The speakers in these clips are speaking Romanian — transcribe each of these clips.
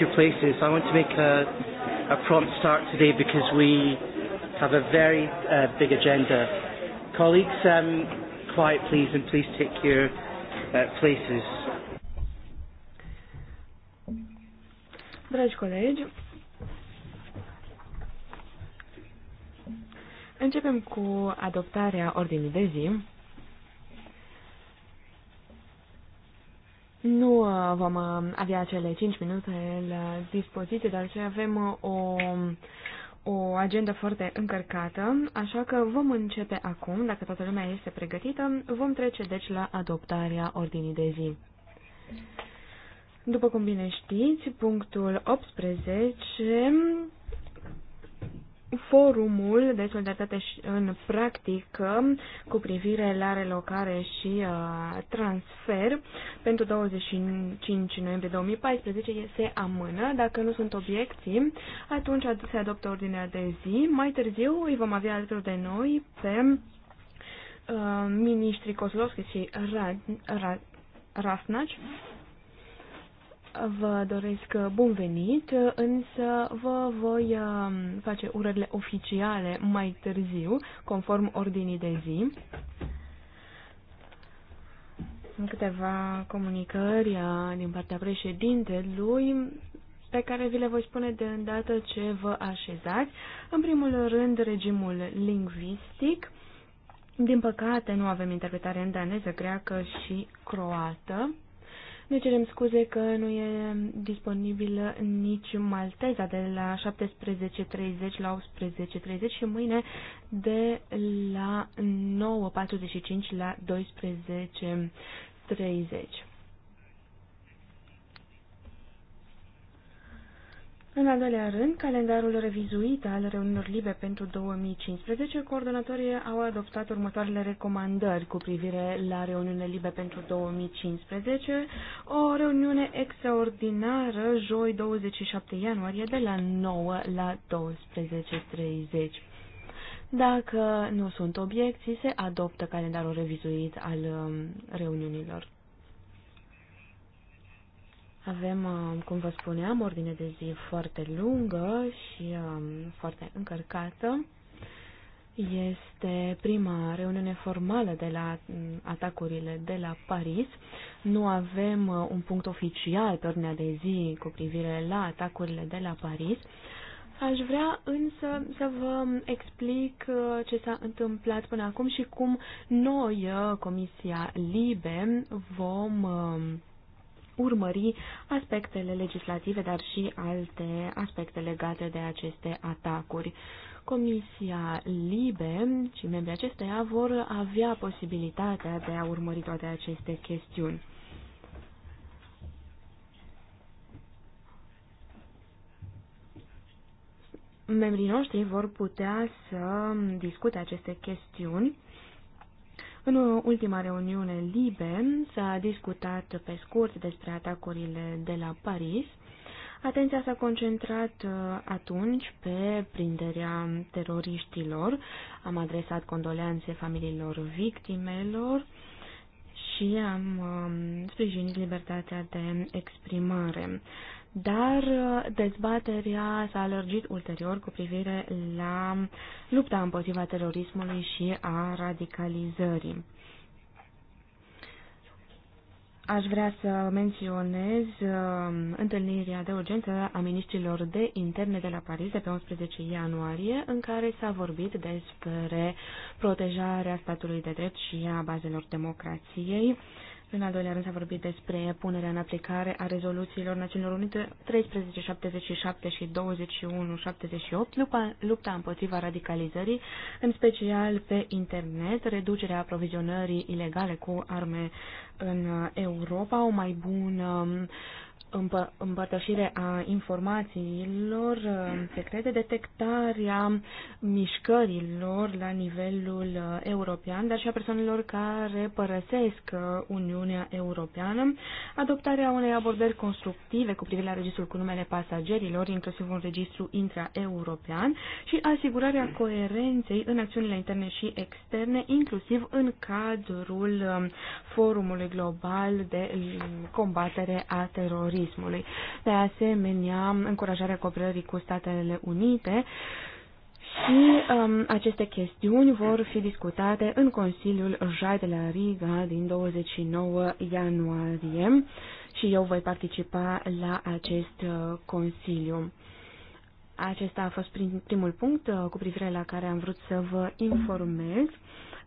your places. I want to make a, a prompt start today because we have a very uh, big agenda. Colleagues, um, quiet please and please take your uh, places. Dragi colegi, începem cu adoptarea ordinii de zi. Nu uh, vom uh, avea cele 5 minute la dispoziție, dar ce avem uh, o, o agenda foarte încărcată, așa că vom începe acum, dacă toată lumea este pregătită, vom trece deci la adoptarea ordinii de zi. După cum bine știți, punctul 18 Forumul de solidaritate în practică cu privire la relocare și uh, transfer pentru 25 noiembrie 2014 se amână. Dacă nu sunt obiecții, atunci se adoptă ordinea de zi. Mai târziu îi vom avea alături de noi pe uh, ministrii Kozlovski și Rasnaci Vă doresc bun venit, însă vă voi um, face urările oficiale mai târziu, conform ordinii de zi. Sunt câteva comunicări uh, din partea președintelui pe care vi le voi spune de îndată ce vă așezați. În primul rând, regimul lingvistic. Din păcate, nu avem interpretare în daneză, greacă și croată. Ne cerem scuze că nu e disponibilă nici Malteza de la 17.30 la 18.30 și mâine de la 9.45 la 12.30. În al doilea rând, calendarul revizuit al reuniunilor libe pentru 2015, coordonatorii au adoptat următoarele recomandări cu privire la reuniunile libe pentru 2015, o reuniune extraordinară joi 27 ianuarie de la 9 la 12.30. Dacă nu sunt obiecții, se adoptă calendarul revizuit al um, reuniunilor. Avem, uh, cum vă spuneam, ordine de zi foarte lungă și um, foarte încărcată. Este prima reuniune formală de la mm, atacurile de la Paris. Nu avem uh, un punct oficial pe ordinea de zi cu privire la atacurile de la Paris. Aș vrea însă să vă explic uh, ce s-a întâmplat până acum și cum noi, Comisia Libe, vom um, urmări aspectele legislative, dar și alte aspecte legate de aceste atacuri. Comisia Libe și membrii acesteia vor avea posibilitatea de a urmări toate aceste chestiuni. Membrii noștri vor putea să discute aceste chestiuni în ultima reuniune libe s-a discutat pe scurt despre atacurile de la Paris. Atenția s-a concentrat uh, atunci pe prinderea teroriștilor. Am adresat condoleanțe familiilor victimelor și am um, sprijinit libertatea de exprimare dar uh, dezbaterea s-a alergit ulterior cu privire la lupta împotriva terorismului și a radicalizării. Aș vrea să menționez uh, întâlnirea de urgență a ministrilor de interne de la Paris de pe 11 ianuarie, în care s-a vorbit despre protejarea statului de drept și a bazelor democrației, în al doilea rând s-a vorbit despre punerea în aplicare a rezoluțiilor Națiunilor Unite 1377 și 2178, lupa, lupta împotriva radicalizării, în special pe internet, reducerea aprovizionării ilegale cu arme în Europa, o mai bună uh, împărtășire a informațiilor uh, secrete, detectarea mișcărilor la nivelul uh, european, dar și a persoanelor care părăsesc uh, Uniunea Europeană, adoptarea unei abordări constructive cu privire la registrul cu numele pasagerilor, inclusiv un registru intra-european și asigurarea coerenței în acțiunile interne și externe, inclusiv în cadrul um, forumului global de combatere a terorismului comunismului. De asemenea, încurajarea cooperării cu Statele Unite și um, aceste chestiuni vor fi discutate în Consiliul Jai de la Riga din 29 ianuarie și eu voi participa la acest uh, Consiliu. Acesta a fost primul punct uh, cu privire la care am vrut să vă informez.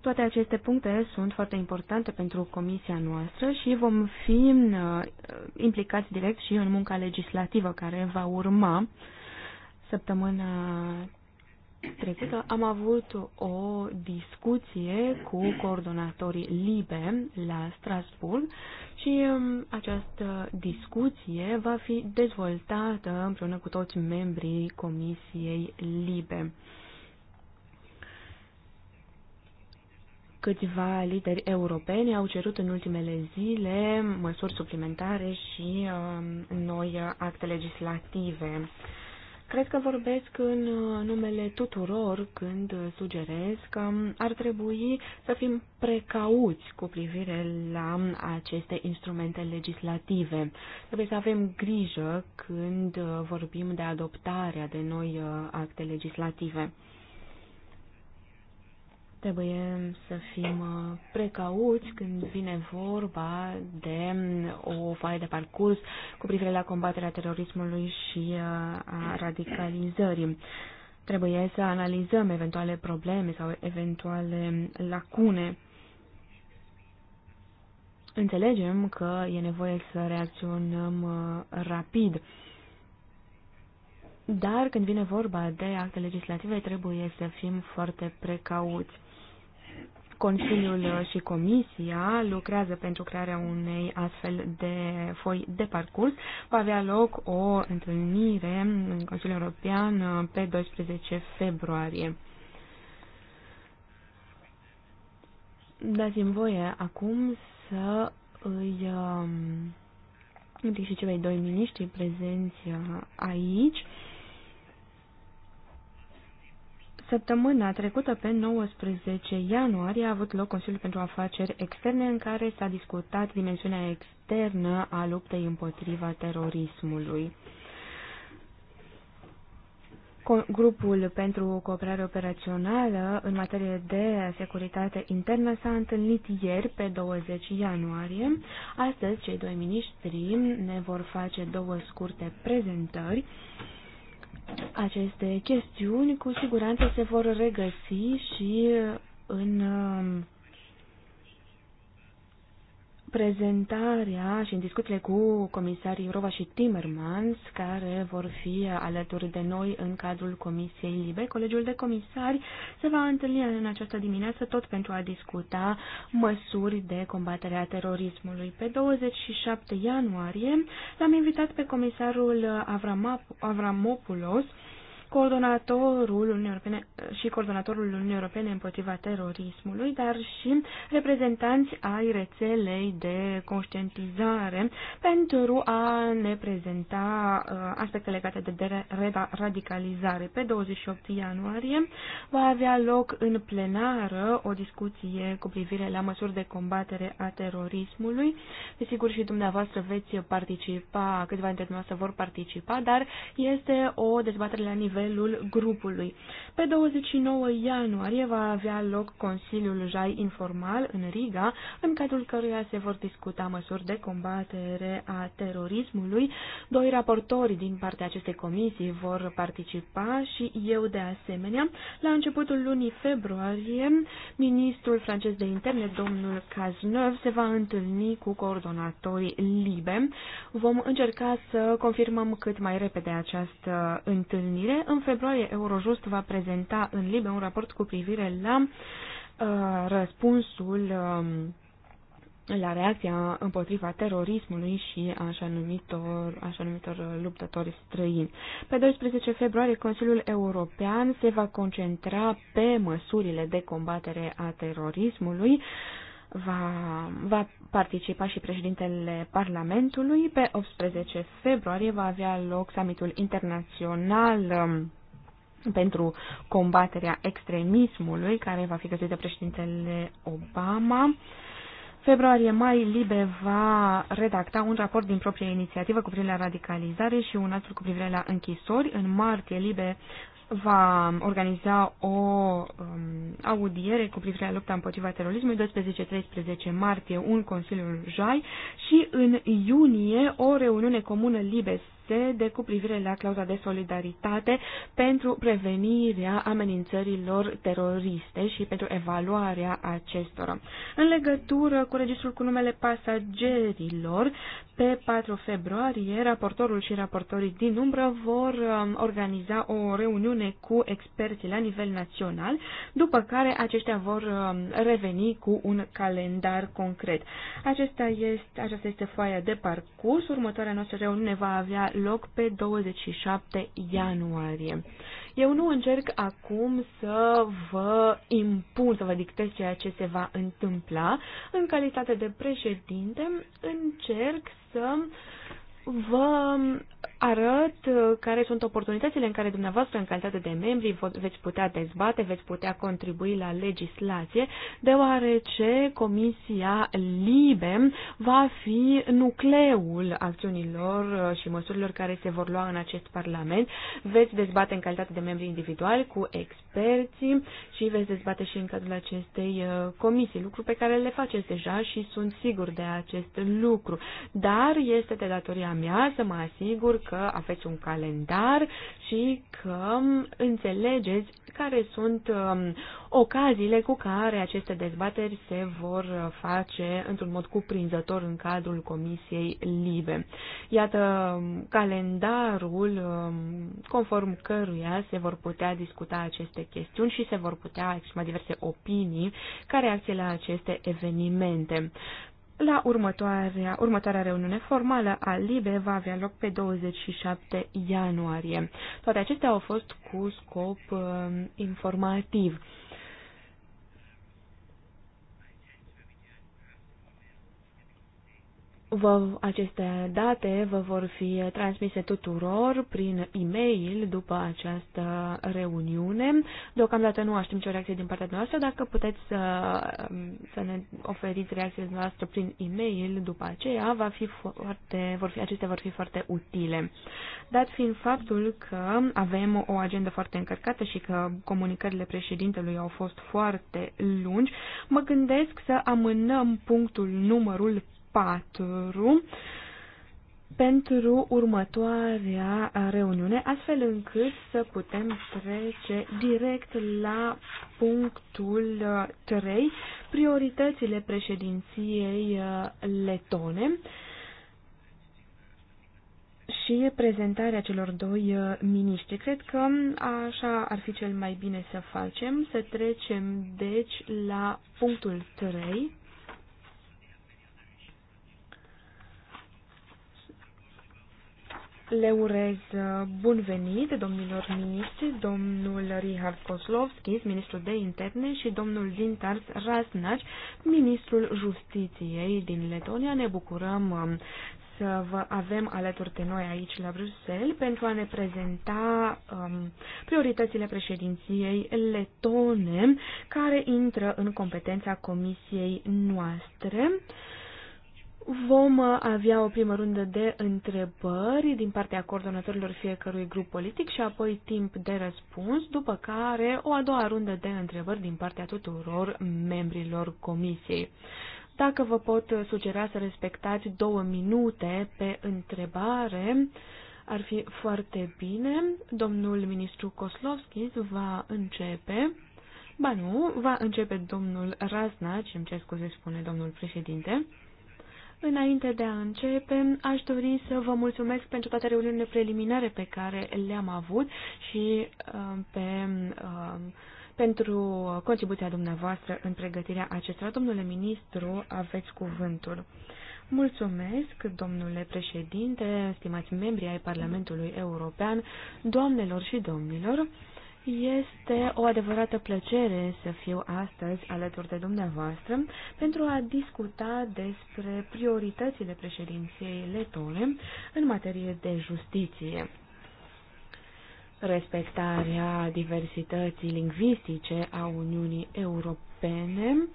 Toate aceste puncte sunt foarte importante pentru comisia noastră și vom fi uh, implicați direct și în munca legislativă care va urma săptămâna trecută am avut o discuție cu coordonatorii LIBE la Strasburg și um, această discuție va fi dezvoltată împreună cu toți membrii Comisiei LIBE. Câțiva lideri europeni au cerut în ultimele zile măsuri suplimentare și um, noi acte legislative. Cred că vorbesc în uh, numele tuturor când sugerez că um, ar trebui să fim precauți cu privire la um, aceste instrumente legislative. Trebuie să avem grijă când uh, vorbim de adoptarea de noi uh, acte legislative. Trebuie să fim uh, precauți când vine vorba de um, o foaie de parcurs cu privire la combaterea terorismului și uh, a radicalizării. Trebuie să analizăm eventuale probleme sau eventuale lacune. Înțelegem că e nevoie să reacționăm uh, rapid. Dar când vine vorba de acte legislative, trebuie să fim foarte precauți. Consiliul uh, și Comisia lucrează pentru crearea unei astfel de foi de parcurs. Va avea loc o întâlnire în Consiliul European uh, pe 12 februarie. Dați-mi voie acum să îi uh, implic și cei doi miniștri prezenți aici. Săptămâna trecută, pe 19 ianuarie, a avut loc Consiliul pentru Afaceri Externe în care s-a discutat dimensiunea externă a luptei împotriva terorismului. Grupul pentru cooperare operațională în materie de securitate internă s-a întâlnit ieri, pe 20 ianuarie. Astăzi, cei doi miniștri ne vor face două scurte prezentări aceste chestiuni cu siguranță se vor regăsi și în prezentarea și în discuțiile cu comisarii Rova și Timmermans, care vor fi alături de noi în cadrul Comisiei Libe. Colegiul de comisari se va întâlni în această dimineață tot pentru a discuta măsuri de combatere a terorismului. Pe 27 ianuarie l-am invitat pe comisarul Avramopoulos coordonatorul Uniunii Europene și coordonatorul Uniunii Europene împotriva terorismului, dar și reprezentanți ai rețelei de conștientizare pentru a ne prezenta uh, aspecte legate de radicalizare. Pe 28 ianuarie va avea loc în plenară o discuție cu privire la măsuri de combatere a terorismului. Desigur și dumneavoastră veți participa, câțiva dintre dumneavoastră vor participa, dar este o dezbatere la nivel nivelul grupului. Pe 29 ianuarie va avea loc Consiliul Jai Informal în Riga, în cadrul căruia se vor discuta măsuri de combatere a terorismului. Doi raportori din partea acestei comisii vor participa și eu de asemenea. La începutul lunii februarie, ministrul francez de interne, domnul Cazneuve, se va întâlni cu coordonatorii libe. Vom încerca să confirmăm cât mai repede această întâlnire în februarie, Eurojust va prezenta în Libe un raport cu privire la uh, răspunsul uh, la reacția împotriva terorismului și așa numitor, așa numitor luptători străini. Pe 12 februarie, Consiliul European se va concentra pe măsurile de combatere a terorismului va, va participa și președintele Parlamentului. Pe 18 februarie va avea loc summitul internațional um, pentru combaterea extremismului, care va fi găsit de președintele Obama. Februarie-mai, Libe va redacta un raport din proprie inițiativă cu privire la radicalizare și un altul cu privire la închisori. În martie, Libe va organiza o um, audiere cu privire la lupta împotriva terorismului 12-13 martie, un Consiliu JAI și în iunie o reuniune comună Libes de cu privire la clauza de solidaritate pentru prevenirea amenințărilor teroriste și pentru evaluarea acestora. În legătură cu registrul cu numele pasagerilor, pe 4 februarie, raportorul și raportorii din umbră vor um, organiza o reuniune cu experții la nivel național, după care aceștia vor um, reveni cu un calendar concret. Acesta este, aceasta este foaia de parcurs. Următoarea noastră reuniune va avea loc pe 27 ianuarie. Eu nu încerc acum să vă impun, să vă dictez ceea ce se va întâmpla. În calitate de președinte încerc să vă arăt uh, care sunt oportunitățile în care dumneavoastră, în calitate de membri, veți putea dezbate, veți putea contribui la legislație, deoarece Comisia Libe va fi nucleul acțiunilor uh, și măsurilor care se vor lua în acest Parlament. Veți dezbate în calitate de membri individuali cu experții și veți dezbate și în cadrul acestei uh, comisii, lucru pe care le faceți deja și sunt sigur de acest lucru. Dar este de datoria mea să mă asigur că că aveți un calendar și că înțelegeți care sunt um, ocaziile cu care aceste dezbateri se vor face într-un mod cuprinzător în cadrul Comisiei Libe. Iată um, calendarul um, conform căruia se vor putea discuta aceste chestiuni și se vor putea exprima diverse opinii care reacție la aceste evenimente. La următoarea, următoarea reuniune formală a LIBE va avea loc pe 27 ianuarie. Toate acestea au fost cu scop uh, informativ. Vă, aceste date vă vor fi transmise tuturor prin e-mail după această reuniune. Deocamdată nu aștept o reacție din partea noastră. Dacă puteți să, um, să ne oferiți reacția noastră prin e-mail după aceea, va fi foarte, vor fi, acestea vor fi foarte utile. Dat fiind faptul că avem o agendă foarte încărcată și că comunicările președintelui au fost foarte lungi, mă gândesc să amânăm punctul numărul 4 pentru următoarea reuniune, astfel încât să putem trece direct la punctul 3, prioritățile președinției uh, letone și prezentarea celor doi uh, miniștri. Cred că așa ar fi cel mai bine să facem, să trecem deci la punctul 3 Le urez uh, bun venit domnilor miniștri, domnul Richard Koslovski, ministrul de interne, și domnul Zintars Rasnac, ministrul justiției din Letonia. Ne bucurăm um, să vă avem alături de noi aici la Bruxelles pentru a ne prezenta um, prioritățile președinției letone care intră în competența comisiei noastre. Uh, Vom uh, avea o primă rundă de întrebări din partea coordonatorilor fiecărui grup politic și apoi timp de răspuns, după care o a doua rundă de întrebări din partea tuturor membrilor comisiei. Dacă vă pot sugera să respectați două minute pe întrebare, ar fi foarte bine. Domnul ministru Koslovski va începe. Ba nu, va începe domnul Razna, ce îmi cer scuze spune domnul președinte. Înainte de a începe, aș dori să vă mulțumesc pentru toate reuniunile preliminare pe care le-am avut și uh, pe, uh, pentru contribuția dumneavoastră în pregătirea acestora. Domnule ministru, aveți cuvântul. Mulțumesc, domnule președinte, stimați membri ai Parlamentului European, doamnelor și domnilor. Este o adevărată plăcere să fiu astăzi alături de dumneavoastră pentru a discuta despre prioritățile președinției letone în materie de justiție. Respectarea diversității lingvistice a Uniunii Europene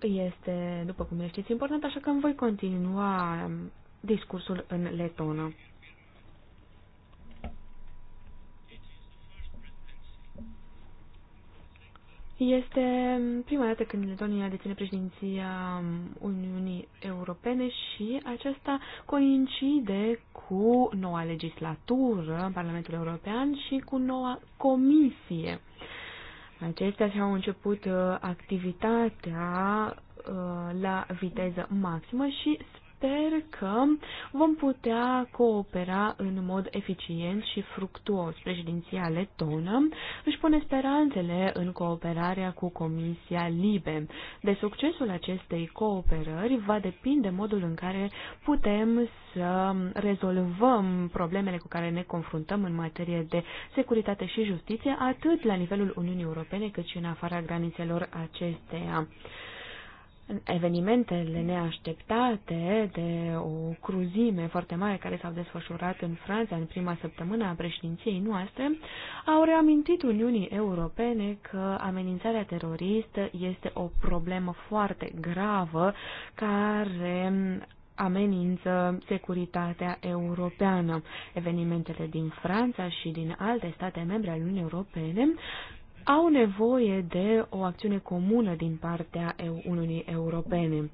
este, după cum știți, important, așa că îmi voi continua discursul în letonă. Este prima dată când Letonia deține președinția Uniunii Europene și aceasta coincide cu noua legislatură în Parlamentul European și cu noua comisie. Acestea și-au început uh, activitatea uh, la viteză maximă și sper că vom putea coopera în mod eficient și fructuos. Președinția letonă își pune speranțele în cooperarea cu Comisia Libe. De succesul acestei cooperări va depinde modul în care putem să rezolvăm problemele cu care ne confruntăm în materie de securitate și justiție, atât la nivelul Uniunii Europene cât și în afara granițelor acesteia evenimentele neașteptate de o cruzime foarte mare care s-au desfășurat în Franța în prima săptămână a președinției noastre au reamintit Uniunii Europene că amenințarea teroristă este o problemă foarte gravă care amenință securitatea europeană. Evenimentele din Franța și din alte state membre ale Uniunii Europene au nevoie de o acțiune comună din partea Uniunii Europene.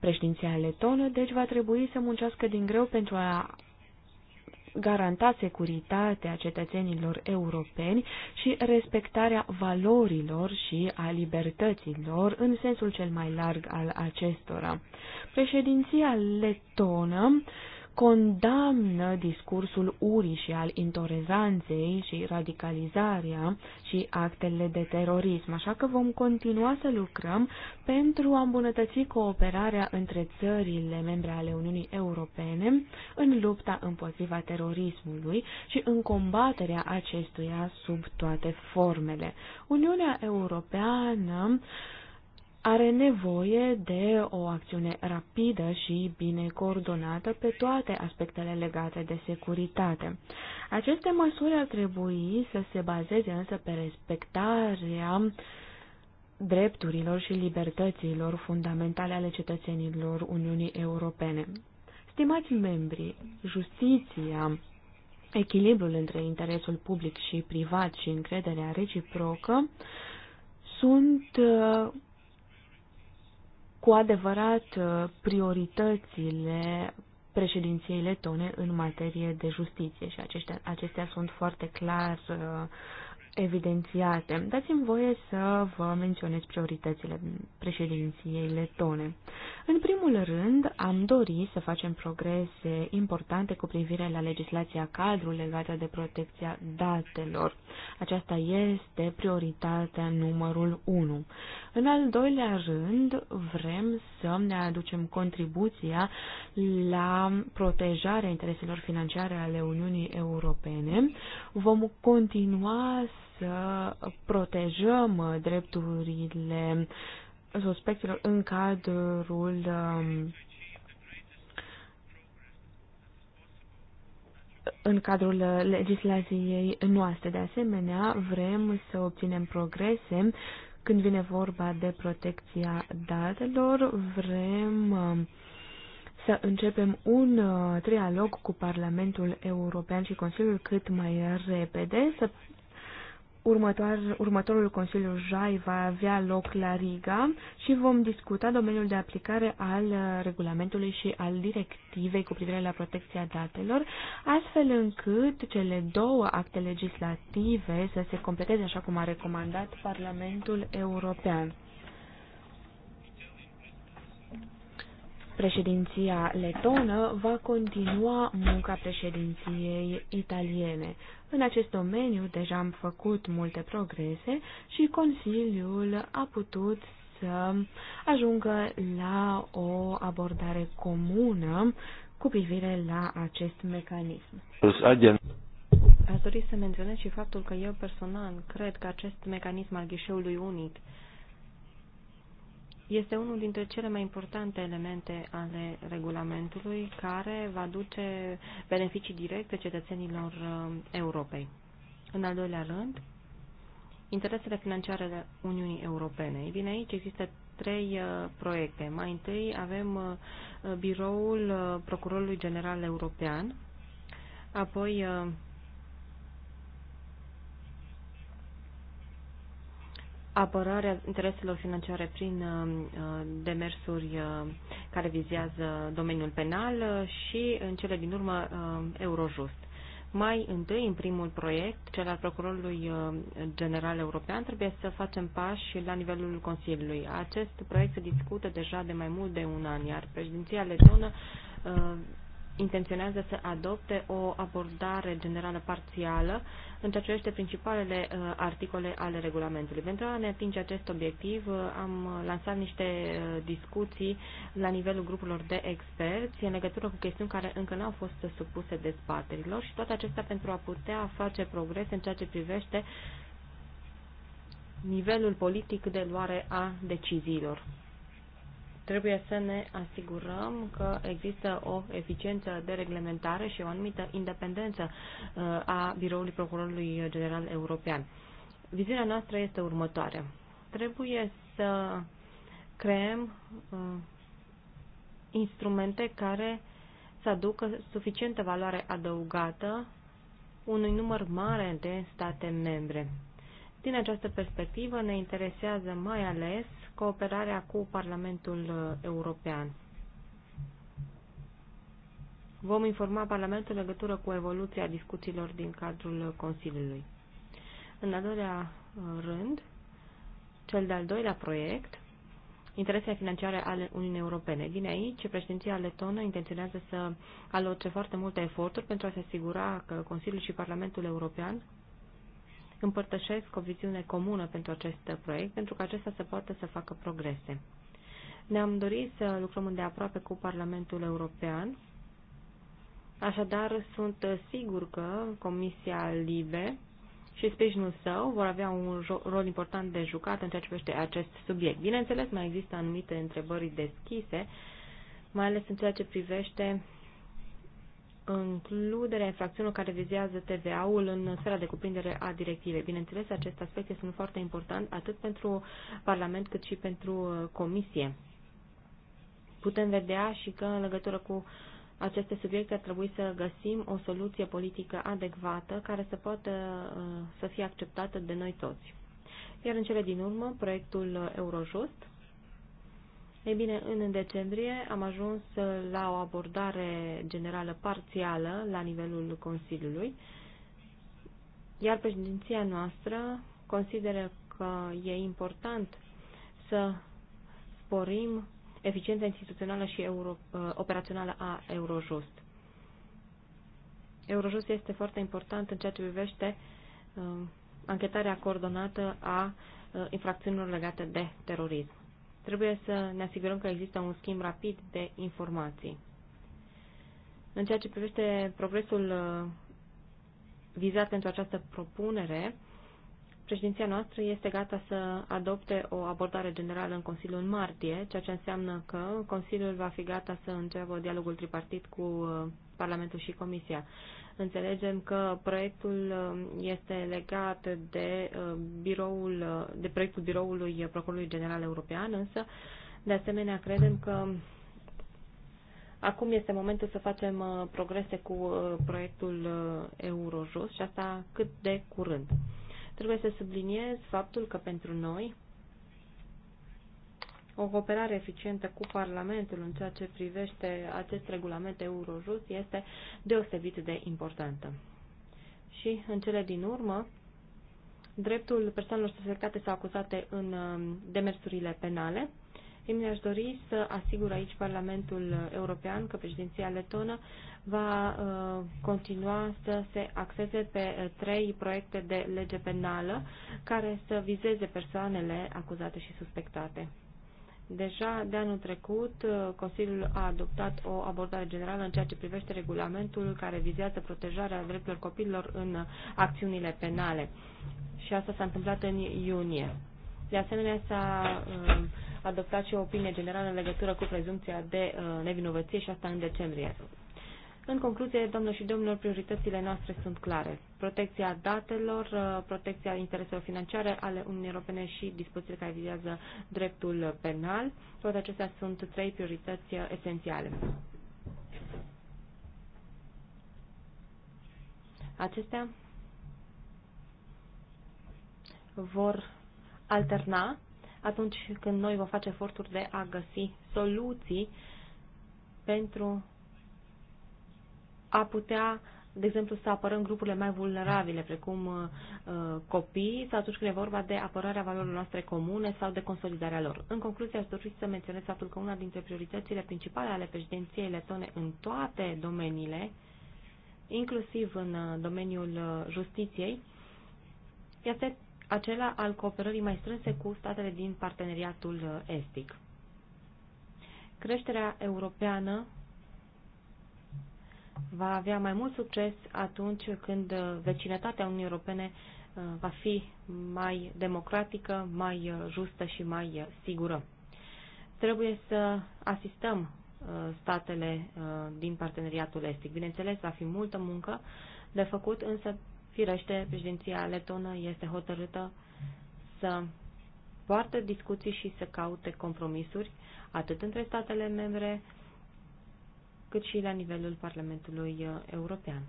Președinția letonă, deci, va trebui să muncească din greu pentru a garanta securitatea cetățenilor europeni și respectarea valorilor și a libertăților în sensul cel mai larg al acestora. Președinția letonă condamnă discursul urii și al intoleranței și radicalizarea și actele de terorism, așa că vom continua să lucrăm pentru a îmbunătăți cooperarea între țările membre ale Uniunii Europene în lupta împotriva terorismului și în combaterea acestuia sub toate formele. Uniunea Europeană uh, are nevoie de o acțiune rapidă și bine coordonată pe toate aspectele legate de securitate. Aceste măsuri ar trebui să se bazeze însă pe respectarea drepturilor și libertăților fundamentale ale cetățenilor Uniunii Europene. Stimați membri, justiția, echilibrul între interesul public și privat și încrederea reciprocă sunt uh, cu adevărat uh, prioritățile președinției letone în materie de justiție și aceștia, acestea sunt foarte clar uh, evidențiate. Dați-mi voie să vă menționez prioritățile președinției letone. În primul rând, am dorit să facem progrese importante cu privire la legislația cadru legată de protecția datelor. Aceasta este prioritatea numărul 1. În al doilea rând, vrem să ne aducem contribuția la protejarea intereselor financiare ale Uniunii Europene. Vom continua să protejăm drepturile suspecților în cadrul um, în cadrul legislației noastre. De asemenea, vrem să obținem progrese când vine vorba de protecția datelor, vrem um, să începem un uh, trialog cu Parlamentul European și Consiliul cât mai repede, să Următoar, următorul Consiliu JAI va avea loc la Riga și vom discuta domeniul de aplicare al regulamentului și al directivei cu privire la protecția datelor, astfel încât cele două acte legislative să se completeze așa cum a recomandat Parlamentul European. Președinția letonă va continua munca președinției italiene. În acest domeniu deja am făcut multe progrese și Consiliul a putut să ajungă la o abordare comună cu privire la acest mecanism. Aș dori să menționez și faptul că eu personal cred că acest mecanism al ghișeului unic este unul dintre cele mai importante elemente ale regulamentului care va duce beneficii directe cetățenilor uh, Europei. În al doilea rând, interesele financiare ale Uniunii Europene. Ei bine, aici există trei uh, proiecte. Mai întâi avem uh, biroul Procurorului General European, apoi apărarea intereselor financiare prin uh, demersuri uh, care vizează domeniul penal uh, și, în cele din urmă, Eurojust. Mai întâi, în primul proiect, cel al Procurorului General European, trebuie să facem pași la nivelul Consiliului. Acest proiect se discută deja de mai mult de un an, iar președinția letonă intenționează să adopte o abordare generală parțială în ceea ce privește principalele uh, articole ale regulamentului. Pentru a ne atinge acest obiectiv, uh, am lansat niște uh, discuții la nivelul grupurilor de experți în legătură cu chestiuni care încă nu au fost supuse dezbaterilor și toate acestea pentru a putea face progrese în ceea ce privește nivelul politic de luare a deciziilor. Trebuie să ne asigurăm că există o eficiență de reglementare și o anumită independență uh, a Biroului Procurorului General European. Viziunea noastră este următoarea. Trebuie să creăm uh, instrumente care să aducă suficientă valoare adăugată unui număr mare de state membre. Din această perspectivă ne interesează mai ales cooperarea cu Parlamentul uh, European. Vom informa Parlamentul în legătură cu evoluția discuțiilor din cadrul uh, Consiliului. În al doilea uh, rând, cel de-al doilea proiect, interesele financiare ale Uniunii Europene. Din aici, președinția letonă intenționează să aloce foarte multe eforturi pentru a se asigura că Consiliul și Parlamentul European împărtășesc o viziune comună pentru acest proiect, pentru că acesta să poată să facă progrese. Ne-am dorit să lucrăm îndeaproape cu Parlamentul European, așadar sunt sigur că Comisia LIBE și sprijinul său vor avea un rol important de jucat în ceea ce privește acest subiect. Bineînțeles, mai există anumite întrebări deschise, mai ales în ceea ce privește includerea infracțiunilor care vizează TVA-ul în sfera de cuprindere a directivei. Bineînțeles, acest aspect este foarte important atât pentru Parlament cât și pentru uh, Comisie. Putem vedea și că în legătură cu aceste subiecte ar trebui să găsim o soluție politică adecvată care să poată uh, să fie acceptată de noi toți. Iar în cele din urmă, proiectul Eurojust ei bine, în decembrie am ajuns la o abordare generală parțială la nivelul Consiliului, iar președinția noastră consideră că e important să sporim eficiența instituțională și euro, ă, operațională a Eurojust. Eurojust este foarte important în ceea ce privește ă, anchetarea coordonată a ă, infracțiunilor legate de terorism. Trebuie să ne asigurăm că există un schimb rapid de informații. În ceea ce privește progresul uh, vizat pentru această propunere, președinția noastră este gata să adopte o abordare generală în Consiliul în martie, ceea ce înseamnă că Consiliul va fi gata să înceapă dialogul tripartit cu uh, Parlamentul și Comisia. Înțelegem că proiectul um, este legat de, um, biroul, uh, de proiectul biroului Procurorului General European, însă, de asemenea, credem că acum este momentul să facem uh, progrese cu uh, proiectul Eurojust și asta cât de curând. Trebuie să subliniez faptul că pentru noi o cooperare eficientă cu Parlamentul în ceea ce privește acest regulament Eurojust este deosebit de importantă. Și, în cele din urmă, dreptul persoanelor suspectate sau acuzate în um, demersurile penale. Îmi aș dori să asigur aici Parlamentul European că președinția letonă va uh, continua să se axeze pe uh, trei proiecte de lege penală care să vizeze persoanele acuzate și suspectate. Deja de anul trecut, uh, Consiliul a adoptat o abordare generală în ceea ce privește regulamentul care vizează protejarea drepturilor copiilor în acțiunile penale. Și asta s-a întâmplat în iunie. De asemenea, s-a um, adoptat și o opinie generală în legătură cu prezumția de uh, nevinovăție și asta în decembrie. În concluzie, domnul și domnilor, prioritățile noastre sunt clare. Protecția datelor, uh, protecția intereselor financiare ale Uniunii Europene și dispozițiile care vizează dreptul penal. Toate acestea sunt trei priorități uh, esențiale. Acestea vor alterna atunci când noi vom face eforturi de a găsi soluții pentru a putea, de exemplu, să apărăm grupurile mai vulnerabile, precum uh, uh copii, sau atunci când e vorba de apărarea valorilor noastre comune sau de consolidarea lor. În concluzie, aș dori să menționez faptul că una dintre prioritățile principale ale președinției letone în toate domeniile, inclusiv în uh, domeniul uh, justiției, este acela al cooperării mai strânse cu statele din parteneriatul estic. Creșterea europeană va avea mai mult succes atunci când uh, vecinătatea Uniunii Europene uh, va fi mai democratică, mai uh, justă și mai sigură. Trebuie să asistăm statele din parteneriatul estic. Bineînțeles, va fi multă muncă de făcut, însă, firește, președinția letonă este hotărâtă să poartă discuții și să caute compromisuri, atât între statele membre, cât și la nivelul Parlamentului uh, European.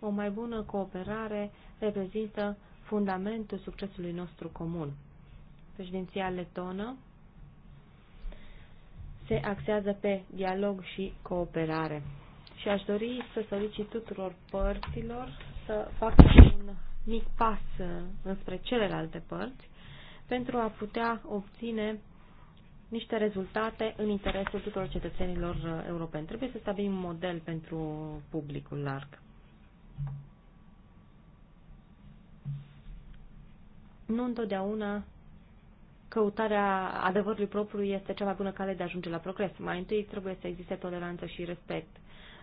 O mai bună cooperare reprezintă fundamentul succesului nostru comun. Președinția letonă se axează pe dialog și cooperare. Și aș dori să solicit tuturor părților să facă un mic pas uh, înspre celelalte părți pentru a putea obține niște rezultate în interesul tuturor cetățenilor uh, europeni. Trebuie să stabilim un model pentru publicul larg. Nu întotdeauna căutarea adevărului propriu este cea mai bună cale de a ajunge la progres. Mai întâi trebuie să existe toleranță și respect.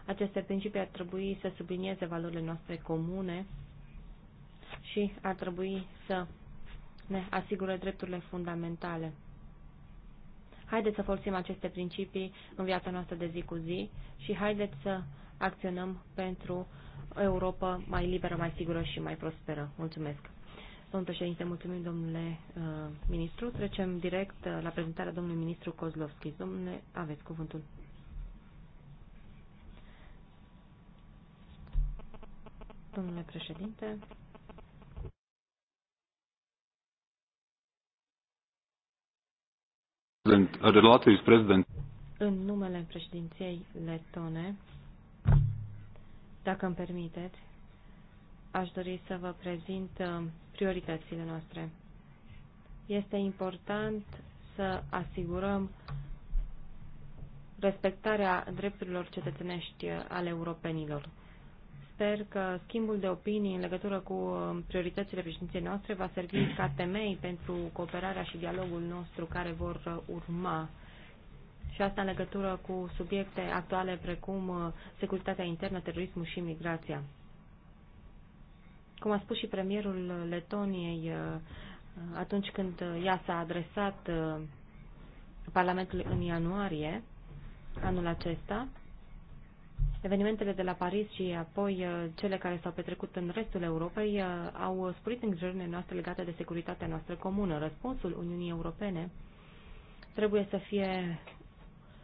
Aceste principii ar trebui să sublinieze valorile noastre comune și ar trebui să ne asigure drepturile fundamentale. Haideți să folosim aceste principii în viața noastră de zi cu zi și haideți să acționăm pentru o Europa mai liberă, mai sigură și mai prosperă. Mulțumesc! Domnul președinte, mulțumim, domnule uh, ministru. Trecem direct uh, la prezentarea domnului ministru Kozlovski. Domnule, aveți cuvântul. Domnule președinte, În numele președinției letone, dacă îmi permiteți, aș dori să vă prezint uh, prioritățile noastre. Este important să asigurăm respectarea drepturilor cetățenești uh, ale europenilor. Sper că schimbul de opinii în legătură cu um, prioritățile președinției noastre va servi ca temei pentru cooperarea și dialogul nostru care vor uh, urma. Și asta în legătură cu subiecte actuale precum uh, securitatea internă, terorismul și migrația. Cum a spus și premierul Letoniei uh, atunci când ea s-a adresat Parlamentului în ianuarie anul acesta, Evenimentele de la Paris și apoi uh, cele care s-au petrecut în restul Europei uh, au sporit îngrijorările noastre legate de securitatea noastră comună. Răspunsul Uniunii Europene trebuie să fie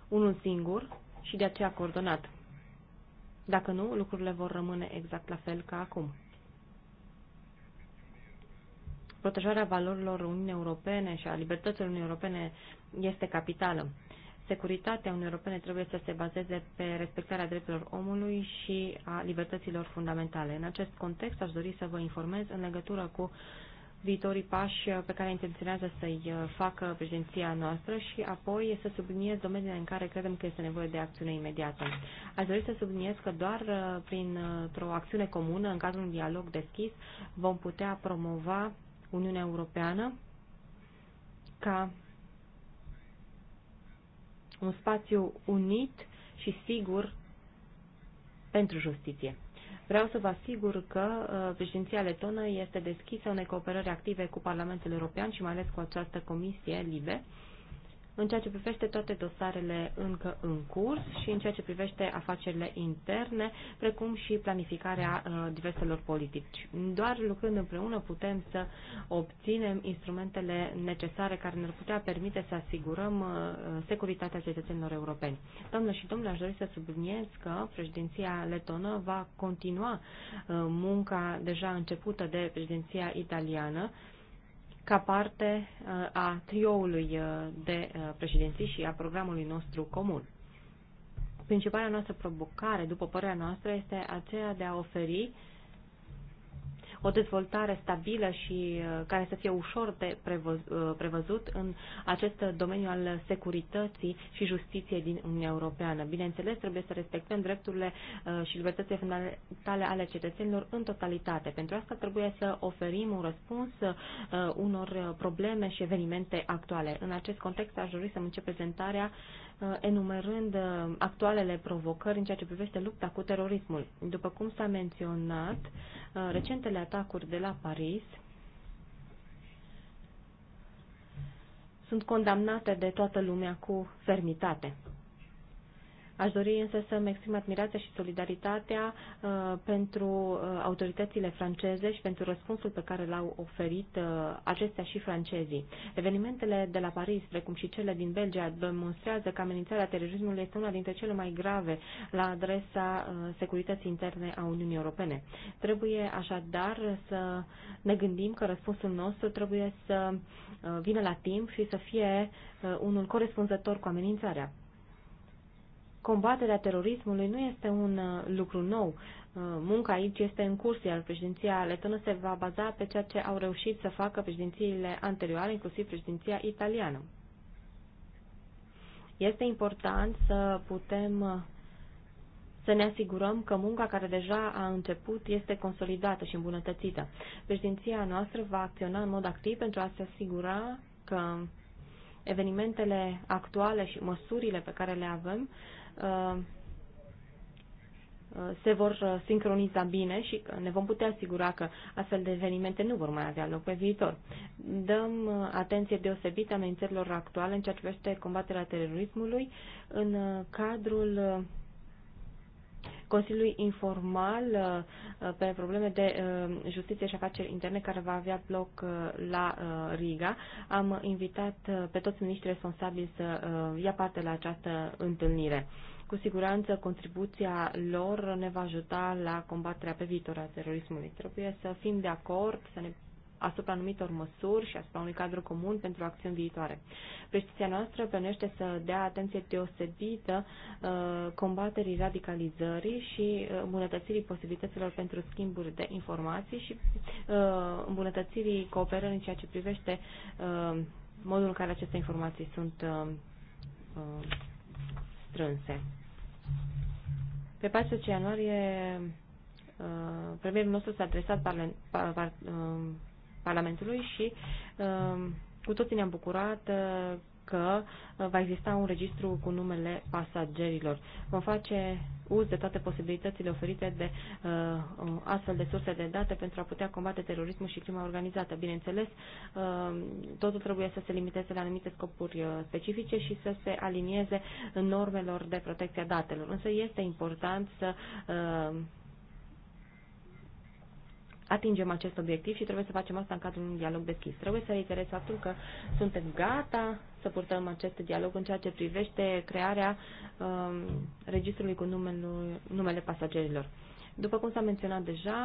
unul singur și de aceea coordonat. Dacă nu, lucrurile vor rămâne exact la fel ca acum. Protejarea valorilor Uniunii Europene și a libertăților Uniunii Europene este capitală securitatea Uniunii Europene trebuie să se bazeze pe respectarea drepturilor omului și a libertăților fundamentale. În acest context aș dori să vă informez în legătură cu viitorii pași pe care intenționează să-i facă președinția noastră și apoi să subliniez domeniile în care credem că este nevoie de acțiune imediată. Aș dori să subliniez că doar uh, printr-o acțiune comună, în cadrul unui dialog deschis, vom putea promova Uniunea Europeană ca un spațiu unit și sigur pentru justiție. Vreau să vă asigur că uh, președinția letonă este deschisă unei cooperări active cu Parlamentul European și mai ales cu această comisie LIBE în ceea ce privește toate dosarele încă în curs și în ceea ce privește afacerile interne, precum și planificarea uh, diverselor politici. Doar lucrând împreună putem să obținem instrumentele necesare care ne-ar putea permite să asigurăm uh, securitatea cetățenilor europeni. Doamnă și domnule, aș dori să subliniez că președinția letonă va continua uh, munca deja începută de președinția italiană ca parte uh, a trioului uh, de uh, președinții și a programului nostru comun. Principala noastră provocare, după părerea noastră, este aceea de a oferi uh, o dezvoltare stabilă și uh, care să fie ușor de uh, prevăzut în acest domeniu al securității și justiției din Uniunea Europeană. Bineînțeles, trebuie să respectăm drepturile uh, și libertățile fundamentale ale cetățenilor în totalitate. Pentru asta trebuie să oferim un răspuns unor probleme și evenimente actuale. În acest context aș dori să-mi încep prezentarea Uh, enumerând uh, actualele provocări în ceea ce privește lupta cu terorismul. După cum s-a menționat, uh, recentele atacuri de la Paris sunt condamnate de toată lumea cu fermitate. Aș dori însă să-mi exprim admirația și solidaritatea uh, pentru uh, autoritățile franceze și pentru răspunsul pe care l-au oferit uh, acestea și francezii. Evenimentele de la Paris, precum și cele din Belgia, demonstrează că amenințarea terorismului este una dintre cele mai grave la adresa securității interne a Uniunii Europene. Trebuie așadar să ne gândim că răspunsul nostru trebuie să vină la timp și să fie unul corespunzător cu amenințarea. Combaterea terorismului nu este un uh, lucru nou. Uh, munca aici este în curs, iar președinția letonă se va baza pe ceea ce au reușit să facă președințiile anterioare, inclusiv președinția italiană. Este important să putem uh, să ne asigurăm că munca care deja a început este consolidată și îmbunătățită. Președinția noastră va acționa în mod activ pentru a se asigura că evenimentele actuale și măsurile pe care le avem Uh, uh, se vor uh, sincroniza bine și ne vom putea asigura că astfel de evenimente nu vor mai avea loc pe viitor. Dăm atenție deosebită amenințărilor actuale în ceea ce privește combaterea terorismului în cadrul Consiliului Informal uh, uh, pe probleme de uh, justiție și afaceri interne care va avea loc la Riga. Am invitat pe toți miniștrii responsabili să ia parte la această întâlnire. Cu siguranță, contribuția lor ne va ajuta la combaterea pe viitor a terorismului. Trebuie să fim de acord, să ne asupra anumitor măsuri și asupra unui cadru comun pentru acțiuni viitoare. Preștiția noastră plănește să dea atenție deosebită uh, combaterii radicalizării și uh, îmbunătățirii posibilităților pentru schimburi de informații și uh, îmbunătățirii cooperării în ceea ce privește modul în care aceste informații sunt strânse. Pe 14 ianuarie, premierul nostru s-a adresat par, par, Parlamentului și um, cu toții ne-am bucurat uh, că uh, va exista un registru cu numele pasagerilor. Vom face uz de toate posibilitățile oferite de uh, astfel de surse de date pentru a putea combate terorismul și crima organizată. Bineînțeles, uh, totul trebuie să se limiteze la anumite scopuri uh, specifice și să se alinieze normelor de protecție a datelor. Însă este important să uh, atingem acest obiectiv și trebuie să facem asta în cadrul unui dialog deschis. Trebuie să reiterez faptul că suntem gata să purtăm acest dialog în ceea ce privește crearea uh, registrului cu numele, numele pasagerilor. După cum s-a menționat deja,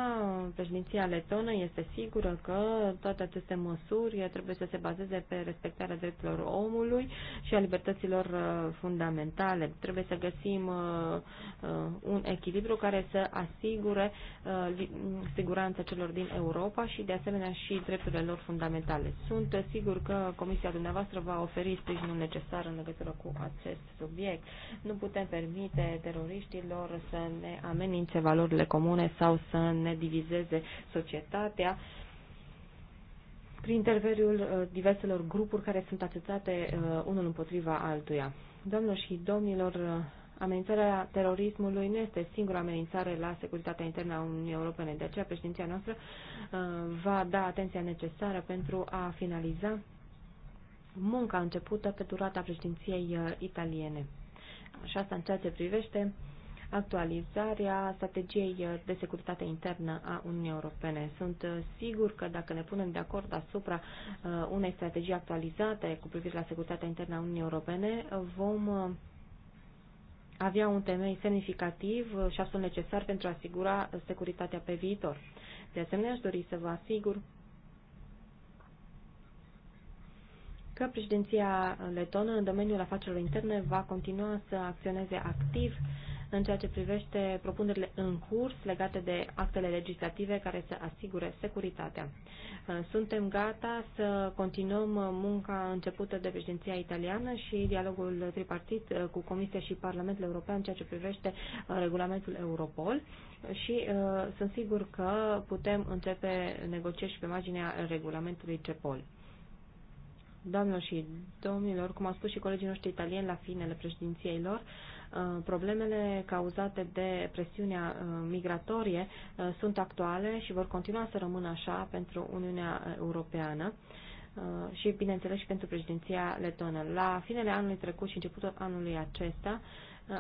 președinția letonă este sigură că toate aceste măsuri trebuie să se bazeze pe respectarea drepturilor omului și a libertăților uh, fundamentale. Trebuie să găsim uh, uh, un echilibru care să asigure siguranța celor din Europa și de asemenea și drepturile lor fundamentale. Sunt sigur că Comisia dumneavoastră va oferi sprijinul necesar în legătură cu acest subiect. Nu putem permite teroriștilor să ne amenințe valorile interesele comune sau să ne divizeze societatea prin interveriul uh, diverselor grupuri care sunt atâțate uh, unul împotriva altuia. Domnilor și domnilor, uh, amenințarea terorismului nu este singura amenințare la securitatea internă a Uniunii Europene. De aceea, președinția noastră va da atenția necesară pentru a finaliza munca începută pe durata președinției italiene. Și asta în ceea ce privește actualizarea strategiei de securitate internă a Uniunii Europene. Sunt uh, sigur că dacă ne punem de acord asupra uh, unei strategii actualizate cu privire la securitatea internă a Uniunii Europene, vom uh, avea un temei semnificativ și absolut necesar pentru a asigura securitatea pe viitor. De asemenea, aș dori să vă asigur că președinția letonă în domeniul afacerilor interne va continua să acționeze activ uh, în ceea ce privește propunerile în curs legate de actele legislative care să asigure securitatea. Uh, suntem gata să continuăm munca începută de președinția italiană și dialogul tripartit uh, cu Comisia și Parlamentul European în ceea ce privește uh, regulamentul Europol și uh, sunt sigur că putem începe negocieri și pe marginea regulamentului CEPOL. Doamnelor și domnilor, cum au spus și colegii noștri italieni la finele președinției lor, uh, Uh, problemele cauzate de presiunea uh, migratorie uh, sunt actuale și vor continua să rămână așa pentru Uniunea Europeană și, bineînțeles, și pentru președinția letonă. La finele anului trecut și începutul anului acesta,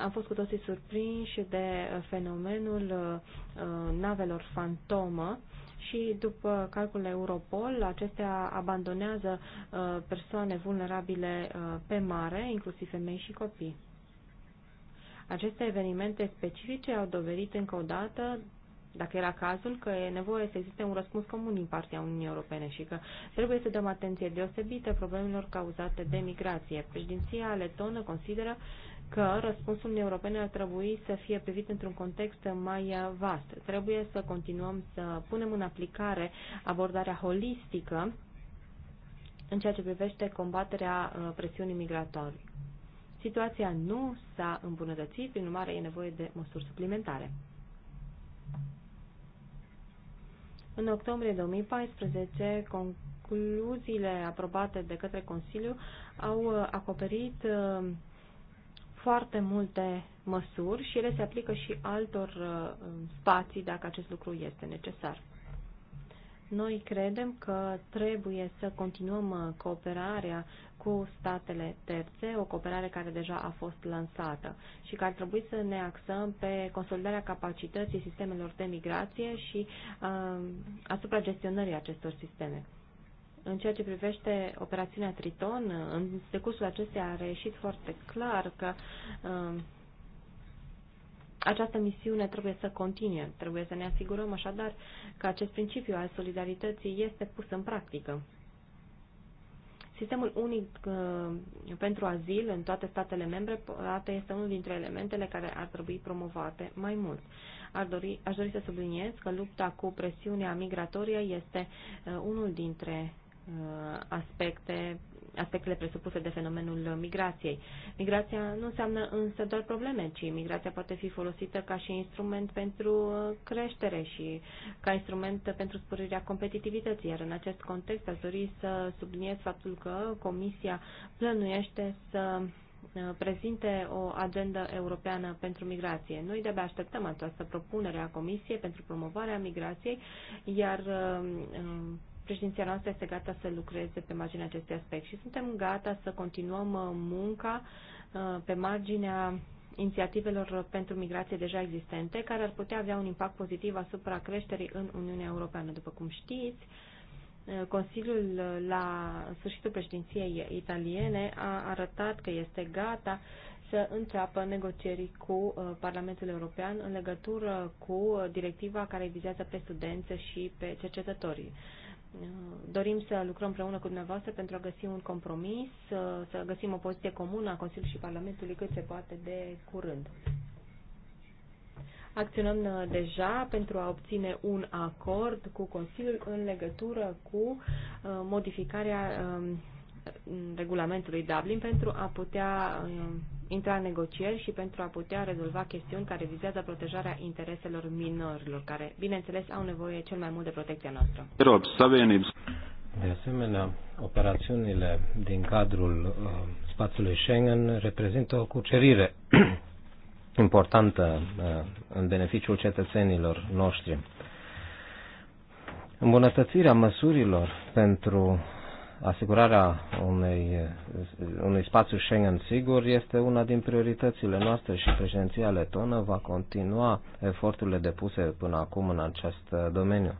am fost cu toții surprinși de fenomenul navelor fantomă și, după calculul Europol, acestea abandonează persoane vulnerabile pe mare, inclusiv femei și copii. Aceste evenimente specifice au dovedit încă o dată dacă era cazul, că e nevoie să existe un răspuns comun din partea Uniunii Europene și că trebuie să dăm atenție deosebită problemelor cauzate de migrație. Președinția letonă consideră că răspunsul Uniunii Europene ar trebui să fie privit într-un context mai vast. Trebuie să continuăm să punem în aplicare abordarea holistică în ceea ce privește combaterea uh, presiunii migratorii. Situația nu s-a îmbunătățit, prin urmare e nevoie de măsuri suplimentare. În octombrie 2014, concluziile aprobate de către Consiliu au uh, acoperit uh, foarte multe măsuri și ele se aplică și altor uh, spații dacă acest lucru este necesar. Noi credem că trebuie să continuăm uh, cooperarea cu statele terțe, o cooperare care deja a fost lansată și că ar trebui să ne axăm pe consolidarea capacității sistemelor de migrație și uh, asupra gestionării acestor sisteme. În ceea ce privește operațiunea Triton, uh, în decursul acesteia a reieșit foarte clar că uh, această misiune trebuie să continue. Trebuie să ne asigurăm așadar că acest principiu al solidarității este pus în practică. Sistemul unic uh, pentru azil în toate statele membre poate este unul dintre elementele care ar trebui promovate mai mult. Ar dori, aș dori să subliniez că lupta cu presiunea migratorie este uh, unul dintre uh, aspecte aspectele presupuse de fenomenul migrației. Migrația nu înseamnă însă doar probleme, ci migrația poate fi folosită ca și instrument pentru uh, creștere și ca instrument pentru sporirea competitivității. Iar în acest context aș dori să subliniez faptul că Comisia plănuiește să uh, prezinte o agendă europeană pentru migrație. Noi de-abia așteptăm această propunere a Comisiei pentru promovarea migrației, iar uh, Președinția noastră este gata să lucreze pe marginea acestui aspect și suntem gata să continuăm uh, munca uh, pe marginea inițiativelor pentru migrație deja existente, care ar putea avea un impact pozitiv asupra creșterii în Uniunea Europeană. După cum știți, uh, Consiliul la sfârșitul președinției italiene a arătat că este gata să înceapă negocierii cu Parlamentul European în legătură cu directiva care vizează pe studențe și pe cercetătorii. Dorim să lucrăm împreună cu dumneavoastră pentru a găsi un compromis, să, găsim o poziție comună a Consiliului și Parlamentului cât se poate de curând. Acționăm uh, deja pentru a obține un acord cu Consiliul în legătură cu uh, modificarea um, regulamentului Dublin pentru a putea uh, intra în negocieri și pentru a putea rezolva chestiuni care vizează protejarea intereselor minorilor, care, bineînțeles, au nevoie cel mai mult de protecția noastră. De asemenea, operațiunile din cadrul uh, spațiului Schengen reprezintă o cucerire importantă uh, în beneficiul cetățenilor noștri. Îmbunătățirea măsurilor pentru asigurarea unei, unui spațiu Schengen sigur este una din prioritățile noastre și președinția letonă va continua eforturile depuse până acum în acest uh, domeniu.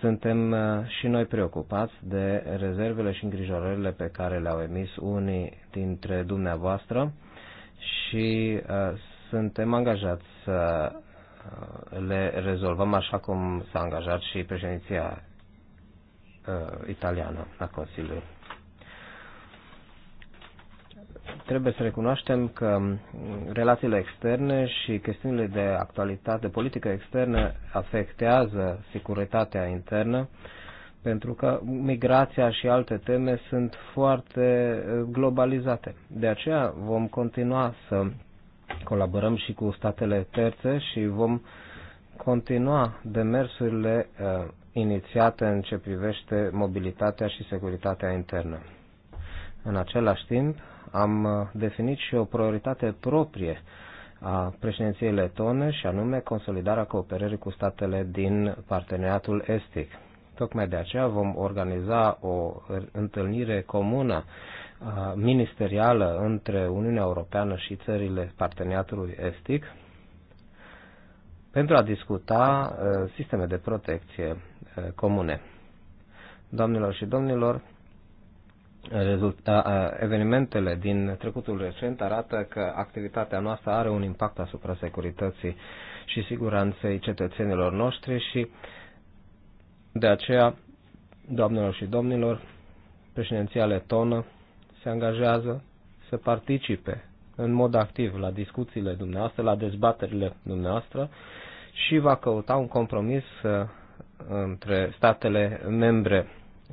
Suntem uh, și noi preocupați de rezervele și îngrijorările pe care le-au emis unii dintre dumneavoastră și uh, suntem angajați să le rezolvăm așa cum s-a angajat și președinția Uh, italiană a Consiliului. Trebuie să recunoaștem că mm, relațiile externe și chestiunile de actualitate, de politică externă, afectează securitatea internă, pentru că migrația și alte teme sunt foarte uh, globalizate. De aceea vom continua să colaborăm și cu statele terțe și vom continua demersurile uh, inițiate în ce privește mobilitatea și securitatea internă. În același timp, am definit și o prioritate proprie a președinției letone și anume consolidarea cooperării cu statele din parteneriatul estic. Tocmai de aceea vom organiza o întâlnire comună ministerială între Uniunea Europeană și țările parteneriatului estic pentru a discuta uh, sisteme de protecție uh, comune. Doamnelor și domnilor, evenimentele din trecutul recent arată că activitatea noastră are un impact asupra securității și siguranței cetățenilor noștri și de aceea, doamnelor și domnilor, președinția letonă se angajează să participe în mod activ la discuțiile dumneavoastră, la dezbaterile dumneavoastră și va căuta un compromis uh, între statele membre,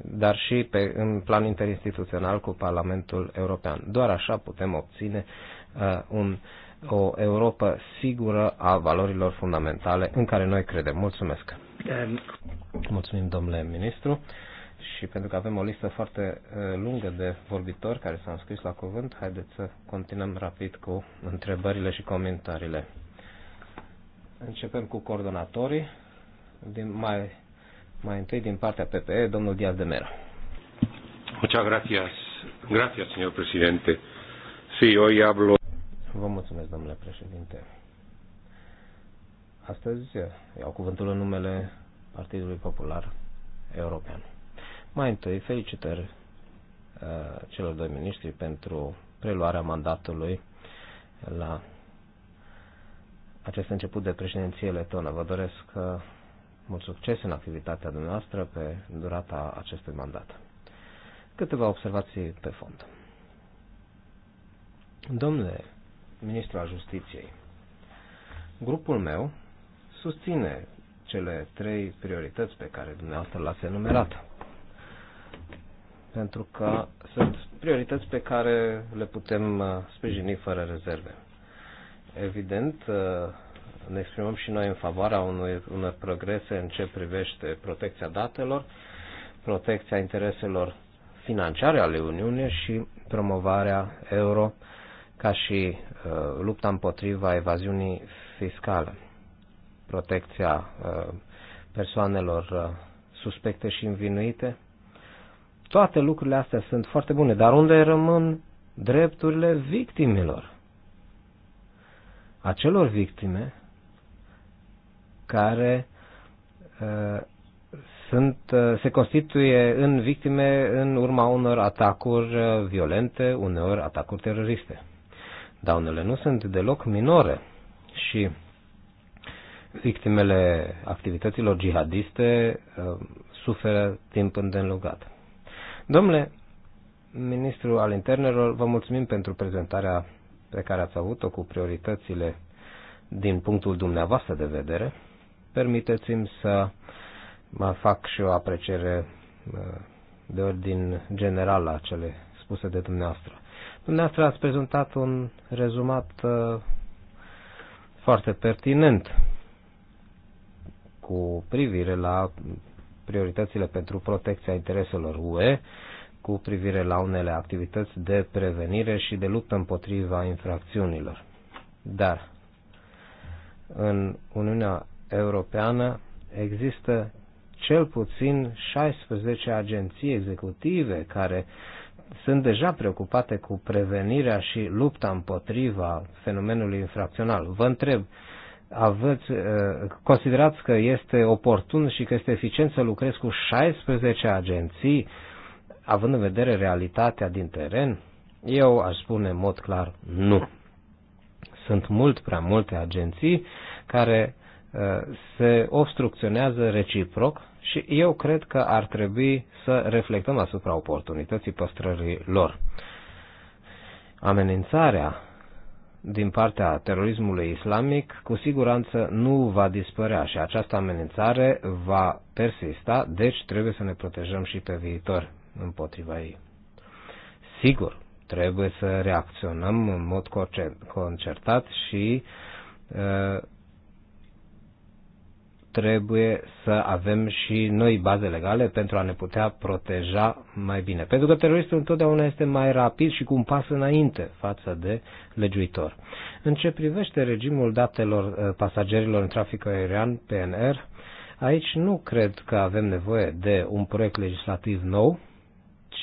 dar și pe, în plan interinstituțional cu Parlamentul European. Doar așa putem obține uh, un, o Europa sigură a valorilor fundamentale în care noi credem. Mulțumesc! Mulțumim, domnule ministru! Și pentru că avem o listă foarte uh, lungă de vorbitori care s-au înscris la cuvânt, haideți să continuăm rapid cu întrebările și comentariile. Începem cu coordonatorii. Din mai, mai întâi din partea PPE, domnul Diaz de Mera. Muchas gracias. Gracias, señor presidente. Sí, hoy hablo... Vă mulțumesc, domnule președinte. Astăzi eh, iau cuvântul în numele Partidului Popular European. Mai întâi, felicitări uh, celor doi miniștri pentru preluarea mandatului la acest început de președinție letonă. Vă doresc uh, mult succes în activitatea dumneavoastră pe durata acestui mandat. Câteva observații pe fond. Domnule ministru al justiției, grupul meu susține cele trei priorități pe care dumneavoastră le-ați enumerat. Pentru că sunt priorități pe care le putem uh, sprijini fără rezerve evident, uh, ne exprimăm și noi în favoarea unui, unor progrese în ce privește protecția datelor, protecția intereselor financiare ale Uniunii și promovarea euro ca și uh, lupta împotriva evaziunii fiscale, protecția uh, persoanelor uh, suspecte și învinuite. Toate lucrurile astea sunt foarte bune, dar unde rămân drepturile victimilor? acelor victime care uh, sunt, uh, se constituie în victime în urma unor atacuri uh, violente, uneori atacuri teroriste. Daunele nu sunt deloc minore și victimele activităților jihadiste suferă timp îndelungat. Domnule ministru al internelor, vă mulțumim pentru prezentarea pe care ați avut-o cu prioritățile din punctul dumneavoastră de vedere, permiteți-mi să mă fac și o apreciere de ordin general la cele spuse de dumneavoastră. Dumneavoastră ați prezentat un rezumat ă, foarte pertinent cu privire la prioritățile pentru protecția intereselor UE, cu privire la unele activități de prevenire și de luptă împotriva infracțiunilor. Dar în Uniunea Europeană există cel puțin 16 agenții executive care sunt deja preocupate cu prevenirea și lupta împotriva fenomenului infracțional. Vă întreb, aveți, uh, considerați că este oportun și că este eficient să lucrezi cu 16 agenții având în vedere realitatea din teren, eu aș spune în mod clar nu. Sunt mult prea multe agenții care uh, se obstrucționează reciproc și eu cred că ar trebui să reflectăm asupra oportunității păstrării lor. Amenințarea din partea terorismului islamic cu siguranță nu va dispărea și această amenințare va persista, deci trebuie să ne protejăm și pe viitor împotriva ei. Sigur, trebuie să reacționăm în mod concertat și ă, trebuie să avem și noi baze legale pentru a ne putea proteja mai bine. Pentru că teroristul întotdeauna este mai rapid și cu un pas înainte față de legiuitor. În ce privește regimul datelor ă, pasagerilor în trafic aerian, PNR, aici nu cred că avem nevoie de un proiect legislativ nou,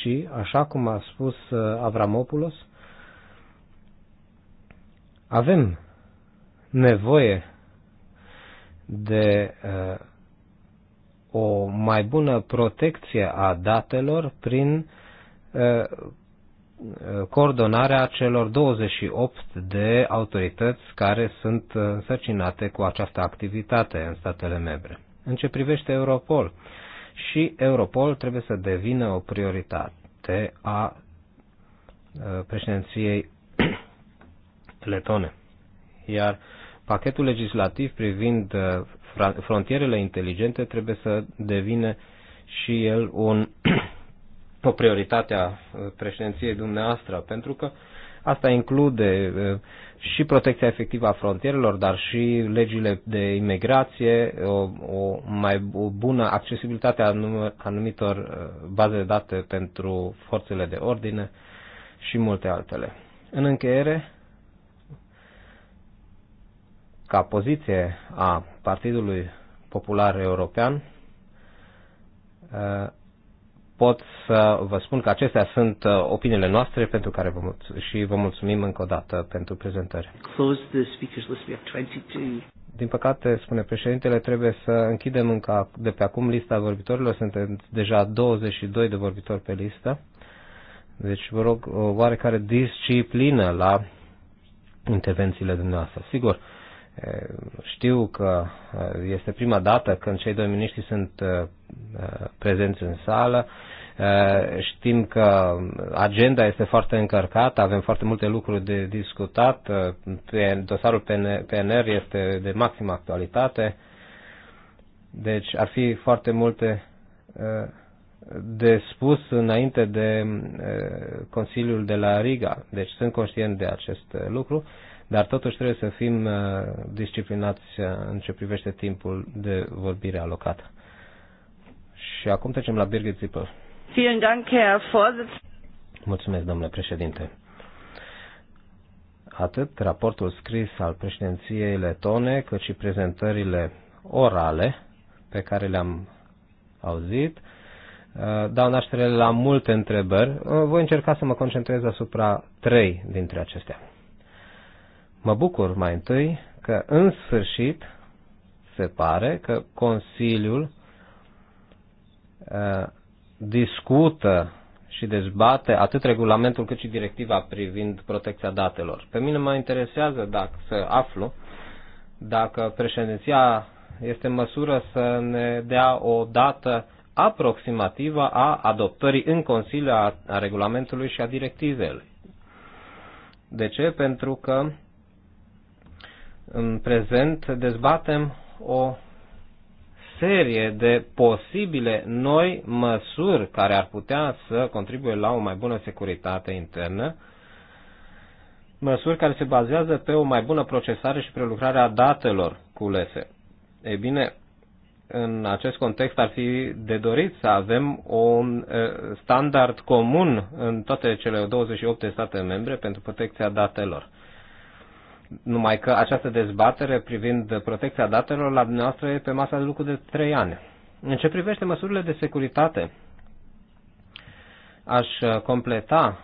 ci, așa cum a spus uh, Avramopoulos, avem nevoie de uh, o mai bună protecție a datelor prin uh, coordonarea celor 28 de autorități care sunt însărcinate cu această activitate în statele membre. În ce privește Europol, uh, și Europol trebuie să devină o prioritate a uh, președinției letone. Iar pachetul legislativ privind uh, frontierele inteligente trebuie să devină și el un, o prioritate a uh, președinției dumneavoastră, pentru că uh, Asta include și protecția efectivă a frontierelor, dar și legile de imigrație, o, o mai bună accesibilitate a anumitor baze de date pentru forțele de ordine și multe altele. În încheiere, ca poziție a Partidului Popular European, pot să vă spun că acestea sunt uh, opiniile noastre pentru care vă și vă mulțumim încă o dată pentru prezentare. Din păcate, spune președintele, trebuie să închidem încă de pe acum lista vorbitorilor. Suntem deja 22 de vorbitori pe listă. Deci vă rog o oarecare disciplină la intervențiile dumneavoastră. Sigur, știu că este prima dată când cei doi miniștri sunt prezenți în sală. Știm că agenda este foarte încărcată, avem foarte multe lucruri de discutat, dosarul PNR este de maximă actualitate, deci ar fi foarte multe de spus înainte de Consiliul de la Riga. Deci sunt conștient de acest lucru dar totuși trebuie să fim uh, disciplinați uh, în ce privește timpul de vorbire alocat. Și acum trecem la Birgit Zippel. Mulțumesc, domnule președinte. Atât raportul scris al președinției letone, cât și prezentările orale pe care le-am auzit, uh, dau naștere la multe întrebări. Voi încerca să mă concentrez asupra trei dintre acestea. Mă bucur mai întâi că în sfârșit se pare că Consiliul uh, discută și dezbate atât regulamentul cât și directiva privind protecția datelor. Pe mine mă interesează dacă să aflu dacă președinția este în măsură să ne dea o dată aproximativă a adoptării în Consiliu a, a regulamentului și a directivelui. De ce? Pentru că în prezent dezbatem o serie de posibile noi măsuri care ar putea să contribuie la o mai bună securitate internă, măsuri care se bazează pe o mai bună procesare și prelucrare a datelor culese. Ei bine, în acest context ar fi de dorit să avem un eh, standard comun în toate cele 28 state membre pentru protecția datelor. Numai că această dezbatere privind protecția datelor la dumneavoastră e pe masa de lucru de trei ani. În ce privește măsurile de securitate, aș uh, completa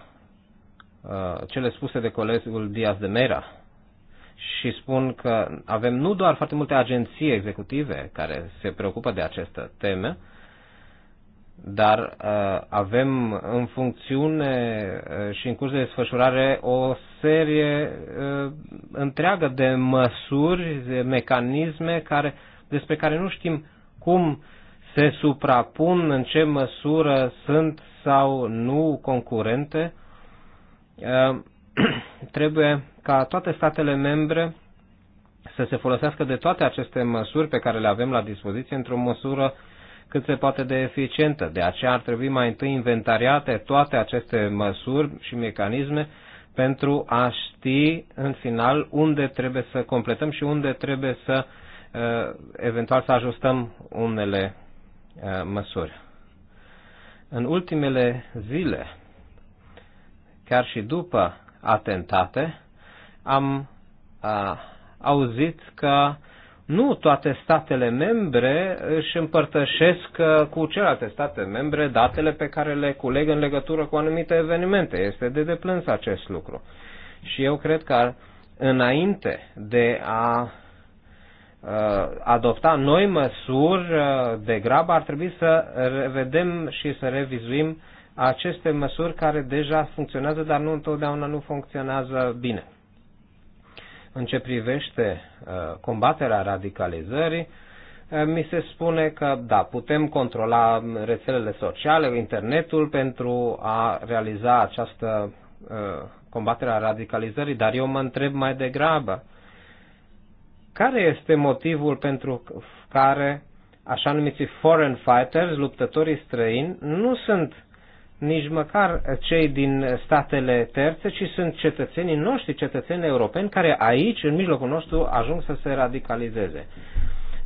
uh, cele spuse de colegul Diaz de Mera și spun că avem nu doar foarte multe agenții executive care se preocupă de aceste teme, dar uh, avem în funcțiune uh, și în curs de desfășurare o serie uh, întreagă de măsuri, de mecanisme care, despre care nu știm cum se suprapun, în ce măsură sunt sau nu concurente. Trebuie ca toate statele membre să se folosească de toate aceste măsuri pe care le avem la dispoziție într-o măsură uh, cât se poate de eficientă. De aceea ar trebui mai întâi inventariate toate aceste măsuri și mecanisme pentru a ști în final unde trebuie să completăm și unde trebuie să uh, eventual să ajustăm unele uh, măsuri. În ultimele zile, chiar și după atentate, am a, uh, auzit că nu toate statele membre își împărtășesc uh, cu celelalte state membre datele pe care le culeg în legătură cu anumite evenimente. Este de deplâns acest lucru. Și eu cred că înainte de a uh, adopta noi măsuri, uh, de grabă, ar trebui să revedem și să revizuim aceste măsuri care deja funcționează, dar nu întotdeauna nu funcționează bine în ce privește uh, combaterea radicalizării, uh, mi se spune că, da, putem controla um, rețelele sociale, internetul pentru a realiza această uh, combaterea radicalizării, dar eu mă întreb mai degrabă, care este motivul pentru care așa numiții foreign fighters, luptătorii străini, nu sunt nici măcar cei din statele terțe, ci sunt cetățenii noștri, cetățenii europeni, care aici, în mijlocul nostru, ajung să se radicalizeze.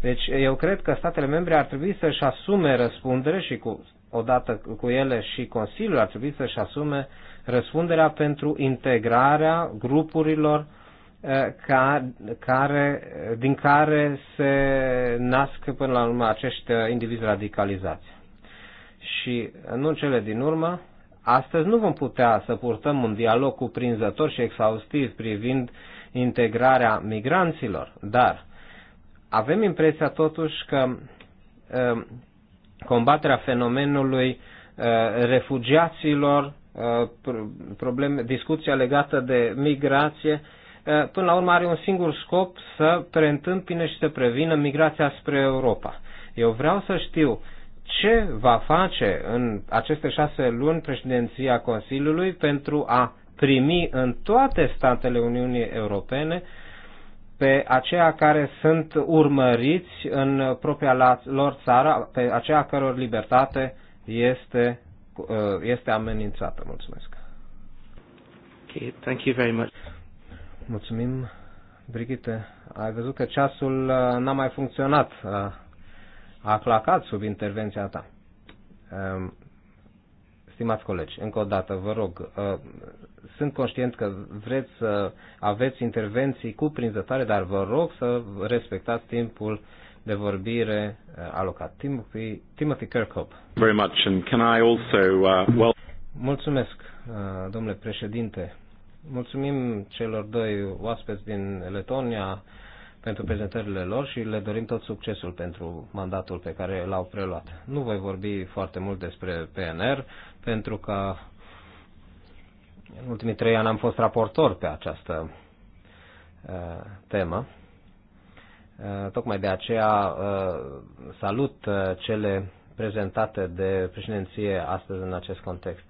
Deci eu cred că statele membre ar trebui să-și asume răspundere și cu, odată cu ele și Consiliul ar trebui să-și asume răspunderea pentru integrarea grupurilor eh, ca, care, din care se nasc până la urmă acești eh, indivizi radicalizați și nu în cele din urmă, astăzi nu vom putea să purtăm un dialog cuprinzător și exhaustiv privind integrarea migranților, dar avem impresia totuși că um, combaterea fenomenului uh, refugiaților, uh, probleme, discuția legată de migrație, uh, până la urmă are un singur scop să preîntâmpine și să prevină migrația spre Europa. Eu vreau să știu ce va face în aceste șase luni președinția Consiliului pentru a primi în toate statele Uniunii Europene pe aceia care sunt urmăriți în propria lor țară, pe aceia căror libertate este, uh, este amenințată. Mulțumesc. Okay, thank you very much. Mulțumim, Brigitte. Ai văzut că ceasul uh, n-a mai funcționat uh, a clacat sub intervenția ta. Ehm, stimați colegi, încă o dată vă rog, uh, sunt conștient că vreți să aveți intervenții cuprinzătoare, dar vă rog să respectați timpul de vorbire uh, alocat. Timothy, Timothy Kirkhope. Very much and can I also uh, well... Mulțumesc, uh, domnule președinte. Mulțumim celor doi oaspeți din Letonia, pentru prezentările lor și le dorim tot succesul pentru mandatul pe care l-au preluat. Nu voi vorbi foarte mult despre PNR, pentru că în ultimii trei ani am fost raportor pe această uh, temă. Uh, tocmai de aceea uh, salut uh, cele prezentate de președinție astăzi în acest context.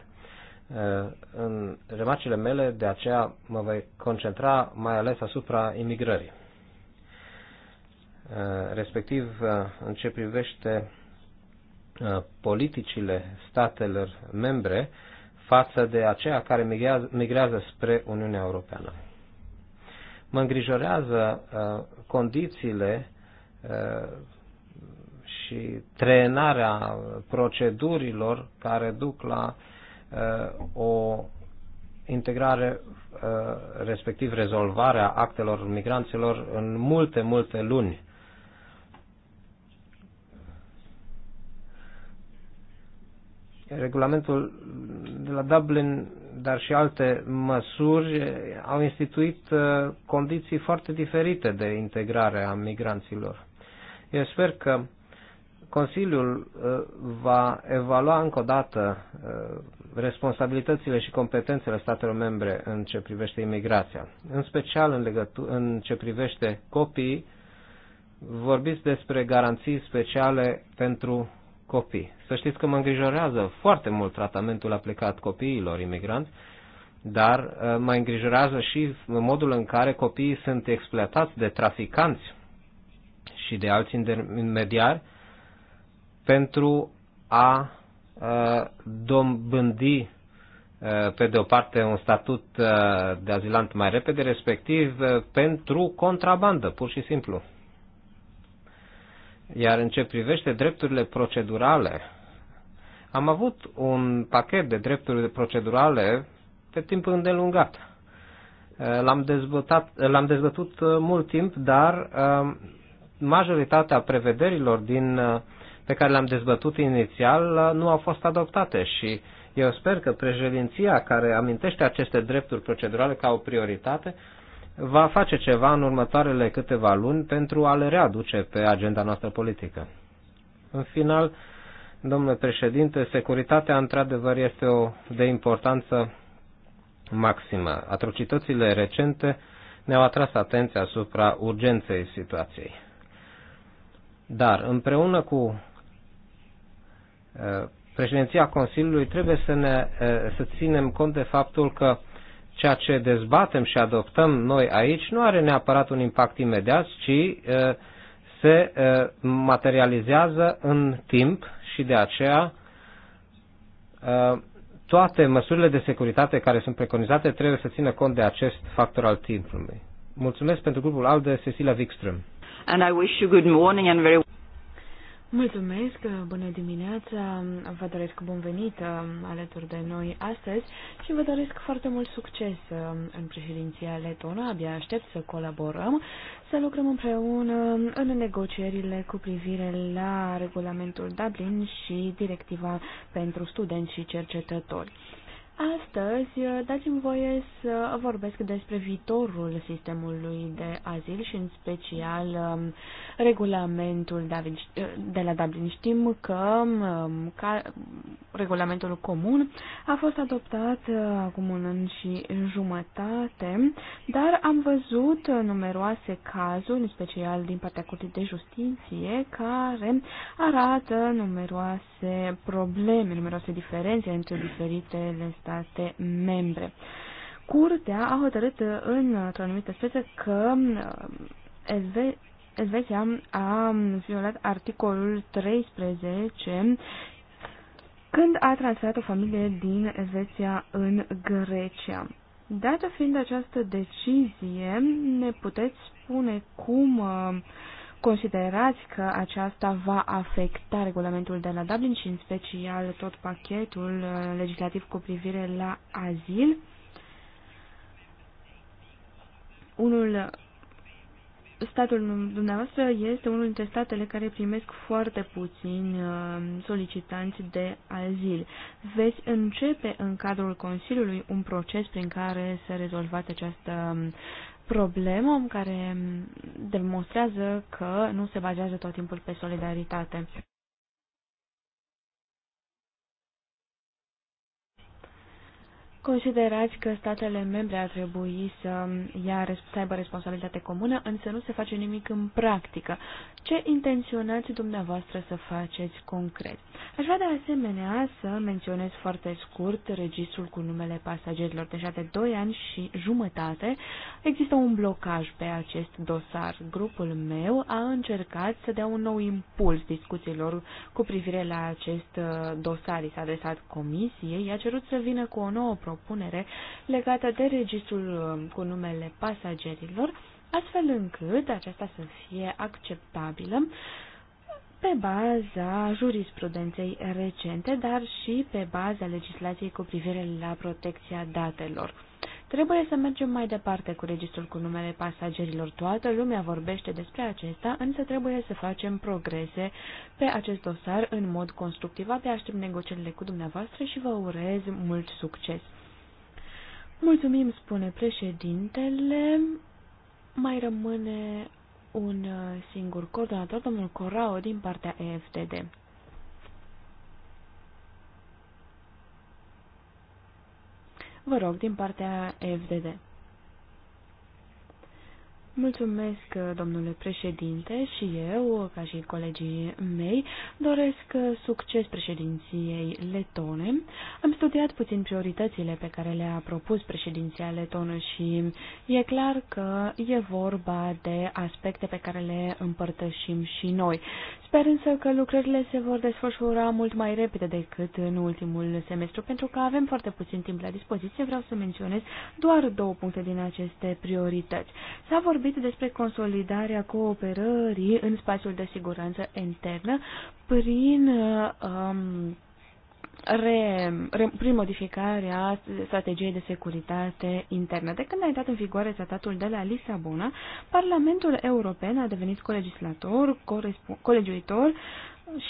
Uh, în remarcile mele, de aceea mă voi concentra mai ales asupra imigrării. Uh, respectiv uh, în ce privește uh, politicile statelor membre față de aceea care migrează spre Uniunea Europeană. Mă îngrijorează condițiile și trenarea procedurilor care duc la o integrare, respectiv rezolvarea actelor migranților în multe, multe luni Regulamentul de la Dublin, dar și alte măsuri, au instituit uh, condiții foarte diferite de integrare a migranților. Eu sper că Consiliul uh, va evalua încă o dată uh, responsabilitățile și competențele statelor membre în ce privește imigrația, în special în, legătu- în ce privește copiii, vorbiți despre garanții speciale pentru copii. Să știți că mă îngrijorează foarte mult tratamentul aplicat copiilor imigranți, dar uh, mă îngrijorează și modul în care copiii sunt exploatați de traficanți și de alți intermediari pentru a uh, dobândi uh, pe de o parte un statut de azilant mai repede, respectiv pentru contrabandă, pur și simplu. Iar în ce privește drepturile procedurale, am avut un pachet de drepturi procedurale pe timp îndelungat. L-am, dezbătat, l-am dezbătut uh, mult timp, dar uh, majoritatea prevederilor din, uh, pe care le-am dezbătut inițial nu au fost adoptate și eu sper că președinția care amintește aceste drepturi procedurale ca o prioritate va face ceva în următoarele câteva luni pentru a le readuce pe agenda noastră politică. În final, domnule președinte, securitatea într-adevăr este o de importanță maximă. Atrocitățile recente ne-au atras atenția asupra urgenței situației. Dar împreună cu uh, președinția Consiliului trebuie să, ne, uh, să ținem cont de faptul că ceea ce dezbatem și adoptăm noi aici nu are neapărat un impact imediat, ci uh, se uh, materializează în timp și de aceea uh, toate măsurile de securitate care sunt preconizate trebuie să țină cont de acest factor al timpului. Mulțumesc pentru grupul ALDE, Cecilia Wikström. And I wish you good morning and very Mulțumesc, bună dimineața, vă doresc bun venit um, alături de noi astăzi și vă doresc foarte mult succes um, în președinția letonă. Abia aștept să colaborăm, să lucrăm împreună în negocierile cu privire la regulamentul Dublin și directiva pentru studenți și cercetători. Astăzi uh, dați-mi voie să vorbesc despre viitorul sistemului de azil și în special um, regulamentul da uh, de la Dublin. Știm că um, ca, regulamentul comun a fost adoptat uh, acum un an și jumătate, dar am văzut numeroase cazuri, în special din partea Curții de Justiție, care arată numeroase probleme, numeroase diferențe între diferitele state membre. Curtea a hotărât în o anumită speță că uh, Elve Elveția a violat articolul 13 când a transferat o familie din Elveția în Grecia. Dată fiind această decizie, ne puteți spune cum uh, Considerați că aceasta va afecta regulamentul de la Dublin și în special tot pachetul uh, legislativ cu privire la azil? Unul statul dumneavoastră este unul dintre statele care primesc foarte puțini uh, solicitanți de azil. Veți începe în cadrul Consiliului un proces prin care să rezolvați această problemă care demonstrează că nu se bazează tot timpul pe solidaritate. Considerați că statele membre ar trebui să, ia, să aibă responsabilitate comună, însă nu se face nimic în practică. Ce intenționați dumneavoastră să faceți concret? Aș vrea de asemenea să menționez foarte scurt registrul cu numele pasagerilor. Deja de 2 ani și jumătate există un blocaj pe acest dosar. Grupul meu a încercat să dea un nou impuls discuțiilor cu privire la acest uh, dosar. I s-a adresat comisiei, i-a cerut să vină cu o nouă problemă propunere legată de registrul um, cu numele pasagerilor, astfel încât aceasta să fie acceptabilă pe baza jurisprudenței recente, dar și pe baza legislației cu privire la protecția datelor. Trebuie să mergem mai departe cu registrul cu numele pasagerilor. Toată lumea vorbește despre acesta, însă trebuie să facem progrese pe acest dosar în mod constructiv. Abia aștept negocierile cu dumneavoastră și vă urez mult succes! Mulțumim, spune președintele. Mai rămâne un uh, singur coordonator, domnul Corao, din partea EFTD. Vă rog, din partea EFDD. Mulțumesc, domnule președinte, și eu, ca și colegii mei, doresc succes președinției letone. Am studiat puțin prioritățile pe care le-a propus președinția letonă și e clar că e vorba de aspecte pe care le împărtășim și noi. Sper însă că lucrările se vor desfășura mult mai repede decât în ultimul semestru, pentru că avem foarte puțin timp la dispoziție. Vreau să menționez doar două puncte din aceste priorități. S-a vorbit vorbit despre consolidarea cooperării în spațiul de siguranță internă prin um, re, re, prin modificarea strategiei de securitate internă. De când a intrat în vigoare tratatul de la Lisabona, Parlamentul European a devenit colegislator, colegiuitor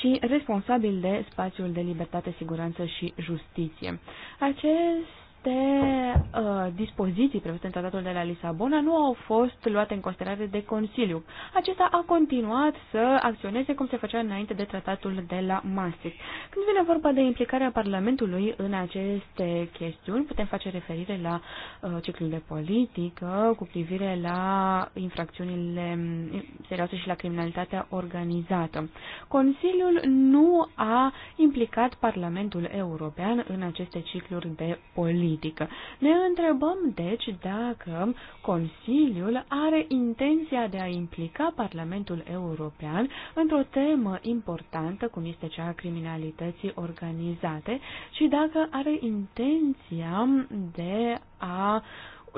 și responsabil de spațiul de libertate, siguranță și justiție. Acest aceste uh, dispoziții prevăzute în tratatul de la Lisabona nu au fost luate în considerare de Consiliu. Acesta a continuat să acționeze cum se făcea înainte de tratatul de la Maastricht. Când vine vorba de implicarea Parlamentului în aceste chestiuni, putem face referire la uh, ciclul de politică cu privire la infracțiunile mm, serioase și la criminalitatea organizată. Consiliul nu a implicat Parlamentul European în aceste cicluri de politică politică. Ne întrebăm, deci, dacă Consiliul are intenția de a implica Parlamentul European într-o temă importantă, cum este cea a criminalității organizate, și dacă are intenția de a uh,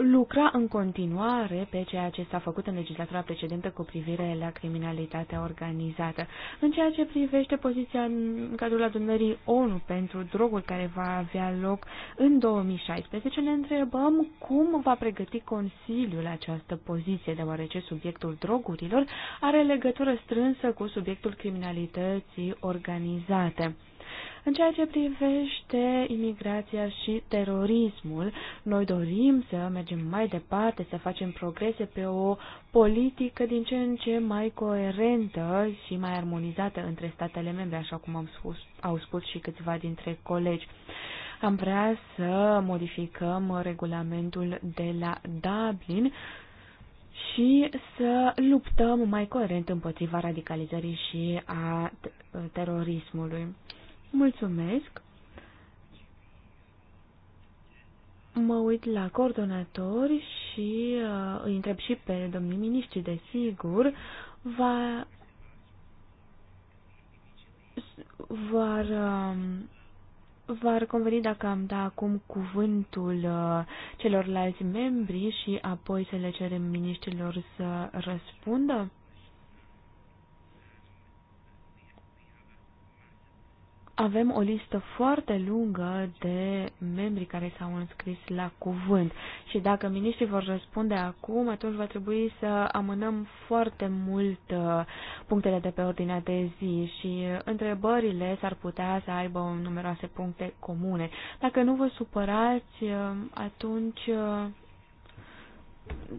lucra în continuare pe ceea ce s-a făcut în legislatura precedentă cu privire la criminalitatea organizată. În ceea ce privește poziția în cadrul adunării ONU pentru drogul care va avea loc în 2016, ne întrebăm cum va pregăti Consiliul această poziție, deoarece subiectul drogurilor are legătură strânsă cu subiectul criminalității organizate. În ceea ce privește imigrația și terorismul, noi dorim să mergem mai departe, să facem progrese pe o politică din ce în ce mai coerentă și mai armonizată între statele membre, așa cum am spus, au spus și câțiva dintre colegi. Am vrea să modificăm regulamentul de la Dublin și să luptăm mai coerent împotriva radicalizării și a terorismului. Mulțumesc. Mă uit la coordonatori și uh, îi întreb și pe domnii miniștri, desigur, va, var, uh, v-ar conveni dacă am da acum cuvântul uh, celorlalți membri și apoi să le cerem miniștrilor să răspundă? Avem o listă foarte lungă de membri care s-au înscris la cuvânt și dacă miniștrii vor răspunde acum, atunci va trebui să amânăm foarte mult uh, punctele de pe ordinea de zi și întrebările s-ar putea să aibă numeroase puncte comune. Dacă nu vă supărați, uh, atunci uh,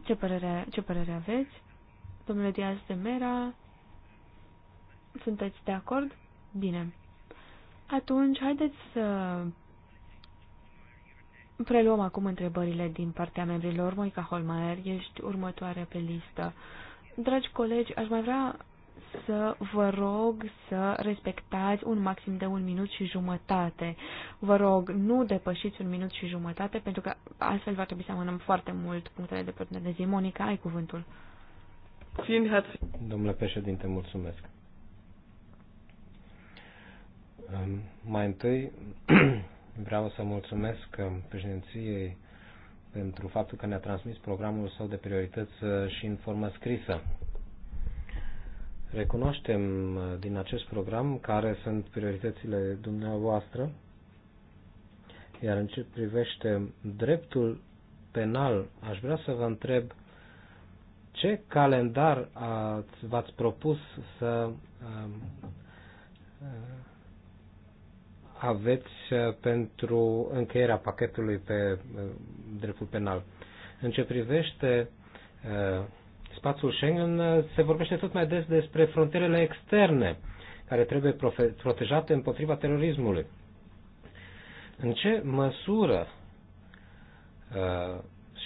ce părere, ce părere aveți? Domnule Diaz de Mera, sunteți de acord? Bine. Atunci, haideți să preluăm acum întrebările din partea membrilor. Moica Holmaier, ești următoarea pe listă. Dragi colegi, aș mai vrea să vă rog să respectați un maxim de un minut și jumătate. Vă rog, nu depășiți un minut și jumătate, pentru că altfel va trebui să amânăm foarte mult punctele de pe de zi. Monica, ai cuvântul. Domnule președinte, mulțumesc. Mai întâi vreau să mulțumesc uh, președinției pentru faptul că ne-a transmis programul său de priorități uh, și în formă scrisă. Recunoaștem uh, din acest program care sunt prioritățile dumneavoastră, iar în ce privește dreptul penal, aș vrea să vă întreb ce calendar v-ați propus să aveți uh, pentru încheierea pachetului pe uh, dreptul penal. În ce privește uh, spațiul Schengen, se vorbește tot mai des despre frontierele externe care trebuie protejate împotriva terorismului. În ce măsură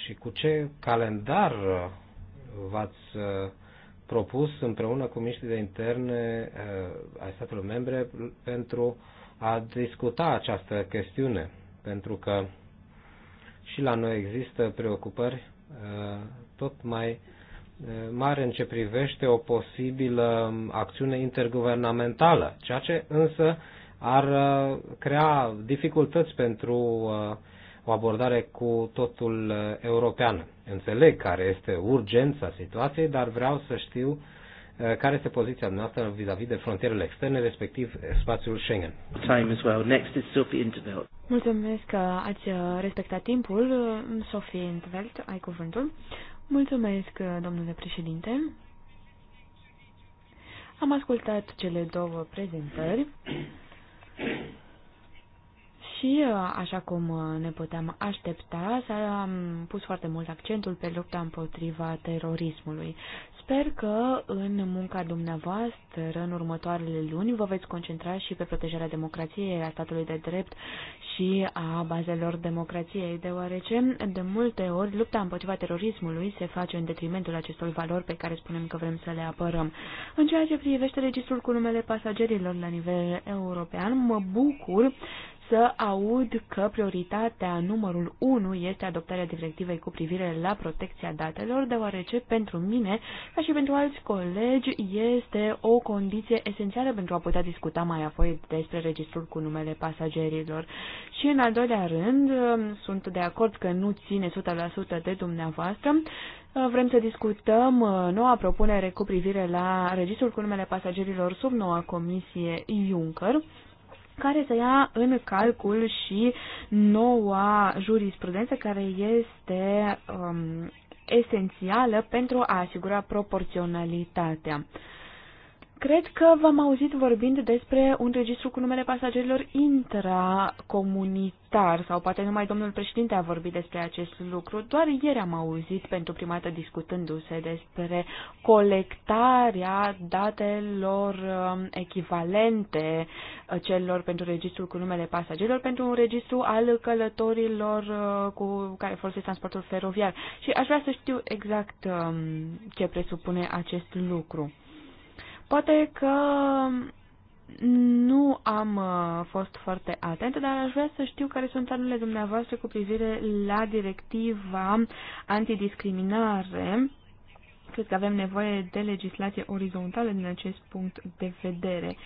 și cu ce calendar v-ați propus împreună cu miștii de interne ai statelor membre pentru uh, a discuta această chestiune, pentru că și la noi există preocupări uh, tot mai uh, mare în ce privește o posibilă acțiune interguvernamentală, ceea ce însă ar uh, crea dificultăți pentru o abordare cu totul europeană. Înțeleg care este urgența situației, dar vreau să știu Eh, care este poziția noastră vis-a-vis -vis de frontierele externe, respectiv spațiul Schengen. Time as well. Next is Sophie Intervelt. Mulțumesc că ați eh, respectat timpul. Sophie Intervelt, ai cuvântul. Mulțumesc, eh, domnule președinte. Am ascultat cele două prezentări și, așa cum ne puteam aștepta, s-a pus foarte mult accentul pe lupta împotriva terorismului. Sper că în munca dumneavoastră, în următoarele luni, vă veți concentra și pe protejarea democrației, a statului de drept și a bazelor democrației, deoarece de multe ori lupta împotriva terorismului se face în detrimentul acestor valori pe care spunem că vrem să le apărăm. În ceea ce privește registrul cu numele pasagerilor la nivel european, mă bucur să aud că prioritatea numărul 1 este adoptarea directivei cu privire la protecția datelor, deoarece pentru mine, ca și pentru alți colegi, este o condiție esențială pentru a putea discuta mai apoi despre registrul cu numele pasagerilor. Și în al doilea rând, sunt de acord că nu ține 100% de dumneavoastră, Vrem să discutăm noua propunere cu privire la registrul cu numele pasagerilor sub noua comisie Juncker care să ia în calcul și noua jurisprudență care este um, esențială pentru a asigura proporționalitatea. Cred că v-am auzit vorbind despre un registru cu numele pasagerilor intracomunitar, sau poate numai domnul președinte a vorbit despre acest lucru. Doar ieri am auzit pentru prima dată discutându-se despre colectarea datelor um, echivalente uh, celor pentru registrul cu numele pasagerilor, pentru un registru al călătorilor uh, cu care folosesc transportul feroviar. Și aș vrea să știu exact um, ce presupune acest lucru. Poate că nu am uh, fost foarte atentă, dar aș vrea să știu care sunt anele dumneavoastră cu privire la directiva antidiscriminare. Cred că avem nevoie de legislație orizontală din acest punct de vedere.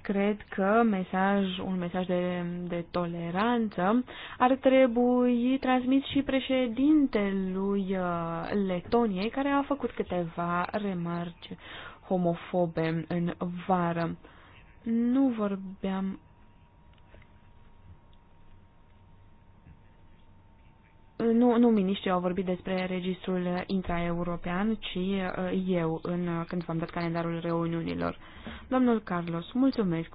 Cred că mesaj, un mesaj de, de toleranță ar trebui transmis și președintelui uh, Letoniei, care a făcut câteva remarci homofobe în vară. Nu vorbeam nu, nu miniștrii au vorbit despre registrul intraeuropean, ci uh, eu, în, uh, când v-am dat calendarul reuniunilor. Domnul Carlos, mulțumesc!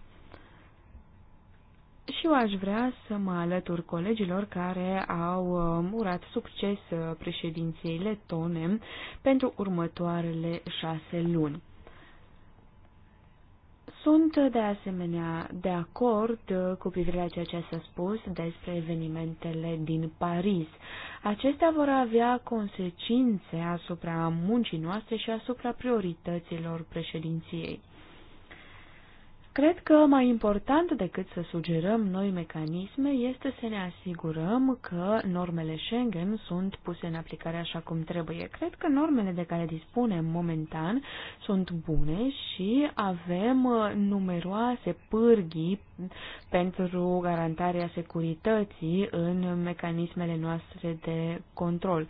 Și eu aș vrea să mă alătur colegilor care au um, urat succes uh, președinției letone pentru următoarele șase luni. Sunt de asemenea de acord uh, cu privire la ceea ce s-a spus despre evenimentele din Paris. Acestea vor avea consecințe asupra muncii noastre și asupra priorităților președinției. Cred că mai important decât să sugerăm noi mecanisme este să ne asigurăm că normele Schengen sunt puse în aplicare așa cum trebuie. Cred că normele de care dispunem momentan sunt bune și avem uh, numeroase pârghii pentru garantarea securității în mecanismele noastre de control.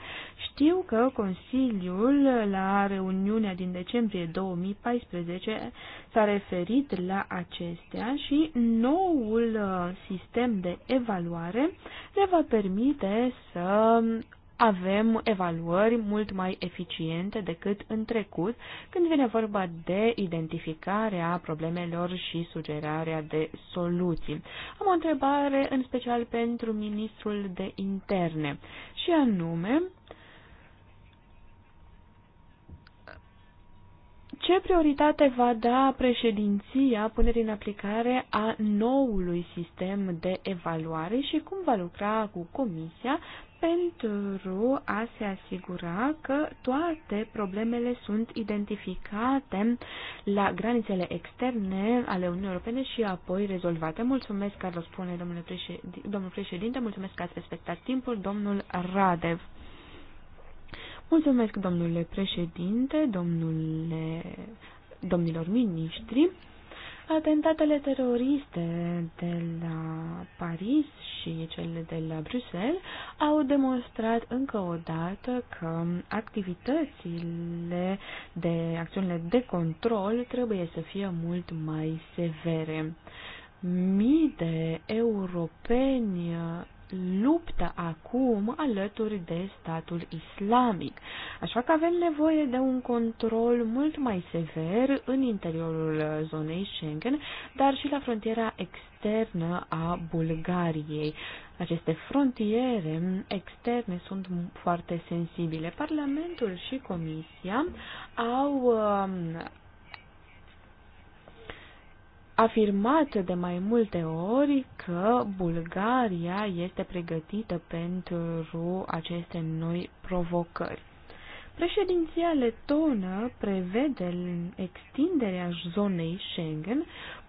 Știu că Consiliul la reuniunea din decembrie 2014 s-a referit la acestea și noul uh, sistem de evaluare ne va permite să avem evaluări mult mai eficiente decât în trecut când vine vorba de identificarea problemelor și sugerarea de soluții. Am o întrebare în special pentru ministrul de interne și anume Ce prioritate va da președinția punerii în aplicare a noului sistem de evaluare și cum va lucra cu Comisia pentru a se asigura că toate problemele sunt identificate la granițele externe ale Uniunii Europene și apoi rezolvate. Mulțumesc că răspune domnule președinte, domnul președinte, mulțumesc că ați respectat timpul, domnul Radev. Mulțumesc, domnule președinte, domnule, domnilor miniștri. Atentatele teroriste de la Paris și cele de la Bruxelles au demonstrat încă o dată că activitățile de acțiunile de control trebuie să fie mult mai severe. Mii de europeni luptă acum alături de statul islamic. Așa că avem nevoie de un control mult mai sever în interiorul zonei Schengen, dar și la frontiera externă a Bulgariei. Aceste frontiere externe sunt foarte sensibile. Parlamentul și Comisia au um, afirmat de mai multe ori că Bulgaria este pregătită pentru aceste noi provocări. Președinția letonă prevede extinderea zonei Schengen.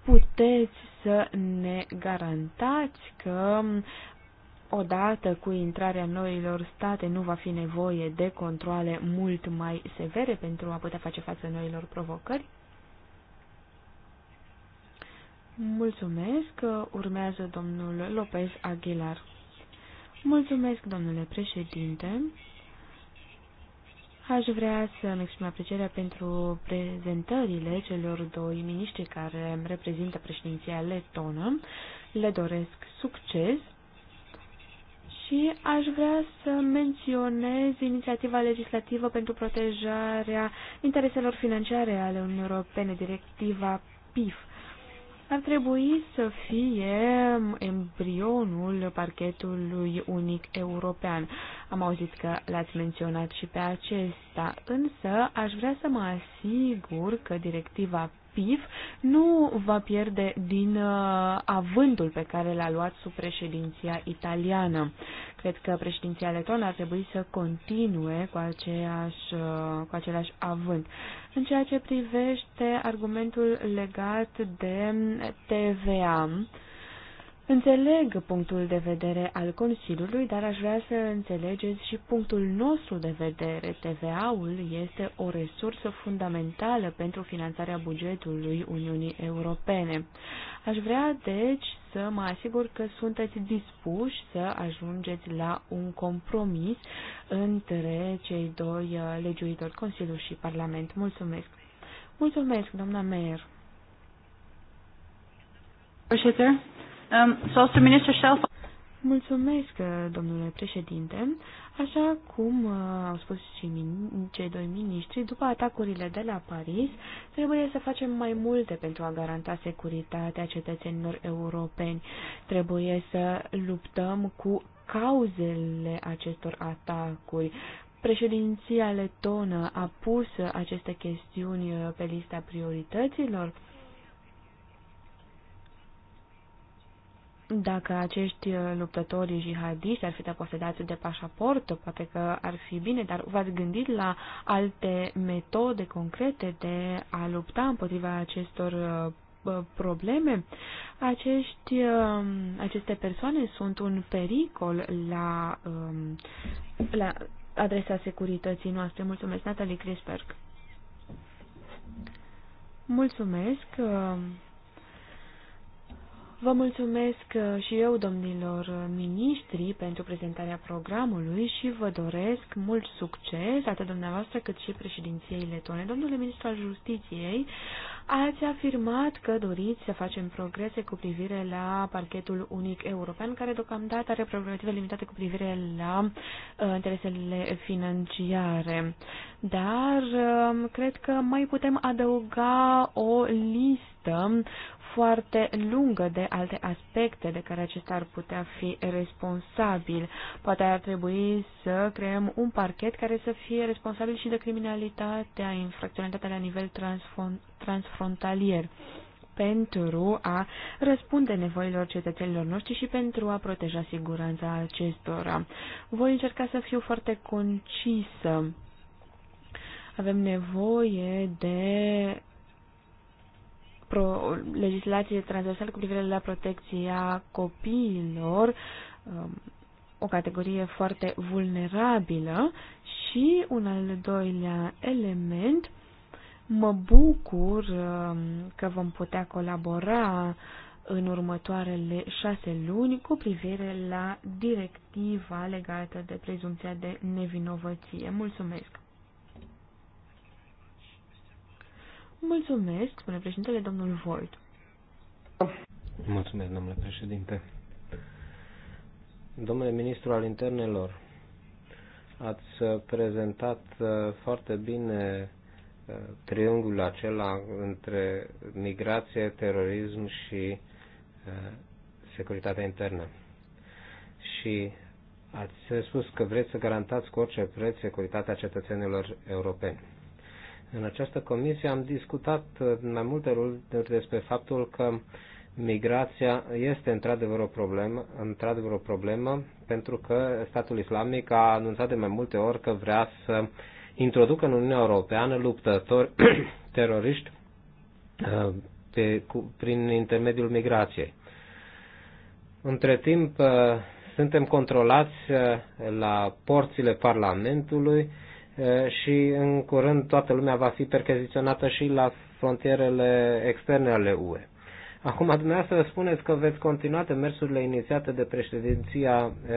Puteți să ne garantați că odată cu intrarea noilor state nu va fi nevoie de controle mult mai severe pentru a putea face față noilor provocări? Mulțumesc. Urmează domnul Lopez Aguilar. Mulțumesc, domnule președinte. Aș vrea să-mi exprim aprecierea pentru prezentările celor doi miniștri care reprezintă președinția letonă. Le doresc succes și aș vrea să menționez inițiativa legislativă pentru protejarea intereselor financiare ale Uniunii Europene, directiva PIF ar trebui să fie embrionul parchetului unic european. Am auzit că l-ați menționat și pe acesta, însă aș vrea să mă asigur că directiva PIF nu va pierde din uh, avântul pe care l-a luat sub președinția italiană. Cred că președinția letonă ar trebui să continue cu, aceeași, uh, cu același avânt. În ceea ce privește argumentul legat de TVA, Înțeleg punctul de vedere al Consiliului, dar aș vrea să înțelegeți și punctul nostru de vedere. TVA-ul este o resursă fundamentală pentru finanțarea bugetului Uniunii Europene. Aș vrea, deci, să mă asigur că sunteți dispuși să ajungeți la un compromis între cei doi uh, legiuitori, Consiliul și Parlament. Mulțumesc! Mulțumesc, doamna Meier! Președinte, Um, Mulțumesc, domnule președinte. Așa cum uh, au spus și cei doi miniștri, după atacurile de la Paris, trebuie să facem mai multe pentru a garanta securitatea cetățenilor europeni. Trebuie să luptăm cu cauzele acestor atacuri. Președinția letonă a pus aceste chestiuni uh, pe lista priorităților Dacă acești uh, luptători jihadiști ar fi posedați de pașaport, poate că ar fi bine, dar v-ați gândit la alte metode concrete de a lupta împotriva acestor uh, uh, probleme, acești, aceste persoane sunt un pericol la, um, la adresa securității noastre. Mulțumesc, Natalie Crisberg. Mulțumesc. Vă mulțumesc uh, și eu, domnilor uh, miniștri, pentru prezentarea programului și vă doresc mult succes, atât dumneavoastră cât și președinției letone. Domnule ministru al Justiției, ați afirmat că doriți să facem progrese cu privire la parchetul unic european, care deocamdată are prerogative limitate cu privire la uh, interesele financiare. Dar uh, cred că mai putem adăuga o listă foarte lungă de alte aspecte de care acesta ar putea fi responsabil. Poate ar trebui să creăm un parchet care să fie responsabil și de criminalitatea, infracționalitatea la nivel transfrontalier pentru a răspunde nevoilor cetățenilor noștri și pentru a proteja siguranța acestora. Voi încerca să fiu foarte concisă avem nevoie de pro, legislație transversală cu privire la protecția copiilor, um, o categorie foarte vulnerabilă și un al doilea element, mă bucur um, că vom putea colabora în următoarele șase luni cu privire la directiva legată de prezumția de nevinovăție. Mulțumesc! Mulțumesc, spune președintele, domnul Voigt. Mulțumesc, domnule președinte. Domnule ministru al internelor, ați uh, prezentat uh, foarte bine uh, triunghiul acela între migrație, terorism și securitatea internă. Și ați spus că vreți să garantați cu orice preț securitatea cetățenilor europeni. În această comisie am discutat uh, mai multe rânduri despre faptul că migrația este într-adevăr o problemă, într-adevăr o problemă, pentru că statul islamic a anunțat de mai multe ori că vrea să introducă în Uniunea Europeană luptători teroriști uh, pe, cu, prin intermediul migrației. Între timp, uh, suntem controlați la porțile Parlamentului și în curând toată lumea va fi percheziționată și la frontierele externe ale UE. Acum, dumneavoastră spuneți că veți continua demersurile inițiate de președinția e,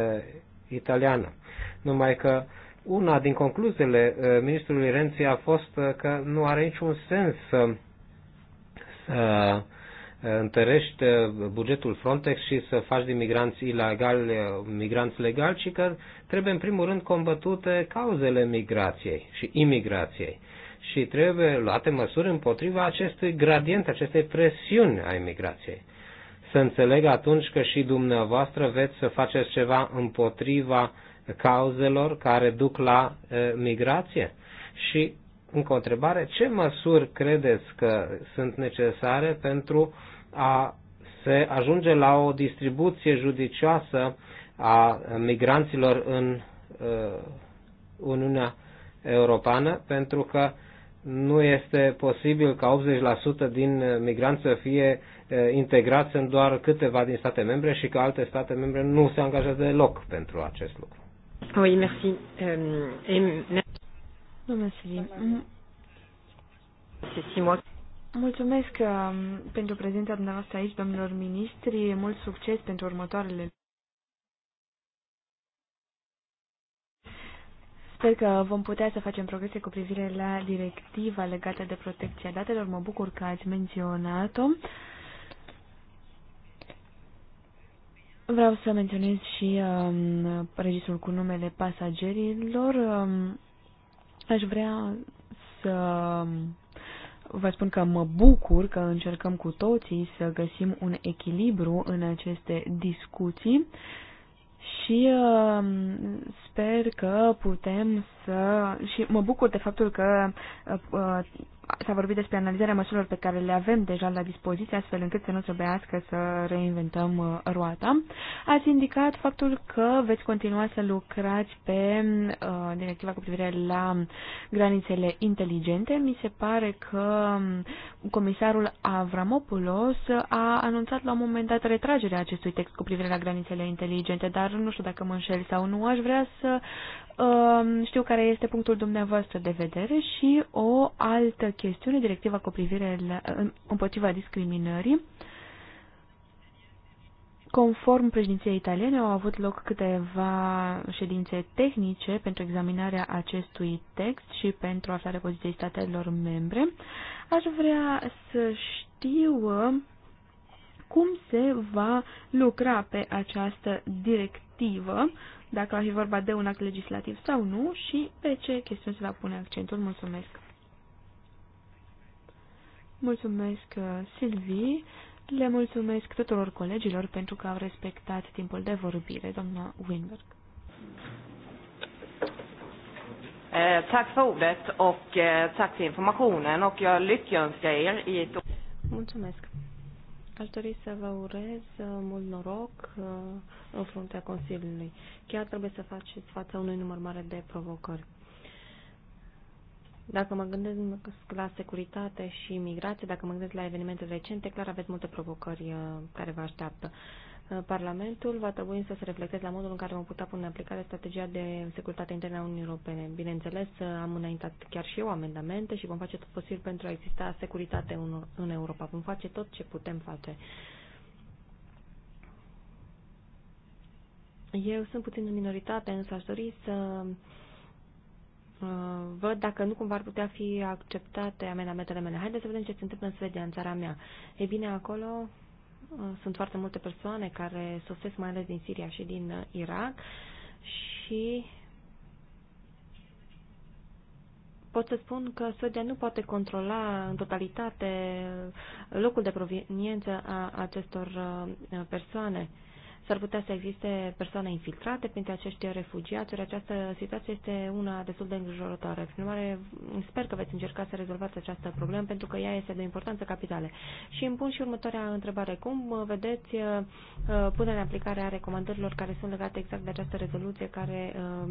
italiană. Numai că una din concluziile e, ministrului Renzi a fost că nu are niciun sens să, să întărești uh, bugetul Frontex și să faci din migranți ilegali uh, migranți legali, ci că trebuie în primul rând combătute cauzele migrației și imigrației. Și trebuie luate măsuri împotriva acestui gradient, acestei presiuni a imigrației. Să înțeleg atunci că și dumneavoastră veți să faceți ceva împotriva cauzelor care duc la e, uh, migrație. Și încă o întrebare, ce măsuri credeți că sunt necesare pentru uh, a se ajunge la o distribuție judicioasă a migranților în uh, Uniunea Europeană, pentru că nu este posibil ca 80% din migranți să fie uh, integrați în doar câteva din state membre și că alte state membre nu se angajează deloc pentru acest lucru. Oui, merci. Um, et... Domnul Siri, Mulțumesc um, pentru prezența dumneavoastră aici, domnilor ministri. Mult succes pentru următoarele. Sper că vom putea să facem progrese cu privire la directiva legată de protecția datelor. Mă bucur că ați menționat-o. Vreau să menționez și um, registrul cu numele pasagerilor. Um, aș vrea să vă spun că mă bucur că încercăm cu toții să găsim un echilibru în aceste discuții și uh, sper că putem să... și mă bucur de faptul că uh, S-a vorbit despre analizarea măsurilor pe care le avem deja la dispoziție, astfel încât să nu trebuiască să reinventăm uh, roata. Ați indicat faptul că veți continua să lucrați pe uh, directiva cu privire la granițele inteligente. Mi se pare că um, comisarul Avramopoulos a anunțat la un moment dat retragerea acestui text cu privire la granițele inteligente, dar nu știu dacă mă înșel sau nu. Aș vrea să um, știu care este punctul dumneavoastră de vedere și o altă chestiune, directiva cu privire la, împotriva discriminării. Conform președinției italiene, au avut loc câteva ședințe tehnice pentru examinarea acestui text și pentru aflarea poziției statelor membre. Aș vrea să știu uh, cum se va lucra pe această directivă, dacă va fi vorba de un act legislativ sau nu și pe ce chestiuni se va pune accentul. Mulțumesc! Mulțumesc, uh, Silvi. Le mulțumesc tuturor colegilor pentru că au respectat timpul de vorbire, doamna Winberg. Eh, tack för ordet och eh, tack för informationen och jag lyckönskar er i ett... Mulțumesc. Aș dori să vă urez eh, mult noroc în fruntea Consiliului. Chiar trebuie să faceți fața unui număr mare de provocări. Dacă mă gândesc la securitate și migrație, dacă mă gândesc la evenimente recente, clar aveți multe provocări uh, care vă așteaptă. Uh, Parlamentul va trebui să se reflecteze la modul în care vom putea pune în aplicare strategia de securitate internă a Uniunii Europene. Bineînțeles, uh, am înaintat chiar și eu amendamente și vom face tot posibil pentru a exista securitate în Europa. Vom face tot ce putem face. Eu sunt puțin în minoritate, însă aș dori să Uh, văd dacă nu cumva ar putea fi acceptate amendamentele mele. Haideți să vedem ce se întâmplă în Suedia, în țara mea. E bine, acolo uh, sunt foarte multe persoane care sosesc mai ales din Siria și din uh, Irak și pot să spun că Suedia nu poate controla în totalitate locul de proveniență a acestor persoane. S-ar putea să existe persoane infiltrate printre acești refugiați, ori această situație este una destul de îngrijorătoare. Prin urmare, sper că veți încerca să rezolvați această problemă, pentru că ea este de importanță capitală. Și îmi pun și următoarea întrebare. Cum vedeți uh, punerea în aplicare a recomandărilor care sunt legate exact de această rezoluție care um,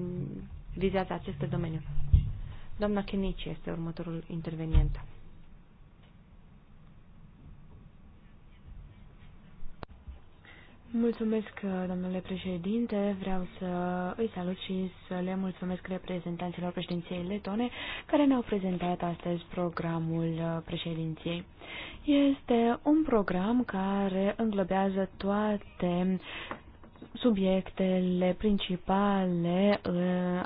vizează acest domeniu? Doamna Chenici este următorul intervenient. Mulțumesc, uh, domnule președinte. Vreau să îi salut și să le mulțumesc reprezentanților președinției letone care ne-au prezentat astăzi programul uh, președinției. Este un program care înglobează toate subiectele principale uh,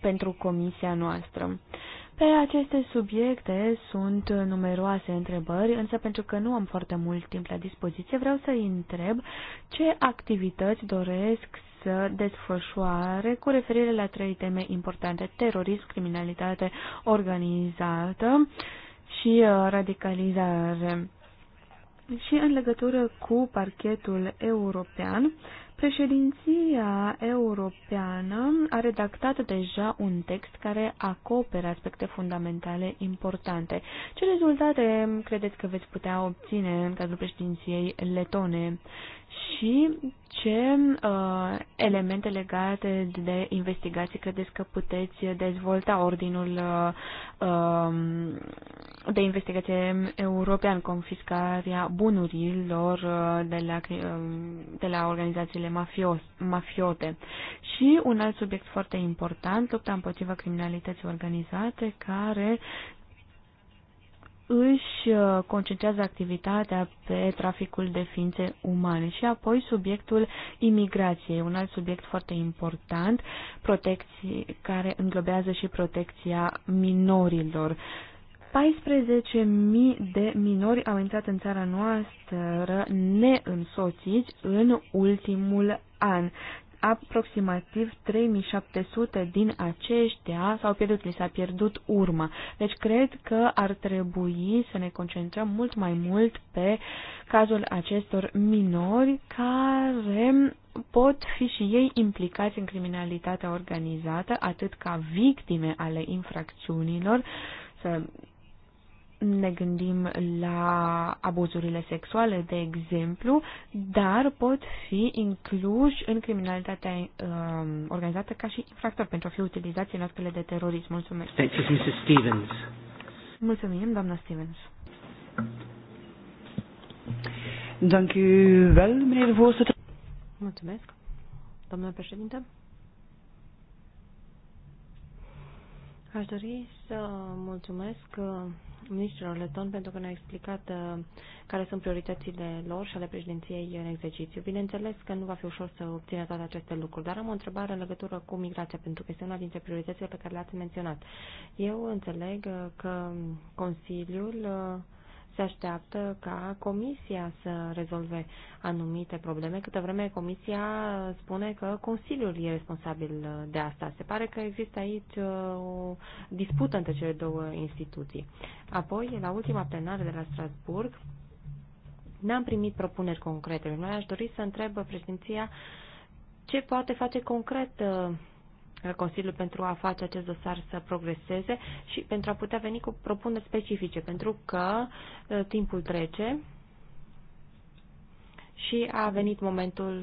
pentru comisia noastră. Pe aceste subiecte sunt numeroase întrebări, însă pentru că nu am foarte mult timp la dispoziție, vreau să întreb ce activități doresc să desfășoare cu referire la trei teme importante, terorism, criminalitate organizată și uh, radicalizare. Și în legătură cu parchetul european, Președinția europeană a redactat deja un text care acoperă aspecte fundamentale importante. Ce rezultate credeți că veți putea obține în cadrul președinției letone? și ce uh, elemente legate de investigații credeți că puteți dezvolta ordinul uh, um, de investigație european, confiscarea bunurilor uh, de la, uh, de la organizațiile mafios, mafiote. Și un alt subiect foarte important, lupta împotriva criminalității organizate, care își uh, concentrează activitatea pe traficul de ființe umane și apoi subiectul imigrației, un alt subiect foarte important, protecții, care înglobează și protecția minorilor. 14.000 de minori au intrat în țara noastră neînsoțiți în ultimul an aproximativ 3700 din aceștia s-au pierdut, li s-a pierdut urma. Deci cred că ar trebui să ne concentrăm mult mai mult pe cazul acestor minori care pot fi și ei implicați în criminalitatea organizată, atât ca victime ale infracțiunilor, să ne gândim la abuzurile sexuale, de exemplu, dar pot fi incluși în criminalitatea um, organizată ca și infractor pentru a fi utilizați în actele de terorism. Mulțumesc. Thank you, Mrs. Stevens. Mulțumim, doamna Stevens. Thank you well, Mulțumesc, doamna președinte. Aș dori să mulțumesc uh, ministrilor leton pentru că ne-a explicat uh, care sunt prioritățile lor și ale președinției în exercițiu. Bineînțeles că nu va fi ușor să obțină toate aceste lucruri, dar am o întrebare în legătură cu migrația, pentru că este una dintre prioritățile pe care le-ați menționat. Eu înțeleg uh, că Consiliul se așteaptă ca Comisia să rezolve anumite probleme, câtă vreme Comisia spune că Consiliul e responsabil de asta. Se pare că există aici uh, o dispută între cele două instituții. Apoi, la ultima plenară de la Strasburg, n-am primit propuneri concrete. Noi aș dori să întreb președinția ce poate face concret uh, Consiliul pentru a face acest dosar să progreseze și pentru a putea veni cu propuneri specifice, pentru că timpul trece și a venit momentul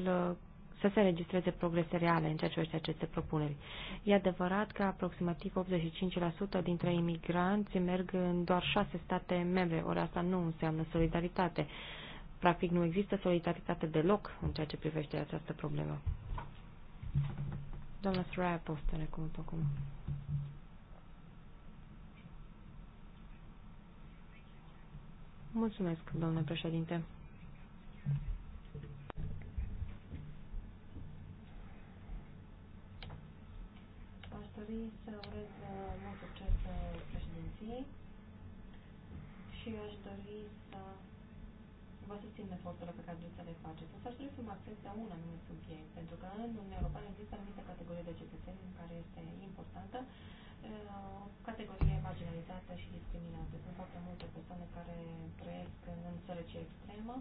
să se registreze progrese reale în ceea ce aceste propuneri. E adevărat că aproximativ 85% dintre imigranți merg în doar șase state membre, ori asta nu înseamnă solidaritate. Practic nu există solidaritate deloc în ceea ce privește această problemă. Doamna Soraya Postele, cum tot acum. Mulțumesc, domnule președinte. Aș dori să urez uh, mult succes uh, președinției și aș dori să vă susțin eforturile pe care doriți să le faceți. Însă aș dori să mă acces pe un anumit subiect, pentru că în Uniunea Europeană există anumite categorii de cetățeni în care este importantă o categorie marginalizată și discriminată. Sunt foarte multe persoane care trăiesc în sărăcie extremă,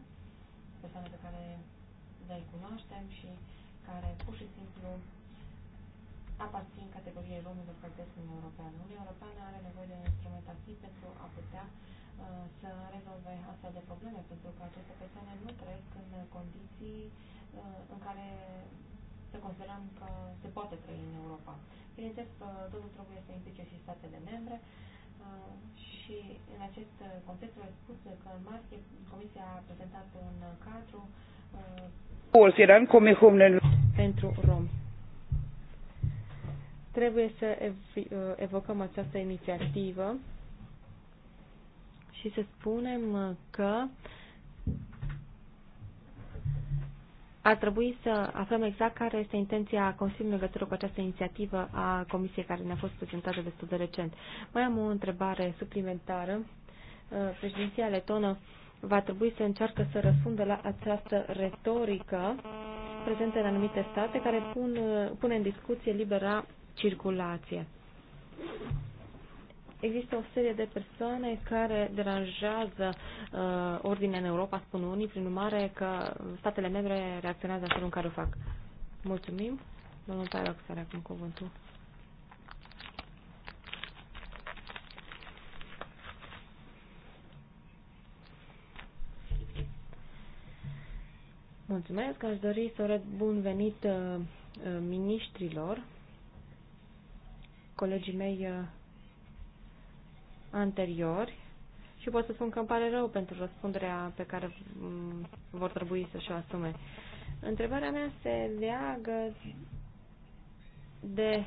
persoane pe care le cunoaștem și care pur și simplu aparțin categoriei romilor care trăiesc în Europeană. Uniunea Europeană are nevoie de un activ pentru a putea uh, Uh, să rezolve astfel de probleme, pentru că aceste persoane nu trăiesc în condiții uh, în care să considerăm că se poate trăi în Europa. Bineînțeles, totul trebuie să implice și statele membre uh, și în acest context vă spus că în martie Comisia a prezentat un cadru pentru romi. Trebuie să ev evocăm această inițiativă și să spunem că ar trebui să aflăm exact care este intenția Consiliului în legătură cu această inițiativă a Comisiei care ne-a fost prezentată destul de recent. Mai am o întrebare suplimentară. Uh, președinția letonă va trebui să încearcă să răspundă la această retorică prezentă în anumite state care pun, uh, pune în discuție libera circulație există o serie de persoane care deranjează uh, ordinea în Europa, spun unii, prin urmare că statele membre reacționează așa în care o fac. Mulțumim. Domnul Tairoc să are acum cuvântul. Mulțumesc. Aș dori să urez bun venit uh, uh, ministrilor, colegii mei uh, anteriori și pot să spun că îmi pare rău pentru răspunderea pe care mm, vor trebui să-și o asume. Întrebarea mea se leagă de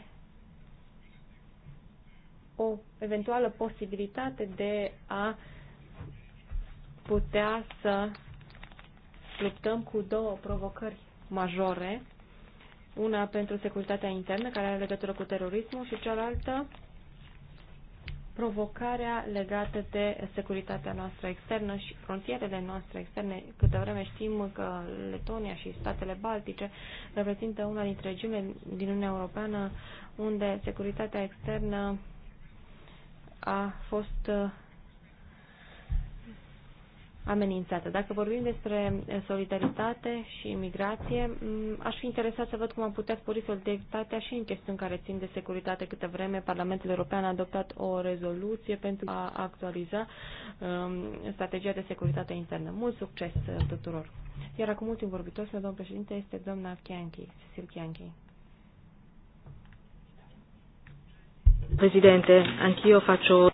o eventuală posibilitate de a putea să luptăm cu două provocări majore, una pentru securitatea internă, care are legătură cu terorismul, și cealaltă provocarea legată de securitatea noastră externă și frontierele noastre externe. Câte vreme știm că Letonia și statele baltice reprezintă una dintre regiunile din Uniunea Europeană unde securitatea externă a fost amenințată. Dacă vorbim despre eh, solidaritate și imigrație, mm, aș fi interesat să văd cum am putea spori solidaritatea și în chestiuni care țin de securitate. Câte vreme Parlamentul European a adoptat o rezoluție pentru a actualiza um, strategia de securitate internă. Mult succes eh, tuturor! Iar acum ultimul vorbitor, domnul președinte, este doamna Chianchi, Cecil Chianchi. Presidente, anch'io faccio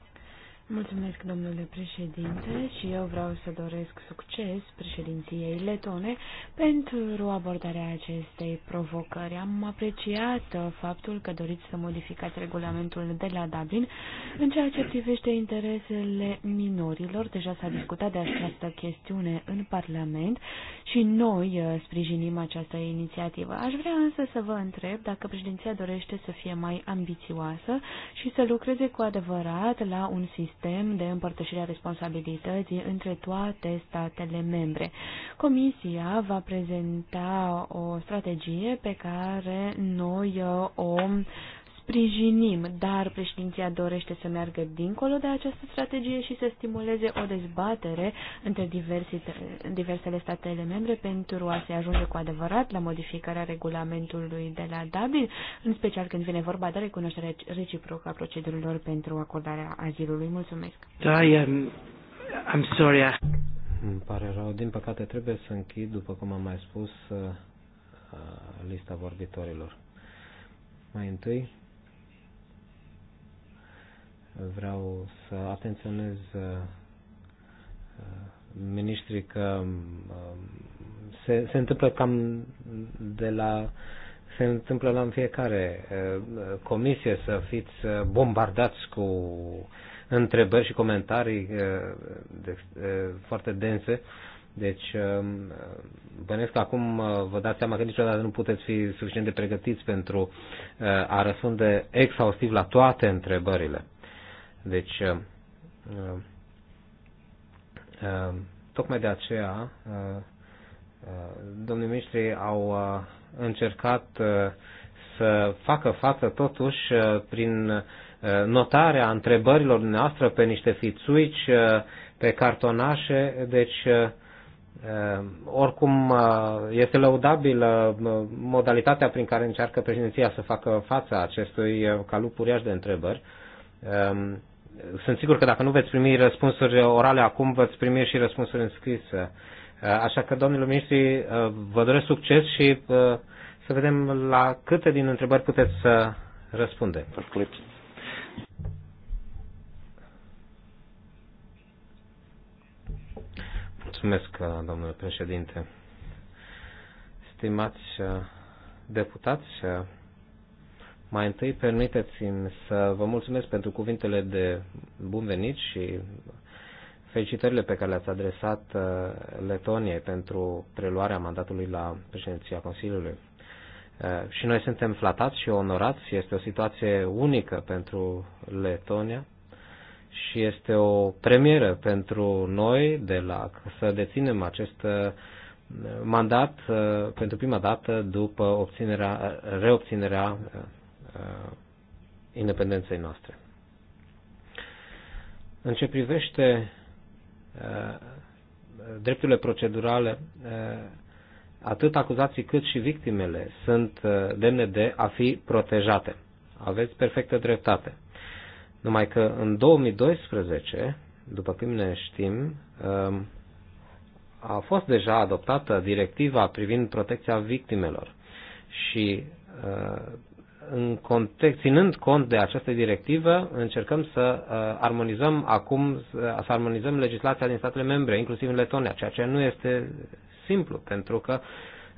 Mulțumesc, domnule președinte, și eu vreau să doresc succes președinției letone pentru abordarea acestei provocări. Am apreciat uh, faptul că doriți să modificați regulamentul de la Dublin în ceea ce privește interesele minorilor. Deja s-a discutat de această chestiune în Parlament și noi uh, sprijinim această inițiativă. Aș vrea însă să vă întreb dacă președinția dorește să fie mai ambițioasă și să lucreze cu adevărat la un sistem sistem de împărtășire a responsabilității între toate statele membre. Comisia va prezenta o strategie pe care noi o sprijinim, dar președinția dorește să meargă dincolo de această strategie și să stimuleze o dezbatere între diversele statele membre pentru a se ajunge cu adevărat la modificarea regulamentului de la Dublin, în special când vine vorba de recunoașterea reciprocă a procedurilor pentru acordarea azilului. Mulțumesc! Da, am, um, I'm sorry. I... Îmi pare rău. Din păcate trebuie să închid, după cum am mai spus, uh, uh, lista vorbitorilor. Mai întâi, vreau să atenționez uh, ministrii că um, se, se întâmplă cam de la se întâmplă la în fiecare uh, comisie să fiți uh, bombardați cu întrebări și comentarii foarte dense. Deci, um, bănesc că acum vă dați seama că niciodată nu puteți fi suficient de pregătiți pentru a răspunde exhaustiv la toate întrebările. Deci, uh, uh, uh, tocmai de aceea, domnii miștri au încercat să facă față totuși prin notarea întrebărilor noastre pe niște fițuici, pe cartonașe, deci oricum este lăudabilă modalitatea prin care încearcă președinția să facă față acestui calup uriaș de întrebări. Um, sunt sigur că dacă nu veți primi răspunsuri orale acum, veți primi și răspunsuri în scris. Uh, așa că, domnilor ministri, uh, vă doresc succes și uh, să vedem la câte din întrebări puteți să răspunde. Mulțumesc, domnule președinte. Stimați deputați, mai întâi, permiteți-mi să vă mulțumesc pentru cuvintele de bun venit și felicitările pe care le-ați adresat uh, Letoniei pentru preluarea mandatului la președinția Consiliului. Uh, și noi suntem flatați și onorați, este o situație unică pentru Letonia și este o premieră pentru noi de la să deținem acest uh, mandat pentru prima dată după obținerea, reobținerea Uh, independenței noastre. În ce privește uh, drepturile procedurale, uh, atât acuzații cât și victimele sunt demne de a fi protejate. Aveți perfectă dreptate. Numai că în 2012, după cum ne știm, um, a fost deja adoptată directiva privind protecția victimelor și în context, ținând cont de această directivă, încercăm să uh, armonizăm acum, uh, să armonizăm legislația din statele membre, inclusiv în Letonia, ceea ce nu este simplu, pentru că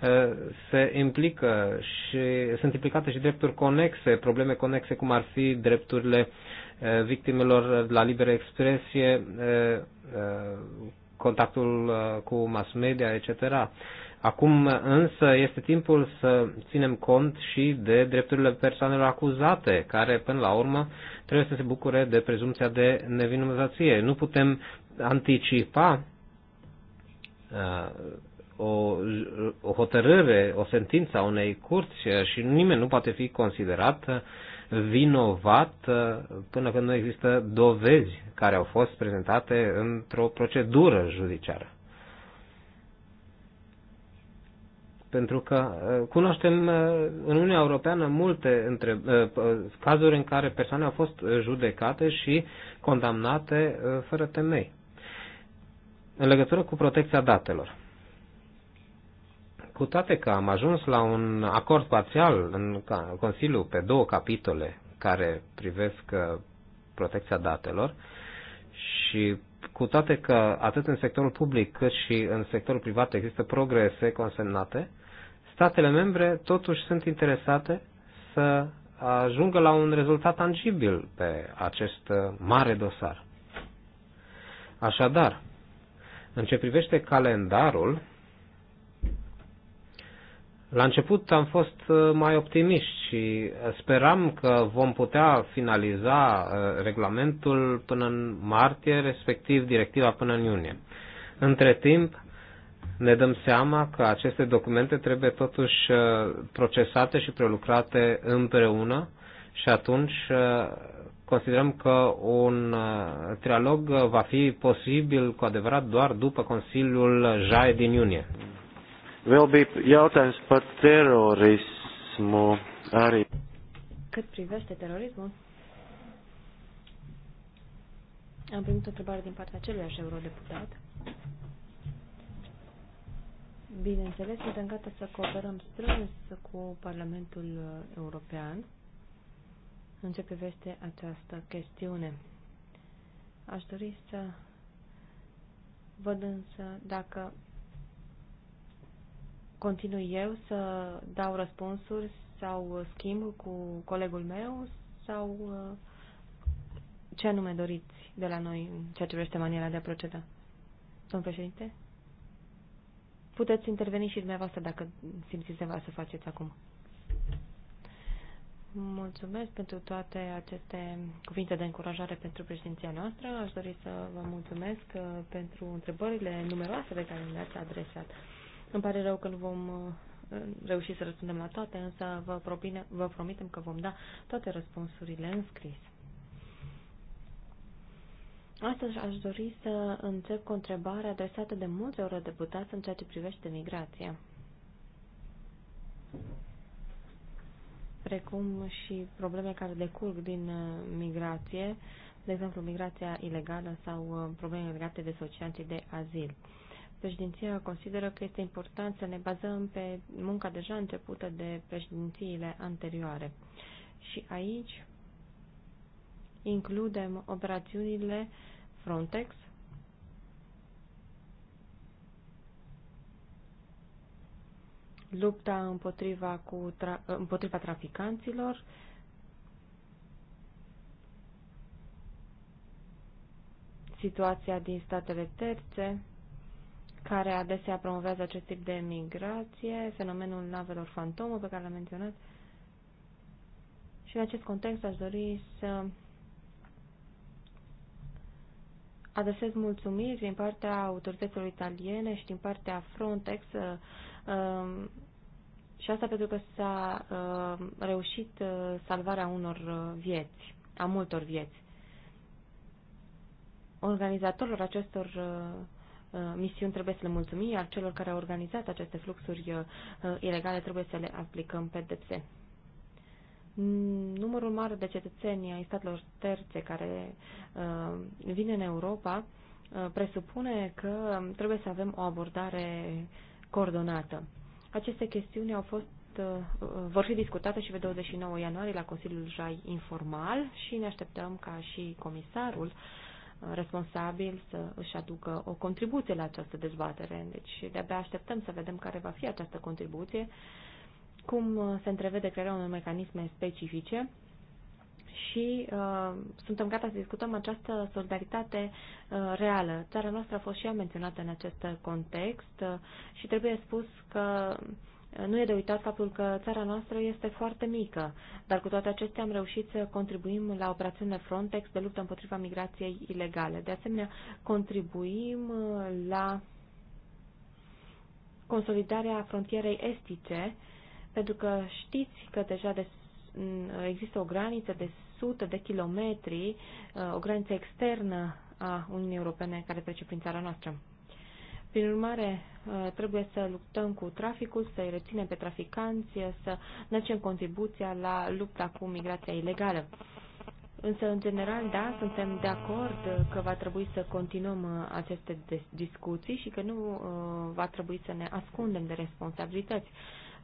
uh, se implică și sunt implicate și drepturi conexe, probleme conexe cum ar fi drepturile victimelor la liberă expresie, contactul cu mass media, etc. Acum însă este timpul să ținem cont și de drepturile persoanelor acuzate, care până la urmă trebuie să se bucure de prezumția de nevinovăție. Nu putem anticipa uh, o, o hotărâre, o sentință a unei curți și nimeni nu poate fi considerat vinovat uh, până când nu există dovezi care au fost prezentate într-o procedură judiciară. Pentru că uh, cunoaștem uh, în Uniunea Europeană multe între, uh, cazuri în care persoane au fost judecate și condamnate fără temei. În legătură cu protecția datelor. Cu toate că am ajuns la un acord parțial în Consiliu pe două capitole care privesc protecția datelor și cu toate că atât în sectorul public cât și în sectorul privat există progrese consemnate, statele membre totuși sunt interesate să ajungă la un rezultat tangibil pe acest uh, mare dosar. Așadar, în ce privește calendarul, la început am fost uh, mai optimiști și speram că vom putea finaliza uh, regulamentul până în martie, respectiv directiva până în iunie. Între timp, ne dăm seama că aceste documente trebuie totuși uh, procesate și prelucrate împreună și atunci considerăm că un trialog va fi posibil cu adevărat doar după Consiliul JAE din iunie. Vēl bija jautājums par terorismu arī. Kad privește terorismul? Am primit o întrebare din partea aceluiași eurodeputat. Bineînțeles, suntem gata să cooperăm strâns cu Parlamentul European în ce privește această chestiune. Aș dori să văd însă dacă continui eu să dau răspunsuri sau schimb cu colegul meu sau uh, ce anume doriți de la noi în ceea ce privește maniera de a proceda? Domn președinte? Puteți interveni și dumneavoastră dacă simțiți ceva să faceți acum. Mulțumesc pentru toate aceste cuvinte de încurajare pentru președinția noastră. Aș dori să vă mulțumesc uh, pentru întrebările numeroase pe care le-ați adresat. Îmi pare rău că nu vom uh, reuși să răspundem la toate, însă vă, propine, vă promitem că vom da toate răspunsurile în scris. Astăzi aș dori să încep cu o întrebare adresată de mulți deputați în ceea ce privește migrația. Precum și probleme care decurg din uh, migrație, de exemplu migrația ilegală sau uh, probleme legate de solicitanții de azil. Președinția consideră că este important să ne bazăm pe munca deja începută de președințiile anterioare. Și aici includem operațiunile Frontex, lupta împotriva, cu tra împotriva traficanților, situația din statele terțe, care adesea promovează acest tip de migrație, fenomenul navelor fantomă pe care l-am menționat. Și în acest context aș dori să adresez mulțumiri din partea autorităților italiene și din partea Frontex uh, um, și asta pentru că s-a uh, reușit uh, salvarea unor vieți, a multor vieți. Organizatorilor acestor Uh, misiuni trebuie să le mulțumim, iar celor care au organizat aceste fluxuri uh, uh, ilegale trebuie să le aplicăm pedepse. Numărul mare de cetățeni ai statelor terțe care vin în Europa presupune că trebuie să avem o abordare coordonată. Aceste chestiuni au fost vor fi discutate și pe 29 ianuarie la Consiliul JAI informal și ne așteptăm ca și comisarul uh, responsabil să își aducă o contribuție la această dezbatere. Deci de-abia așteptăm să vedem care va fi această contribuție, cum uh, se întrevede crearea unor mecanisme specifice și uh, suntem gata să discutăm această solidaritate uh, reală. Țara noastră a fost și ea menționată în acest context uh, și trebuie spus că nu e de uitat faptul că țara noastră este foarte mică, dar cu toate acestea am reușit să contribuim la operațiunile Frontex de luptă împotriva migrației ilegale. De asemenea, contribuim uh, la consolidarea frontierei estice, pentru că știți că deja de, mm, există o graniță de sute de kilometri, uh, o graniță externă a Uniunii Europene care trece prin țara noastră. Prin urmare, uh, trebuie să luptăm cu traficul, să-i reținem pe traficanți, să ne facem contribuția la lupta cu migrația ilegală. Însă, în general, da, suntem de acord că va trebui să continuăm uh, aceste discuții și că nu uh, va trebui să ne ascundem de responsabilități.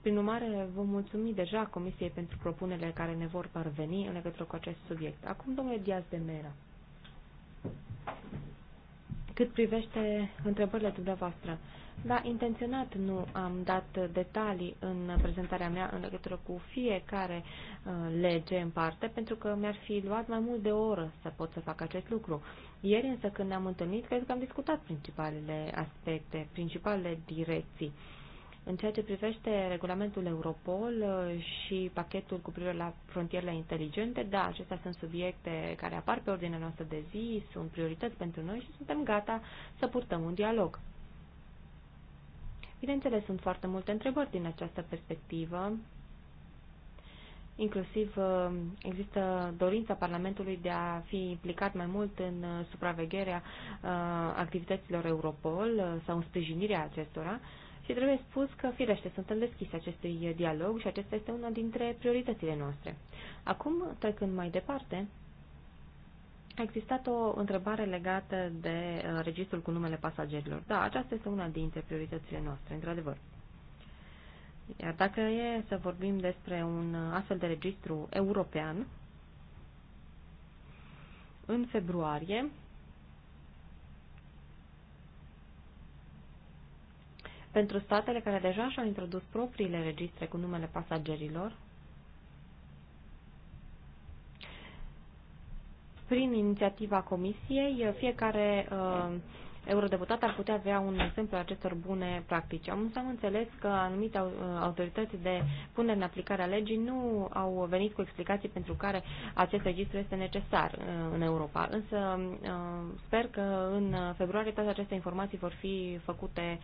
Prin urmare, vă mulțumi deja Comisiei pentru propunerile care ne vor parveni în legătură cu acest subiect. Acum, domnule Diaz de Mera. Cât privește întrebările dumneavoastră, da, intenționat nu am dat detalii în prezentarea mea în legătură cu fiecare uh, lege în parte, pentru că mi-ar fi luat mai mult de o oră să pot să fac acest lucru. Ieri însă când ne-am întâlnit, cred că am discutat principalele aspecte, principalele direcții. Uh, în ceea ce privește regulamentul Europol uh, și pachetul cu privire la frontierele inteligente, da, acestea sunt subiecte care apar pe ordinea noastră de zi, sunt priorități pentru noi și suntem gata să purtăm un dialog. Bineînțeles, sunt foarte multe întrebări din această perspectivă. Inclusiv uh, există dorința Parlamentului de a fi implicat mai mult în uh, supravegherea activităților Europol sau în sprijinirea acestora. Și trebuie spus că, firește, suntem deschise acestui dialog și acesta este una dintre prioritățile noastre. Acum, trecând mai departe, a existat o întrebare legată de uh, registrul cu numele pasagerilor. Da, aceasta este una dintre prioritățile noastre, într-adevăr. Iar dacă e să vorbim despre un uh, astfel de registru european, în februarie Pentru statele care deja și-au introdus propriile registre cu numele pasagerilor, prin inițiativa Comisiei, fiecare uh, eurodeputat ar putea avea un exemplu acestor bune practici. Am însă am înțeles că anumite uh, autorități de punere în aplicare a legii nu au venit cu explicații pentru care acest registru este necesar uh, în Europa. Însă uh, sper că în februarie toate aceste informații vor fi făcute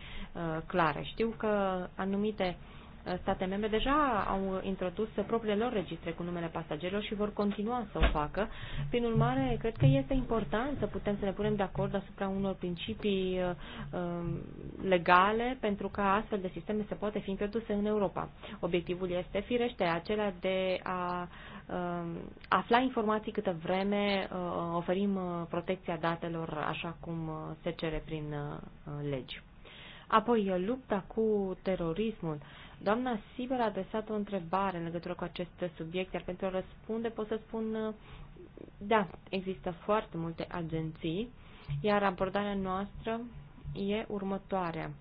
clare. Știu că anumite uh, state membre deja au introdus propriile lor registre cu numele pasagerilor și vor continua să o facă. Prin urmare, cred că este important să putem să ne punem de acord asupra unor principii um, legale pentru ca astfel de sisteme să poate fi introduse în Europa. Obiectivul este firește acela de a um, afla informații câtă vreme uh, oferim uh, protecția datelor așa cum uh, se cere prin legi. Apoi lupta cu terorismul. Doamna Sibel a adresat o întrebare în legătură cu acest subiect, iar pentru a răspunde pot să spun, uh, da, există foarte multe agenții, iar abordarea noastră e următoarea.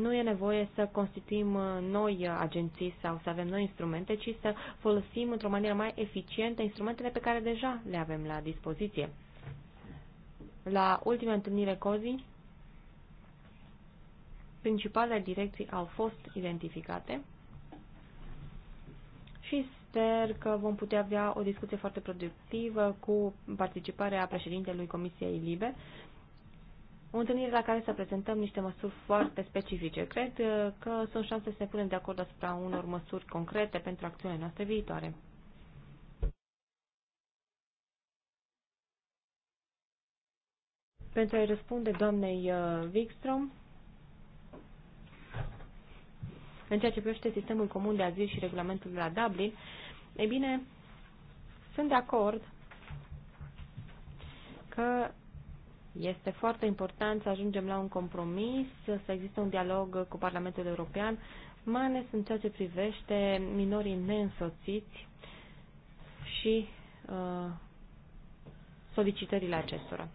Nu e nevoie să constituim uh, noi agenții sau să avem noi instrumente, ci să folosim într-o manieră mai eficientă instrumentele pe care deja le avem la dispoziție. La ultima întâlnire COZI principalele direcții au fost identificate și sper că vom putea avea o discuție foarte productivă cu participarea președintelui Comisiei Libe, o întâlnire la care să prezentăm niște măsuri foarte specifice. Cred că sunt șanse să ne punem de acord asupra unor măsuri concrete pentru acțiunile noastre viitoare. Pentru a-i răspunde doamnei uh, Wikstrom, în ceea ce privește sistemul comun de azil și regulamentul de la Dublin, e bine, sunt de acord că este foarte important să ajungem la un compromis, să există un dialog cu Parlamentul European, mai ales în ceea ce privește minorii neînsoțiți și uh, solicitările acestora.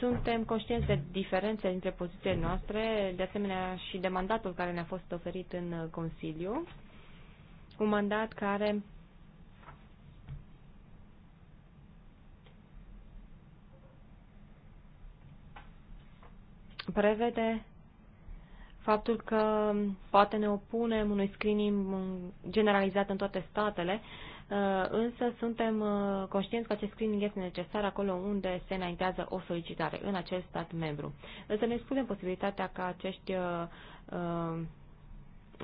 Suntem conștienți de diferențe dintre pozițiile noastre, de asemenea și de mandatul care ne-a fost oferit în uh, Consiliu, un mandat care prevede faptul că poate ne opunem unui screening generalizat în toate statele, Uh, însă suntem uh, conștienți că acest screening este necesar acolo unde se înaintează o solicitare, în acel stat membru. Însă ne spunem posibilitatea ca acești uh,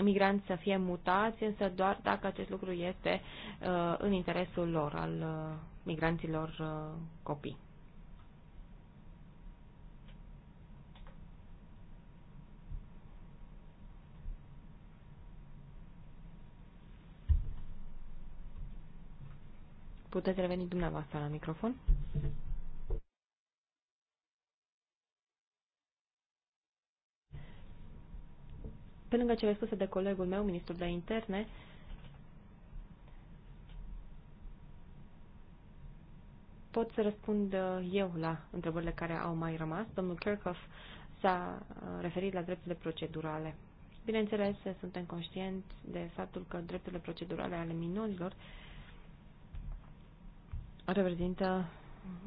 migranți să fie mutați, însă doar dacă acest lucru este în interesul lor, al migranților copii. Puteți reveni dumneavoastră la microfon. Pe lângă cele spuse de colegul meu, ministrul de interne, pot să răspund uh, eu la întrebările care au mai rămas. Domnul Kirchhoff s-a uh, referit la drepturile procedurale. Bineînțeles, suntem conștienți de faptul că drepturile procedurale ale minorilor uh, reprezintă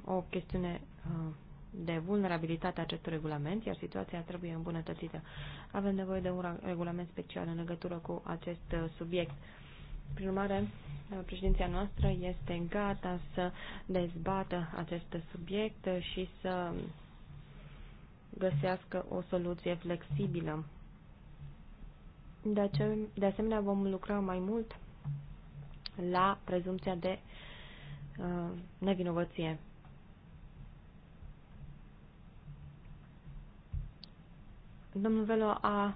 o chestiune uh, de vulnerabilitate a acestui regulament, iar situația trebuie îmbunătățită. Avem nevoie de un regulament special în legătură cu acest uh, subiect. Prin urmare, uh, președinția noastră este gata să dezbată acest subiect și să găsească o soluție flexibilă. De, ace- de asemenea, vom lucra mai mult la prezumția de uh, Uh, nevinovăție. Domnul Velo a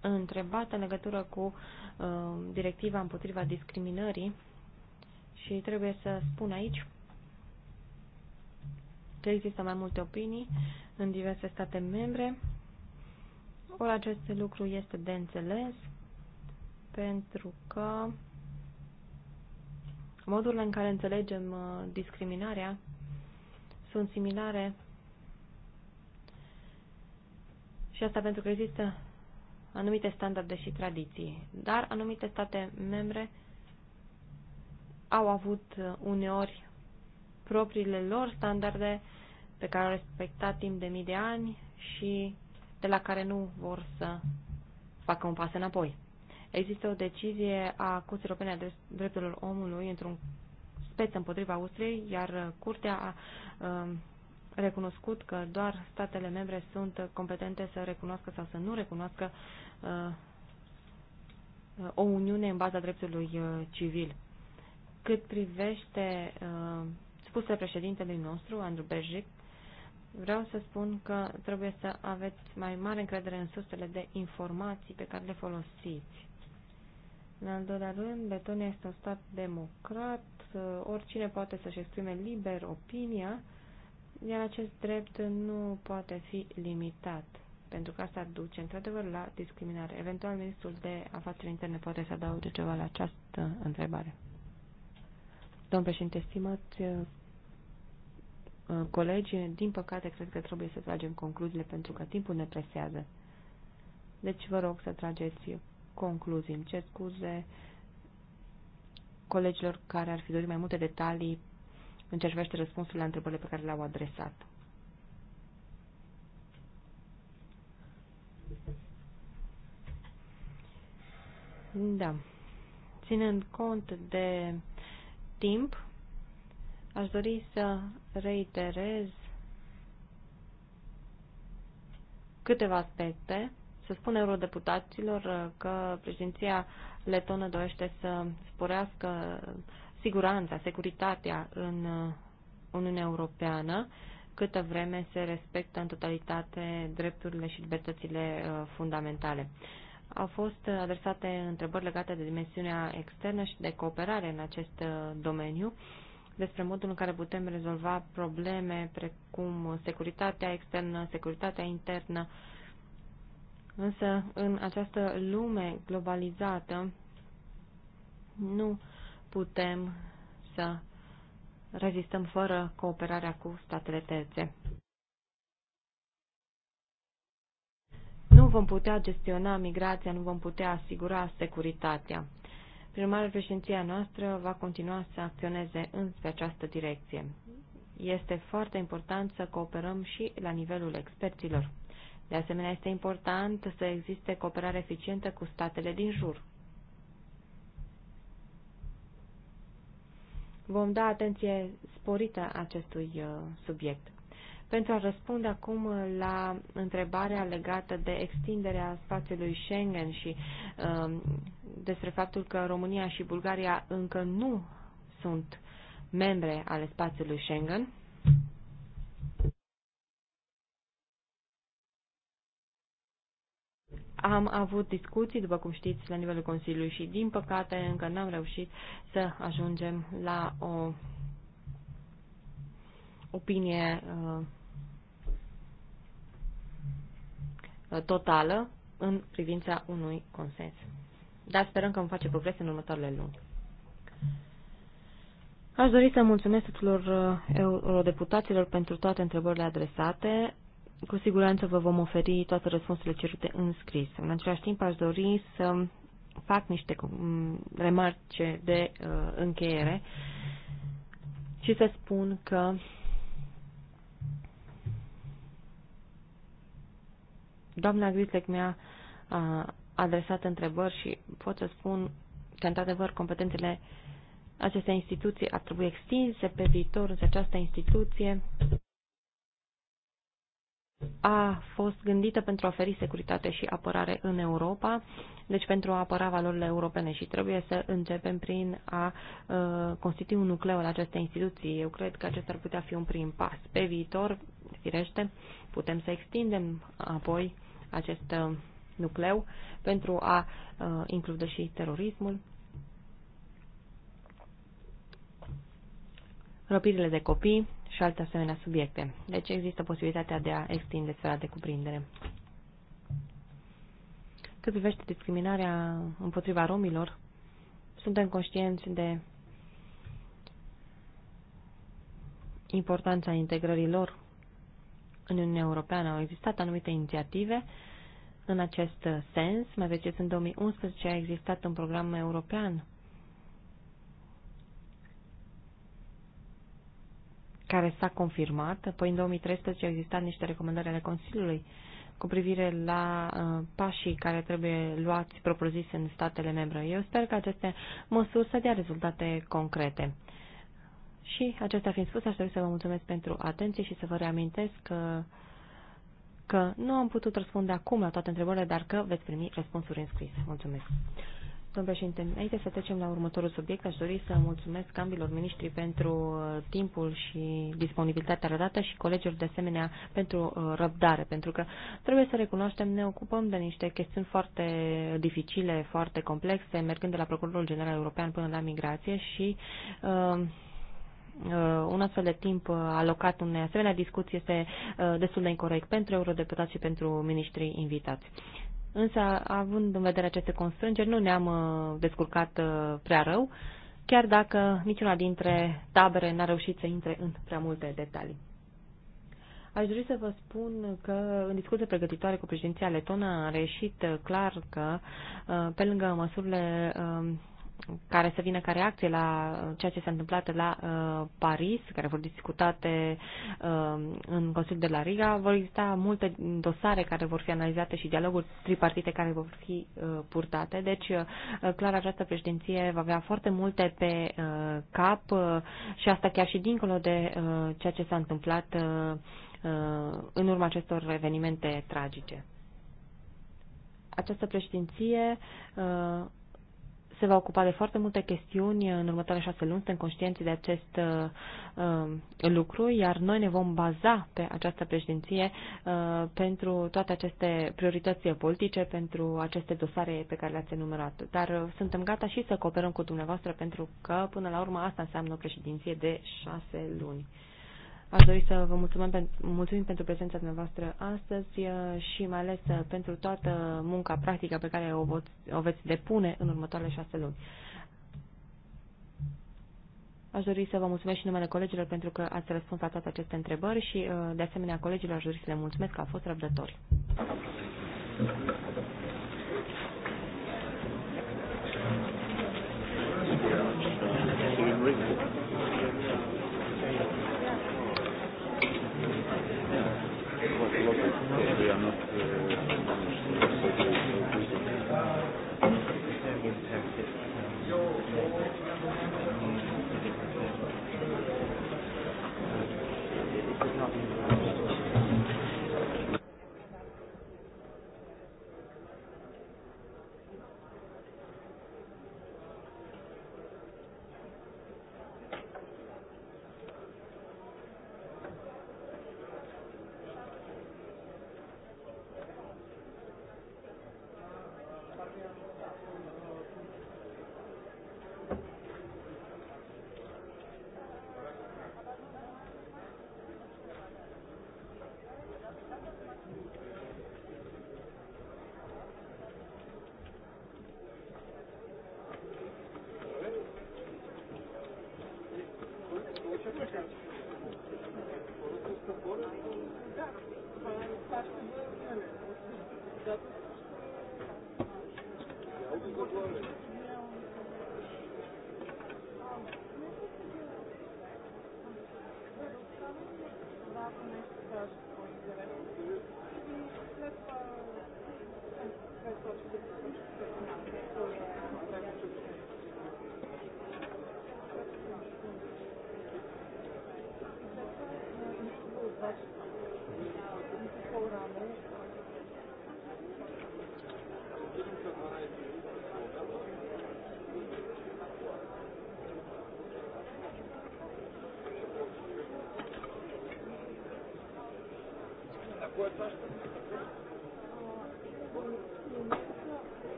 întrebat în legătură cu uh, directiva împotriva discriminării și trebuie să spun aici că există mai multe opinii în diverse state membre. Ori acest lucru este de înțeles pentru că modurile în care înțelegem uh, discriminarea sunt similare și asta pentru că există anumite standarde și tradiții, dar anumite state membre au avut uh, uneori propriile lor standarde pe care au respectat timp de mii de ani și de la care nu vor să facă un pas înapoi. Există o decizie a Curții Europene a Drepturilor Omului într-un speț împotriva Austriei, iar Curtea a um, recunoscut că doar statele membre sunt competente să recunoască sau să nu recunoască uh, o uniune în baza dreptului uh, civil. Cât privește uh, spusele președintelui nostru, Andrew Bejic, vreau să spun că trebuie să aveți mai mare încredere în sursele de informații pe care le folosiți. În al doilea rând, Letonia este un stat democrat, uh, oricine poate să-și exprime liber opinia, iar acest drept nu poate fi limitat, pentru că asta duce într-adevăr la discriminare. Eventual, ministrul de afaceri interne poate să adaugă ceva la această întrebare. Domn președinte, stimați uh, uh, colegi, din păcate cred că trebuie să tragem concluziile pentru că timpul ne presează. Deci vă rog să trageți concluzii. Îmi cer scuze colegilor care ar fi dorit mai multe detalii în ce vește răspunsul la întrebările pe care le-au adresat. Da. Ținând cont de timp, aș dori să reiterez câteva aspecte să spun eurodeputaților uh, că președinția letonă dorește să sporească siguranța, securitatea în uh, Uniunea Europeană câtă vreme se respectă în totalitate drepturile și libertățile uh, fundamentale. Au fost adresate întrebări legate de dimensiunea externă și de cooperare în acest domeniu, despre modul în care putem rezolva probleme precum securitatea externă, securitatea internă, Însă, în această lume globalizată, nu putem să rezistăm fără cooperarea cu statele terțe. Nu vom putea gestiona migrația, nu vom putea asigura securitatea. Prin urmare, președinția noastră va continua să acționeze înspre această direcție. Este foarte important să cooperăm și la nivelul experților. De asemenea, este important să existe cooperare eficientă cu statele din jur. Vom da atenție sporită acestui uh, subiect. Pentru a răspunde acum la întrebarea legată de extinderea spațiului Schengen și um, despre faptul că România și Bulgaria încă nu sunt membre ale spațiului Schengen, Am avut discuții, după cum știți, la nivelul Consiliului și, din păcate, încă n-am reușit să ajungem la o opinie uh, totală în privința unui consens. Dar sperăm că vom face progrese în următoarele luni. Aș dori să mulțumesc tuturor uh, eurodeputaților pentru toate întrebările adresate cu siguranță vă vom oferi toate răspunsurile cerute în scris. În același timp aș dori să fac niște remarce de uh, încheiere și să spun că doamna Grislec mi-a uh, adresat întrebări și pot să spun că, într-adevăr, competențele acestei instituții ar trebui extinse pe viitor, în această instituție a fost gândită pentru a oferi securitate și apărare în Europa, deci pentru a apăra valorile europene și trebuie să începem prin a uh, constitui un nucleu al acestei instituții. Eu cred că acesta ar putea fi un prim pas. Pe viitor, firește, putem să extindem apoi acest uh, nucleu pentru a uh, include și terorismul, răpirile de copii, și alte asemenea subiecte. Deci există posibilitatea de a extinde sfera de cuprindere. Cât privește discriminarea împotriva romilor, suntem conștienți de importanța integrării lor în Uniunea Europeană. Au existat anumite inițiative în acest sens. Mai recent, în 2011, a existat un program european care s-a confirmat. Apoi, în 2013, au existat niște recomandări ale Consiliului cu privire la uh, pașii care trebuie luați propriu-zis în statele membre. Eu sper că aceste măsuri să dea rezultate concrete. Și acestea fiind spuse, aș dori să vă mulțumesc pentru atenție și să vă reamintesc că, că nu am putut răspunde acum la toate întrebările, dar că veți primi răspunsuri înscrise. Mulțumesc! Domnul președinte, înainte să trecem la următorul subiect, aș dori să mulțumesc ambilor miniștri pentru uh, timpul și disponibilitatea arătată și colegilor de asemenea pentru uh, răbdare, pentru că trebuie să recunoaștem, ne ocupăm de niște chestiuni foarte dificile, foarte complexe, mergând de la Procurorul General European până la migrație și uh, uh un astfel de timp alocat unei asemenea discuții este destul de incorrect pentru eurodeputați și pentru ministrii invitați. Însă, având în vedere aceste constrângeri, nu ne-am uh, descurcat uh, prea rău, chiar dacă niciuna dintre tabere n-a reușit să intre în prea multe detalii. Aș dori să vă spun că în discuție pregătitoare cu președinția Letona a reușit uh, clar că, pe lângă măsurile um, care să vină ca reacție la uh, ceea ce s-a întâmplat la uh, Paris, care vor discutate uh, în Consiliul de la Riga, vor exista multe dosare care vor fi analizate și dialoguri tripartite care vor fi uh, purtate. Deci, uh, clar, această președinție va avea foarte multe pe uh, cap uh, și asta chiar și dincolo de uh, ceea ce s-a întâmplat uh, uh, în urma acestor evenimente tragice. Această președinție uh, se va ocupa de foarte multe chestiuni în următoarele șase luni, suntem conștienți de acest uh, um, lucru, iar noi ne vom baza pe această președinție uh, pentru toate aceste priorități politice, pentru aceste dosare pe care le-ați enumerat. Dar uh, suntem gata și să cooperăm cu dumneavoastră pentru că, până la urmă, asta înseamnă o președinție de șase luni. Aș dori să vă mulțumim, mulțumim pentru prezența dumneavoastră astăzi uh, și mai ales uh, pentru toată munca practică pe care o, voți, o veți depune în următoarele șase luni. Aș dori să vă mulțumesc și numele colegilor pentru că ați răspuns la toate aceste întrebări și, uh, de asemenea, colegilor aș dori să le mulțumesc că au fost răbdători.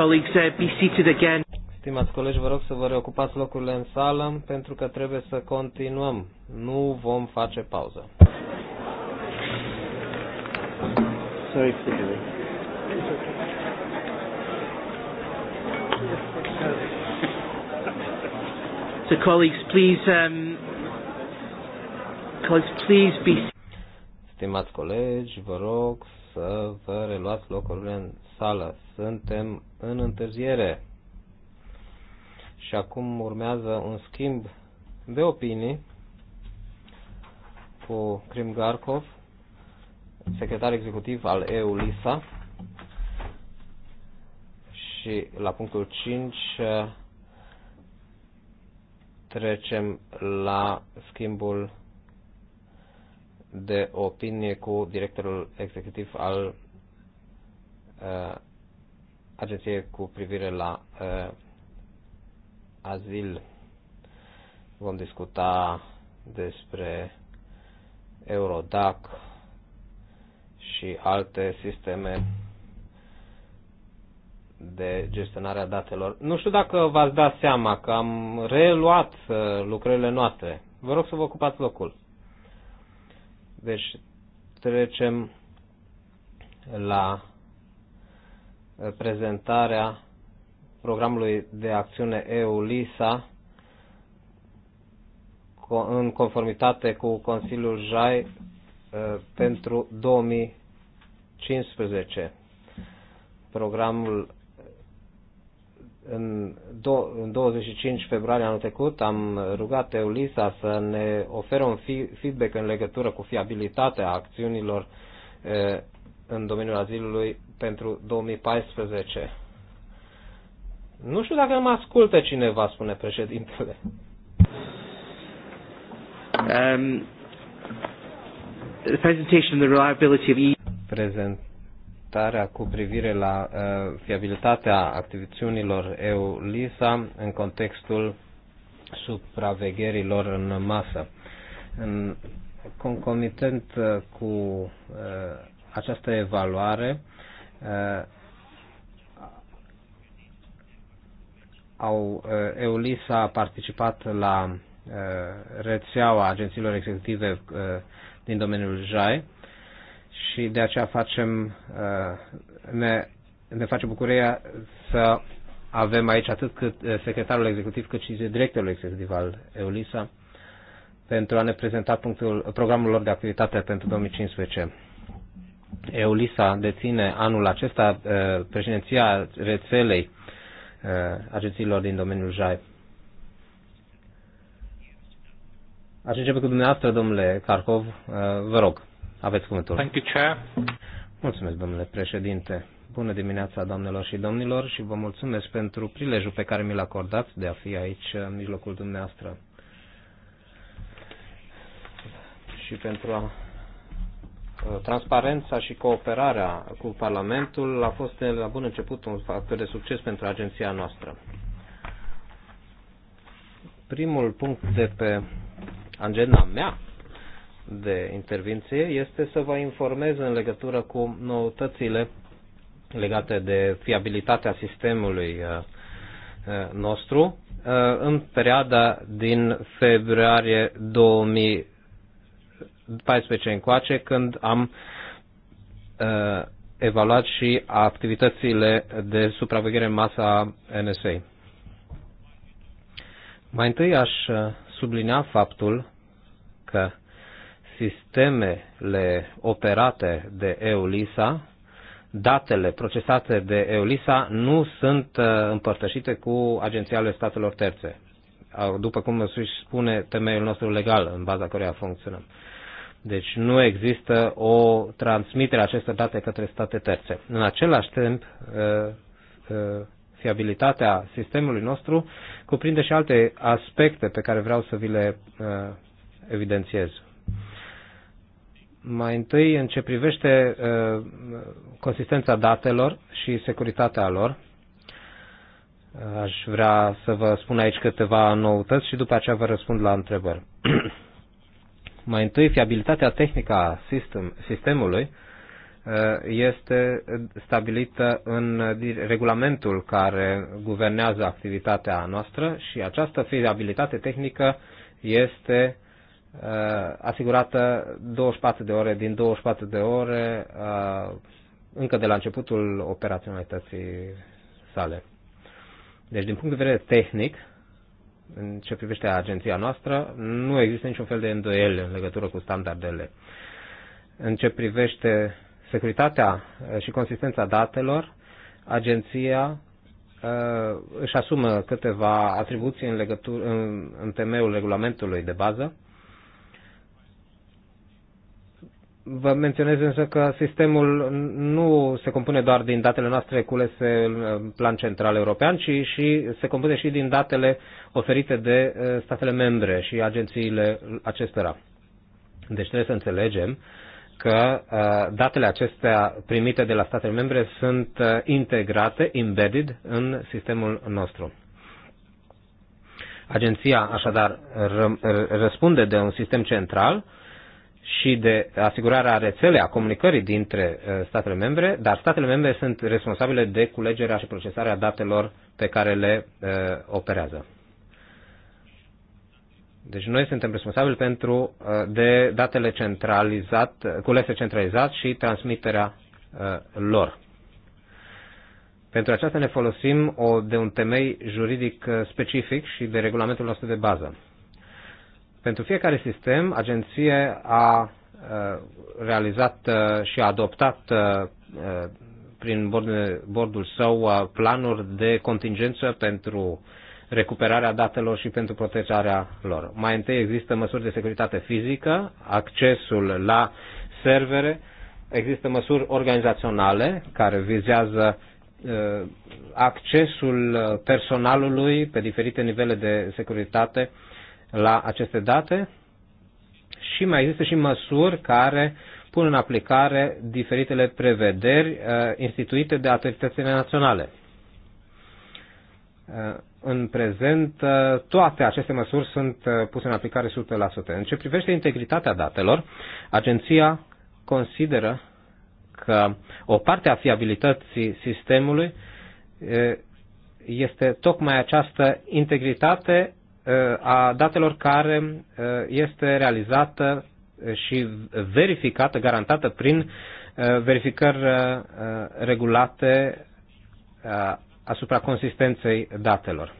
colleagues, uh, be seated again. Stimați colegi, vă rog să vă reocupați locurile în sală pentru că trebuie să continuăm. Nu vom face pauză. Sorry, particularly. So colleagues, please, um, colleagues, please be... Stimați colegi, vă rog să vă reluați locurile în sală. Suntem în întârziere. Și acum urmează un schimb de opinii cu Krim Garkov, secretar executiv al EU-LISA. Și la punctul 5 trecem la schimbul de opinie cu directorul executiv al uh, agenției cu privire la uh, azil. Vom discuta despre Eurodac și alte sisteme de gestionarea datelor. Nu știu dacă v-ați dat seama că am reluat uh, lucrările noastre. Vă rog să vă ocupați locul. Deci trecem la eh, prezentarea programului de acțiune EU-LISA în conformitate cu Consiliul JAI eh, pentru 2015. Programul în, do- în 25 februarie anul trecut am rugat EULISA să ne ofere un fi- feedback în legătură cu fiabilitatea acțiunilor e, în domeniul azilului pentru 2014. Nu știu dacă mă ascultă cineva, spune președintele. Um, the presentation of the reliability of E. Prezent raportarea cu privire la uh, fiabilitatea EU-LISA în contextul supravegherilor în masă. În concomitent uh, cu uh, această evaluare, uh, au, uh, EU-LISA a participat la uh, rețeaua agențiilor executive uh, din domeniul JAI, și de aceea facem, uh, ne, ne face bucuria să avem aici atât cât uh, secretarul executiv cât și directorul executiv al EULISA pentru a ne prezenta punctul, programul lor de activitate pentru 2015. EULISA deține anul acesta uh, președinția rețelei agențiilor din domeniul JAI. Aș începe cu dumneavoastră, domnule Carcov, vă rog. Aveți cuvântul. Thank you, Chair. Mulțumesc, domnule președinte. Bună dimineața, doamnelor și domnilor, și vă mulțumesc pentru prilejul pe care mi-l acordați de a fi aici în mijlocul dumneavoastră. Și pentru a uh, transparența și cooperarea cu Parlamentul a fost de la bun început un factor de succes pentru agenția noastră. Primul punct de pe agenda mea de intervenție este să vă informez în legătură cu noutățile legate de fiabilitatea sistemului uh, uh, nostru uh, în perioada din februarie 2014 încoace, când am evaluat și activitățile de supraveghere în masa NSA. Mai întâi aș sublinia faptul că sistemele operate de EULISA, datele procesate de EULISA nu sunt uh, împărtășite cu agențiile statelor terțe, după cum își spune temeiul nostru legal în baza căruia funcționăm. Deci nu există o transmitere a acestor date către state terțe. În același timp, uh, uh, fiabilitatea sistemului nostru cuprinde și alte aspecte pe care vreau să vi le evidențiez. Mai întâi, în ce privește uh, consistența datelor și securitatea lor, uh, aș vrea să vă spun aici câteva noutăți și după aceea vă răspund la întrebări. Mai întâi, fiabilitatea tehnică a sistem, sistemului uh, este stabilită în regulamentul care guvernează activitatea noastră și această fiabilitate tehnică este uh, Uh, asigurată 24 de ore din 24 de ore uh, încă de la începutul operaționalității sale. Deci, din punct de vedere tehnic, în ce privește agenția noastră, nu există niciun fel de îndoieli în legătură cu standardele. În ce privește securitatea uh, și consistența datelor, agenția uh, își asumă câteva atribuții în, legătură, în, în temeiul regulamentului de bază Vă menționez însă că sistemul nu se compune doar din datele noastre culese în uh, plan central european, ci și se compune și din datele oferite de uh, statele membre și agențiile acestora. Deci trebuie să înțelegem că uh, datele acestea primite de la statele membre sunt integrate, embedded, în sistemul nostru. Agenția așadar răspunde de un sistem central și de asigurarea rețelei a comunicării dintre uh, statele membre, dar statele membre sunt responsabile de culegerea și procesarea datelor pe care le uh, operează. Deci noi suntem responsabili pentru uh, de datele centralizat, culese centralizat și transmiterea lor. Pentru aceasta ne folosim o, de un temei juridic specific și de regulamentul nostru de bază. Pentru fiecare sistem, agenție a uh, realizat uh, și a adoptat uh, prin bordul său planuri de contingență pentru recuperarea datelor și pentru protejarea lor. Mai întâi există măsuri de securitate fizică, accesul la servere, există măsuri organizaționale care vizează accesul personalului pe diferite nivele de securitate la aceste date și mai există și măsuri care pun în aplicare diferitele prevederi uh, instituite de autoritățile naționale. Uh, în prezent, uh, toate aceste măsuri sunt puse în aplicare 100%. În ce privește integritatea datelor, agenția consideră că o parte a fiabilității sistemului este tocmai această integritate Uh, a datelor care uh, este realizată și verificată, garantată prin uh, verificări regulate asupra consistenței datelor.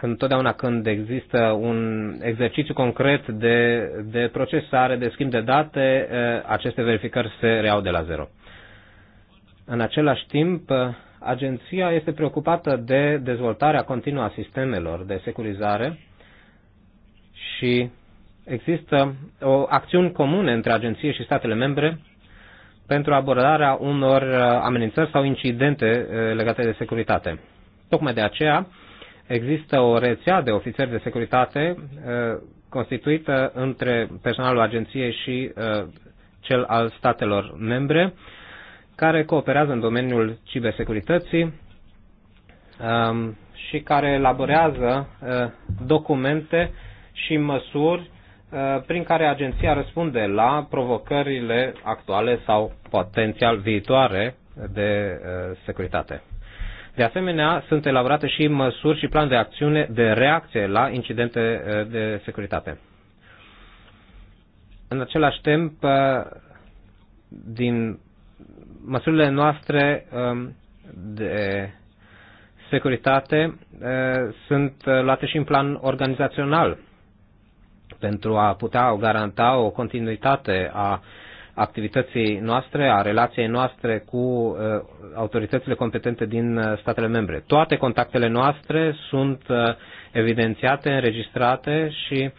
întotdeauna când există un exercițiu concret de, de procesare, de schimb de date, aceste verificări se reau de la zero. În același timp, agenția este preocupată de dezvoltarea continuă a sistemelor de securizare și există o acțiune comune între agenție și statele membre pentru abordarea unor uh, amenințări sau incidente uh, legate de securitate. Tocmai de aceea există o rețea de ofițeri de securitate uh, constituită între personalul agenției și cel al statelor membre, care cooperează în domeniul cibersecurității um, și care elaborează uh, documente și măsuri uh, prin care agenția răspunde la provocările actuale sau potențial viitoare de uh, securitate. De asemenea, sunt elaborate și măsuri și plan de acțiune de reacție la incidente de securitate. În același timp, din măsurile noastre um, de securitate uh, sunt luate și în plan organizațional pentru a putea garanta o continuitate a activității noastre, a relației noastre cu uh, autoritățile competente din uh, statele membre. Toate contactele noastre sunt evidențiate, înregistrate și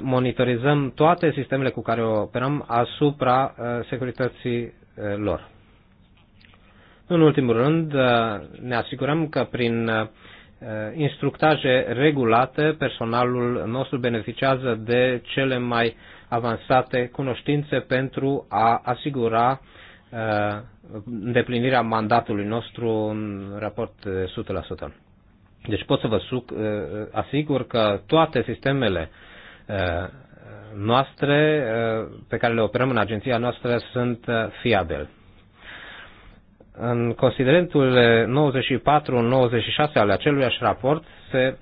monitorizăm toate sistemele cu care operăm asupra securității lor. În ultimul rând, uh, ne asigurăm că prin uh, instructaje regulate, personalul nostru beneficiază de cele mai avansate cunoștințe pentru a asigura uh, îndeplinirea mandatului nostru în raport 100%. Deci pot să vă asigur că toate sistemele noastre pe care le operăm în agenția noastră sunt fiabile. În considerentul 94-96 ale aceluiași raport se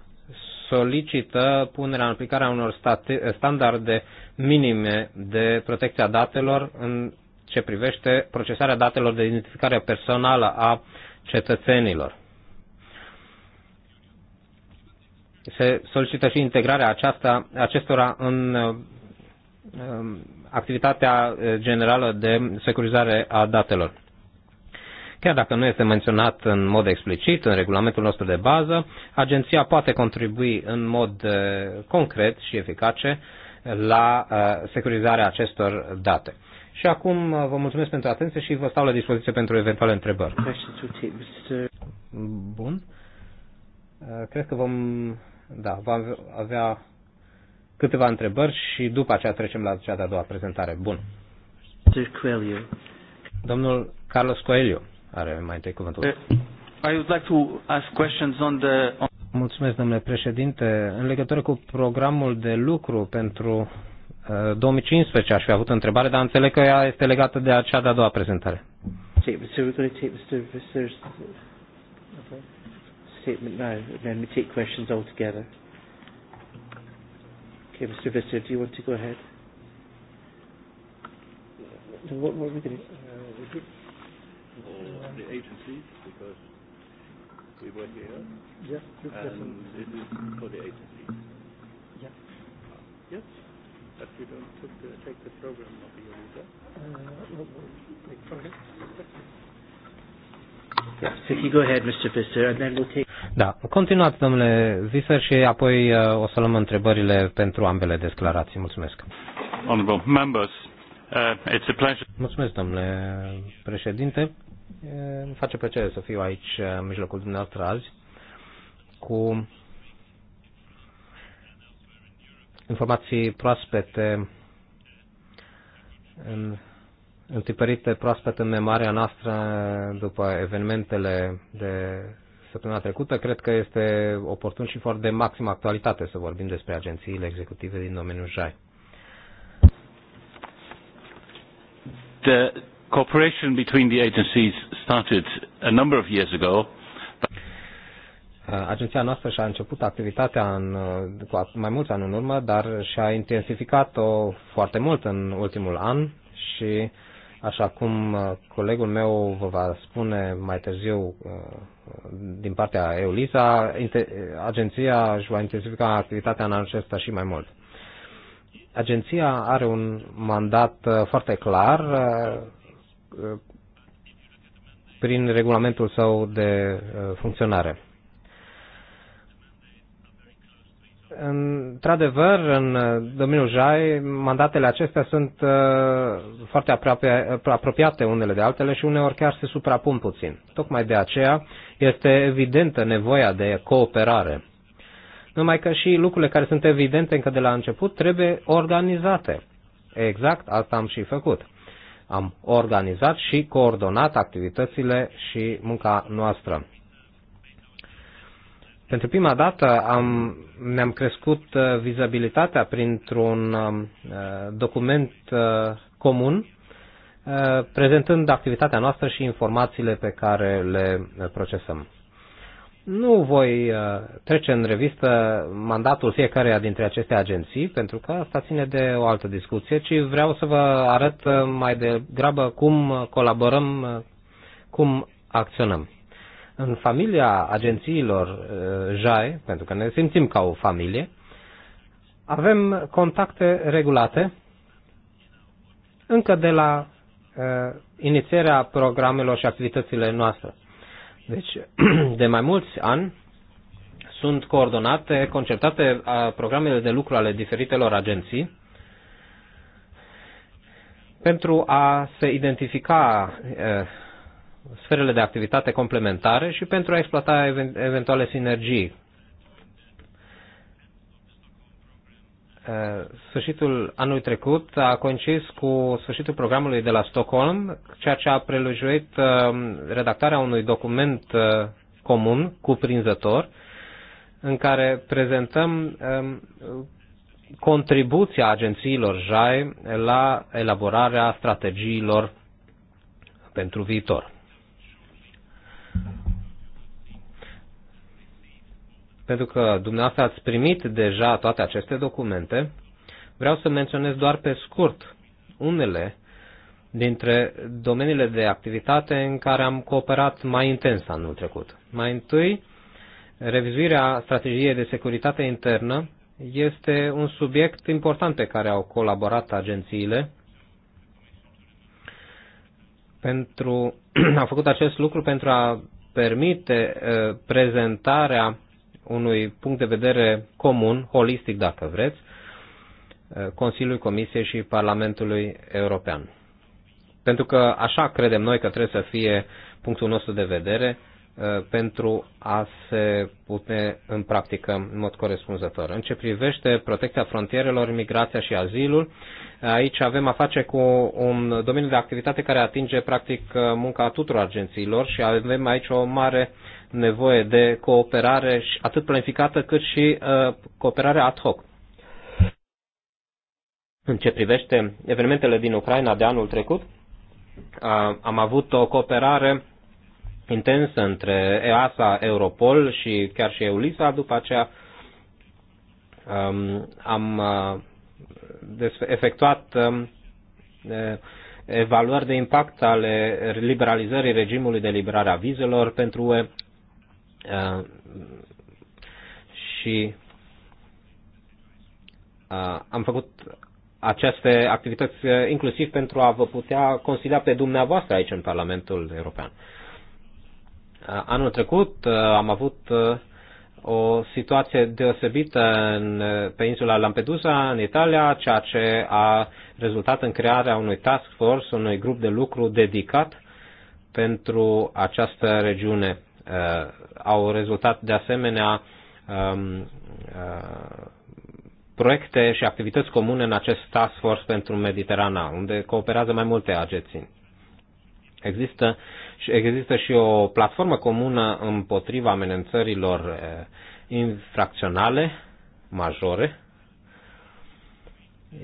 solicită punerea în aplicare a unor state, standarde minime de protecția datelor în ce privește procesarea datelor de identificare personală a cetățenilor. Se solicită și integrarea aceasta, acestora în um, activitatea generală de securizare a datelor. Chiar dacă nu este menționat în mod explicit în regulamentul nostru de bază, agenția poate contribui în mod eh, concret și eficace la eh, securizarea acestor date. Și acum eh, vă mulțumesc pentru atenție și vă stau la dispoziție pentru eventuale întrebări. Bun. Cred că vom, da, vom avea câteva întrebări și după aceea trecem la cea de-a doua prezentare. Bun. Domnul Carlos Coelho are mai întâi cuvântul. Uh, I would like to ask questions on the... On... Mulțumesc, domnule președinte. În legătură cu programul de lucru pentru uh, 2015 aș fi avut întrebare, dar înțeleg că ea este legată de acea de-a doua prezentare. Okay, or uh, the agency because we were here. Yes, this and it is for the agency. Yeah. Uh, yes, but you don't took the, take the program of the Eureka. Uh, okay. Da, continuați, domnule Viser, și apoi uh, o să luăm întrebările pentru ambele declarații. Mulțumesc. Honorable members, uh, it's a pleasure. Mulțumesc, domnule președinte. Îmi face plăcere să fiu aici în mijlocul dumneavoastră azi cu informații proaspete în, întipărite proaspăt în memoria noastră după evenimentele de săptămâna trecută, cred că este oportun și foarte de maximă actualitate să vorbim despre agențiile executive din domeniul JAI. The Cooperation between the agencies started a number of years ago. Uh, agenția noastră și-a început activitatea în, uh, cu mai mulți ani în urmă, dar și-a intensificat-o foarte mult în ultimul an și, așa cum uh, colegul meu vă va spune mai târziu din partea EULISA, agenția își va intensifica activitatea în anul acesta și mai mult. Agenția are un mandat foarte clar Uh, prin regulamentul său de uh, funcționare. Într-adevăr, în uh, domeniul JAI, mandatele acestea sunt foarte apropiate unele de altele și uneori chiar se suprapun puțin. Tocmai de aceea este evidentă nevoia de cooperare. Numai că și lucrurile care sunt evidente încă de la început trebuie organizate. Exact asta am și făcut. Am organizat și coordonat activitățile și munca noastră. Pentru prima dată am, ne-am crescut uh, vizibilitatea printr-un um, uh, document uh, comun, prezentând activitatea noastră și informațiile pe care le procesăm. Nu voi uh, trece în revistă mandatul fiecarea dintre aceste agenții, pentru că asta ține de o altă discuție, ci vreau să vă arăt uh, mai degrabă cum colaborăm, uh, cum acționăm. În familia agențiilor JAI, pentru că ne simțim ca o familie, avem contacte regulate încă de la uh, inițierea programelor și activitățile noastre. Deci, de mai mulți ani sunt coordonate, concertate programele de lucru ale diferitelor agenții pentru a se identifica sferele de activitate complementare și pentru a exploata eventuale sinergii Eh, sfârșitul anului trecut a coincis cu sfârșitul programului de la Stockholm, ceea ce a prelujuit eh, redactarea unui document eh, comun, cuprinzător, în care prezentăm contribuția agențiilor JAI la elaborarea strategiilor pentru viitor. pentru că dumneavoastră ați primit deja toate aceste documente, vreau să menționez doar pe scurt unele dintre domeniile de activitate în care am cooperat mai intens anul trecut. Mai întâi, revizuirea strategiei de securitate internă este un subiect important pe care au colaborat agențiile pentru, au făcut acest lucru pentru a permite uh, prezentarea unui punct de vedere comun, holistic dacă vreți, eh, Consiliului, Comisiei și Parlamentului European. Pentru că așa credem noi că trebuie să fie punctul nostru de vedere eh, pentru a se pune în practică în mod corespunzător. În ce privește protecția frontierelor, migrația și azilul, eh, aici avem a face cu un domeniu de activitate care atinge practic munca tuturor agențiilor și avem aici o mare uh, nevoie de cooperare atât planificată cât și uh, cooperare ad hoc. În ce privește evenimentele din Ucraina de anul trecut, uh, am avut o cooperare intensă între EASA, Europol și chiar și EULISA. După aceea um, am uh, efectuat um, evaluări de impact ale liberalizării regimului de liberare a vizelor pentru UE. Uh, și uh, am făcut aceste activități uh, inclusiv pentru a vă putea consilia pe dumneavoastră aici în Parlamentul European. Anul trecut am avut o situație deosebită în, pe insula Lampedusa, în Italia, ceea ce a rezultat în crearea unui task force, unui grup de lucru dedicat pentru această regiune Uh, au rezultat de asemenea um, uh, proiecte și activități comune în acest task force pentru Mediterana, unde cooperează mai multe agenții. Există, există și o platformă comună împotriva amenințărilor uh, infracționale majore,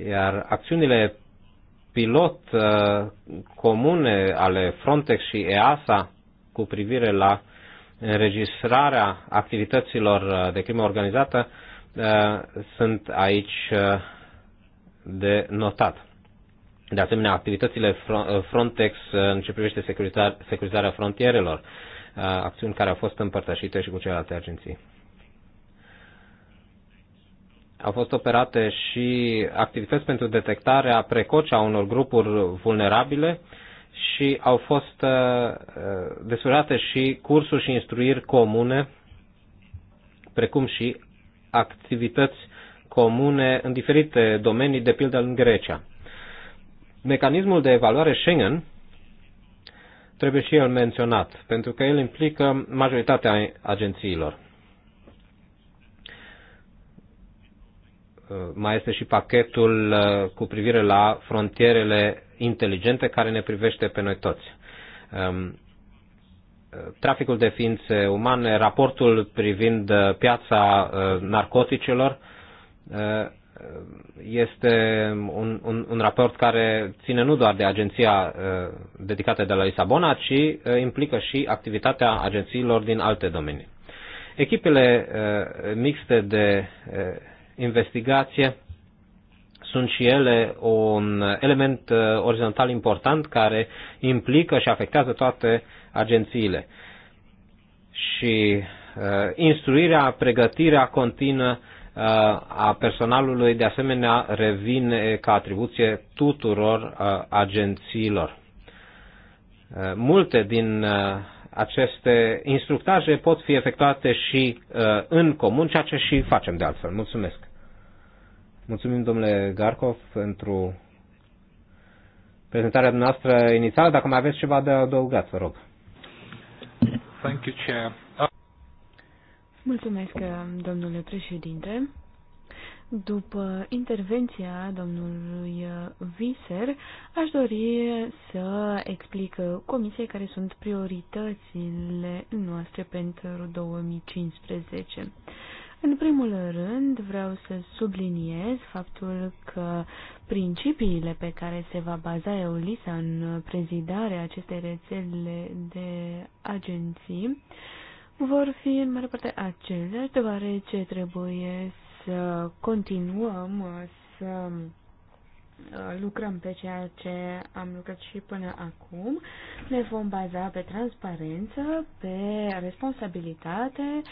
iar acțiunile pilot comune ale Frontex și EASA cu privire la înregistrarea activităților uh, de crimă organizată uh, sunt aici uh, de notat. De asemenea, activitățile Frontex în ce privește securizarea frontierelor, acțiuni care au fost împărtășite și cu celelalte agenții. Au fost operate și activități pentru detectarea precoce a unor grupuri vulnerabile, uh, și au fost uh, uh, desfășurate și cursuri și instruiri comune, precum și activități comune în diferite domenii, de pildă în Grecia. Mecanismul de evaluare Schengen trebuie și el menționat, pentru că el implică majoritatea agențiilor. Uh, mai este și pachetul cu privire la frontierele inteligente care ne privește pe noi toți. Um, traficul de ființe umane, raportul privind uh, piața uh, narcoticelor, uh, este un, un, un raport care ține nu doar de agenția dedicată de la Lisabona, ci implică și activitatea agențiilor din alte domenii. Echipele mixte de investigație sunt și ele un element uh, orizontal important care implică și afectează toate agențiile. Și uh, instruirea, pregătirea continuă uh, a personalului de asemenea revine ca atribuție tuturor agențiilor. Multe din aceste instructaje pot fi efectuate și în comun, ceea ce și facem de altfel. Mulțumesc! Mulțumim, domnule Garkov, pentru prezentarea noastră inițială. Dacă mai aveți ceva de adăugat, vă rog. Thank you, Chair. Mulțumesc, domnule președinte. După intervenția domnului Viser, aș dori să explic comisiei care sunt prioritățile noastre pentru 2015. În primul rând, vreau să subliniez faptul că principiile pe care se va baza EULISA în prezidarea acestei rețele de agenții vor fi în mare parte aceleași, deoarece trebuie să continuăm să Uh, lucrăm pe ceea ce am lucrat și până acum. Ne vom baza pe transparență, pe responsabilitate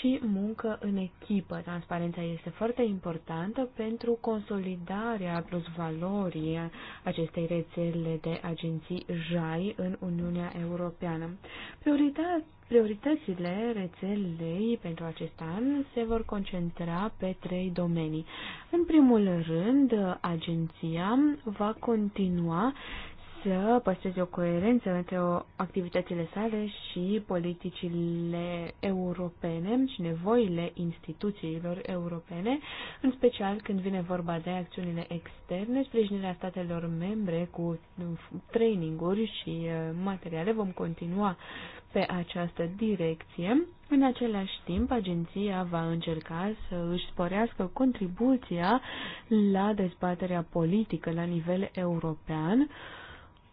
și muncă în echipă. Transparența este foarte importantă pentru consolidarea plus valorii acestei rețele de agenții JAI în Uniunea Europeană. Prioritatea Prioritățile rețelei pentru acest an se vor concentra pe trei domenii. În primul rând, agenția va continua să păstreze o coerență între activitățile sale și politicile europene și nevoile instituțiilor europene, în special când vine vorba de acțiunile externe, sprijinirea statelor membre cu traininguri și uh, materiale. Vom continua pe această direcție. În același timp, agenția va încerca să își sporească contribuția la dezbaterea politică la nivel european,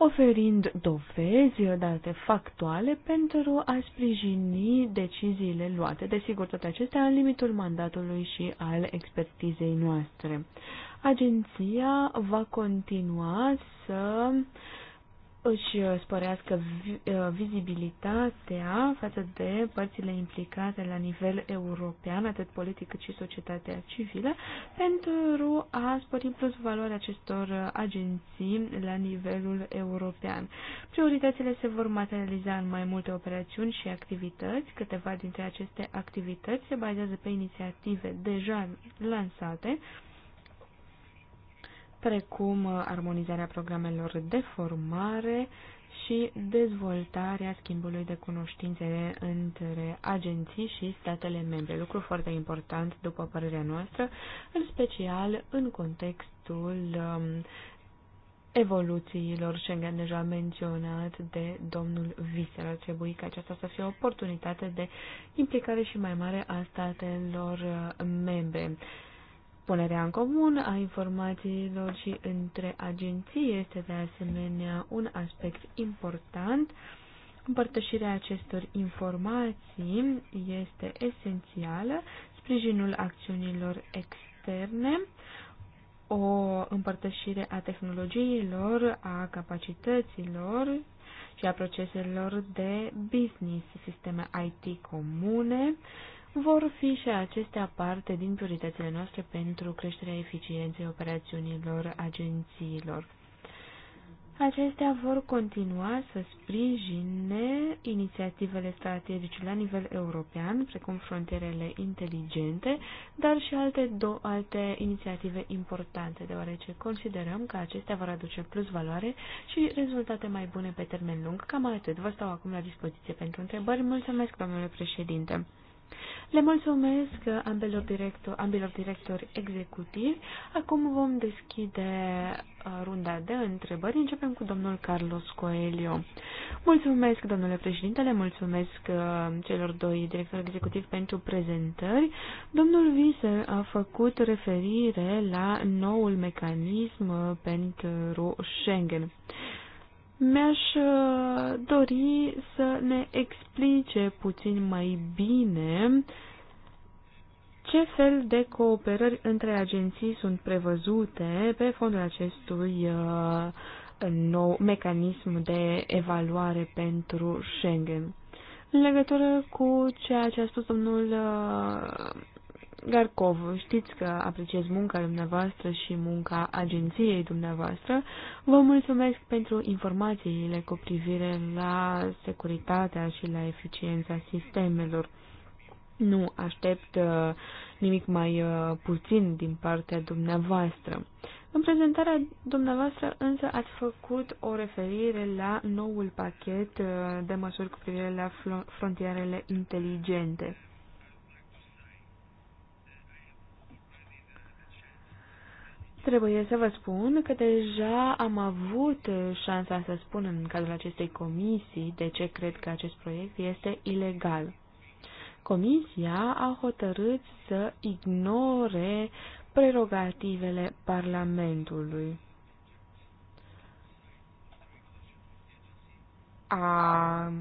oferind dovezi, date factuale pentru a sprijini deciziile luate. Desigur, toate acestea în limitul mandatului și al expertizei noastre. Agenția va continua să își uh, sporească uh, vizibilitatea față de părțile implicate la nivel european, atât politic cât și societatea civilă, pentru a spori plus valoarea acestor uh, agenții la nivelul european. Prioritățile se vor materializa în mai multe operațiuni și activități. Câteva dintre aceste activități se bazează pe inițiative deja lansate, precum uh, armonizarea programelor de formare și dezvoltarea schimbului de cunoștințe între agenții și statele membre, lucru foarte important, după părerea noastră, în special în contextul um, evoluțiilor Schengen deja menționat de domnul Visser. Ar trebui ca aceasta să fie o oportunitate de implicare și mai mare a statelor uh, membre. Punerea în comun a informațiilor și între agenții este de asemenea un aspect important. Împărtășirea acestor informații este esențială, sprijinul acțiunilor externe, o împărtășire a tehnologiilor, a capacităților și a proceselor de business, sisteme IT comune, uh, vor fi și acestea parte din prioritățile noastre pentru creșterea eficienței operațiunilor agențiilor. Acestea vor continua să sprijine inițiativele strategice la nivel european, precum frontierele inteligente, dar și alte, do- alte inițiative importante, deoarece considerăm că acestea vor aduce plus valoare și rezultate mai bune pe termen lung. Cam atât. Vă stau acum la dispoziție pentru întrebări. Mulțumesc, domnule președinte. Le mulțumesc ambelor, director, ambelor directori executivi. Acum vom deschide uh, runda de întrebări. Începem cu domnul Carlos Coelho. Mulțumesc, domnule le mulțumesc uh, celor doi directori executivi pentru prezentări. Domnul Vise a făcut referire la noul mecanism uh, pentru Schengen mi-aș uh, dori să ne explice puțin mai bine ce fel de cooperări între agenții sunt prevăzute pe fondul acestui uh, nou mecanism de evaluare pentru Schengen. În legătură cu ceea ce a spus domnul uh, Garcov, știți că apreciez munca dumneavoastră și munca agenției dumneavoastră. Vă mulțumesc pentru informațiile cu privire la securitatea și la eficiența sistemelor. Nu aștept uh, nimic mai uh, puțin din partea dumneavoastră. În prezentarea dumneavoastră însă ați făcut o referire la noul pachet uh, de măsuri cu privire la frontierele inteligente. Trebuie să vă spun că deja am avut șansa să spun în cadrul acestei comisii de ce cred că acest proiect este ilegal. Comisia a hotărât să ignore prerogativele Parlamentului. A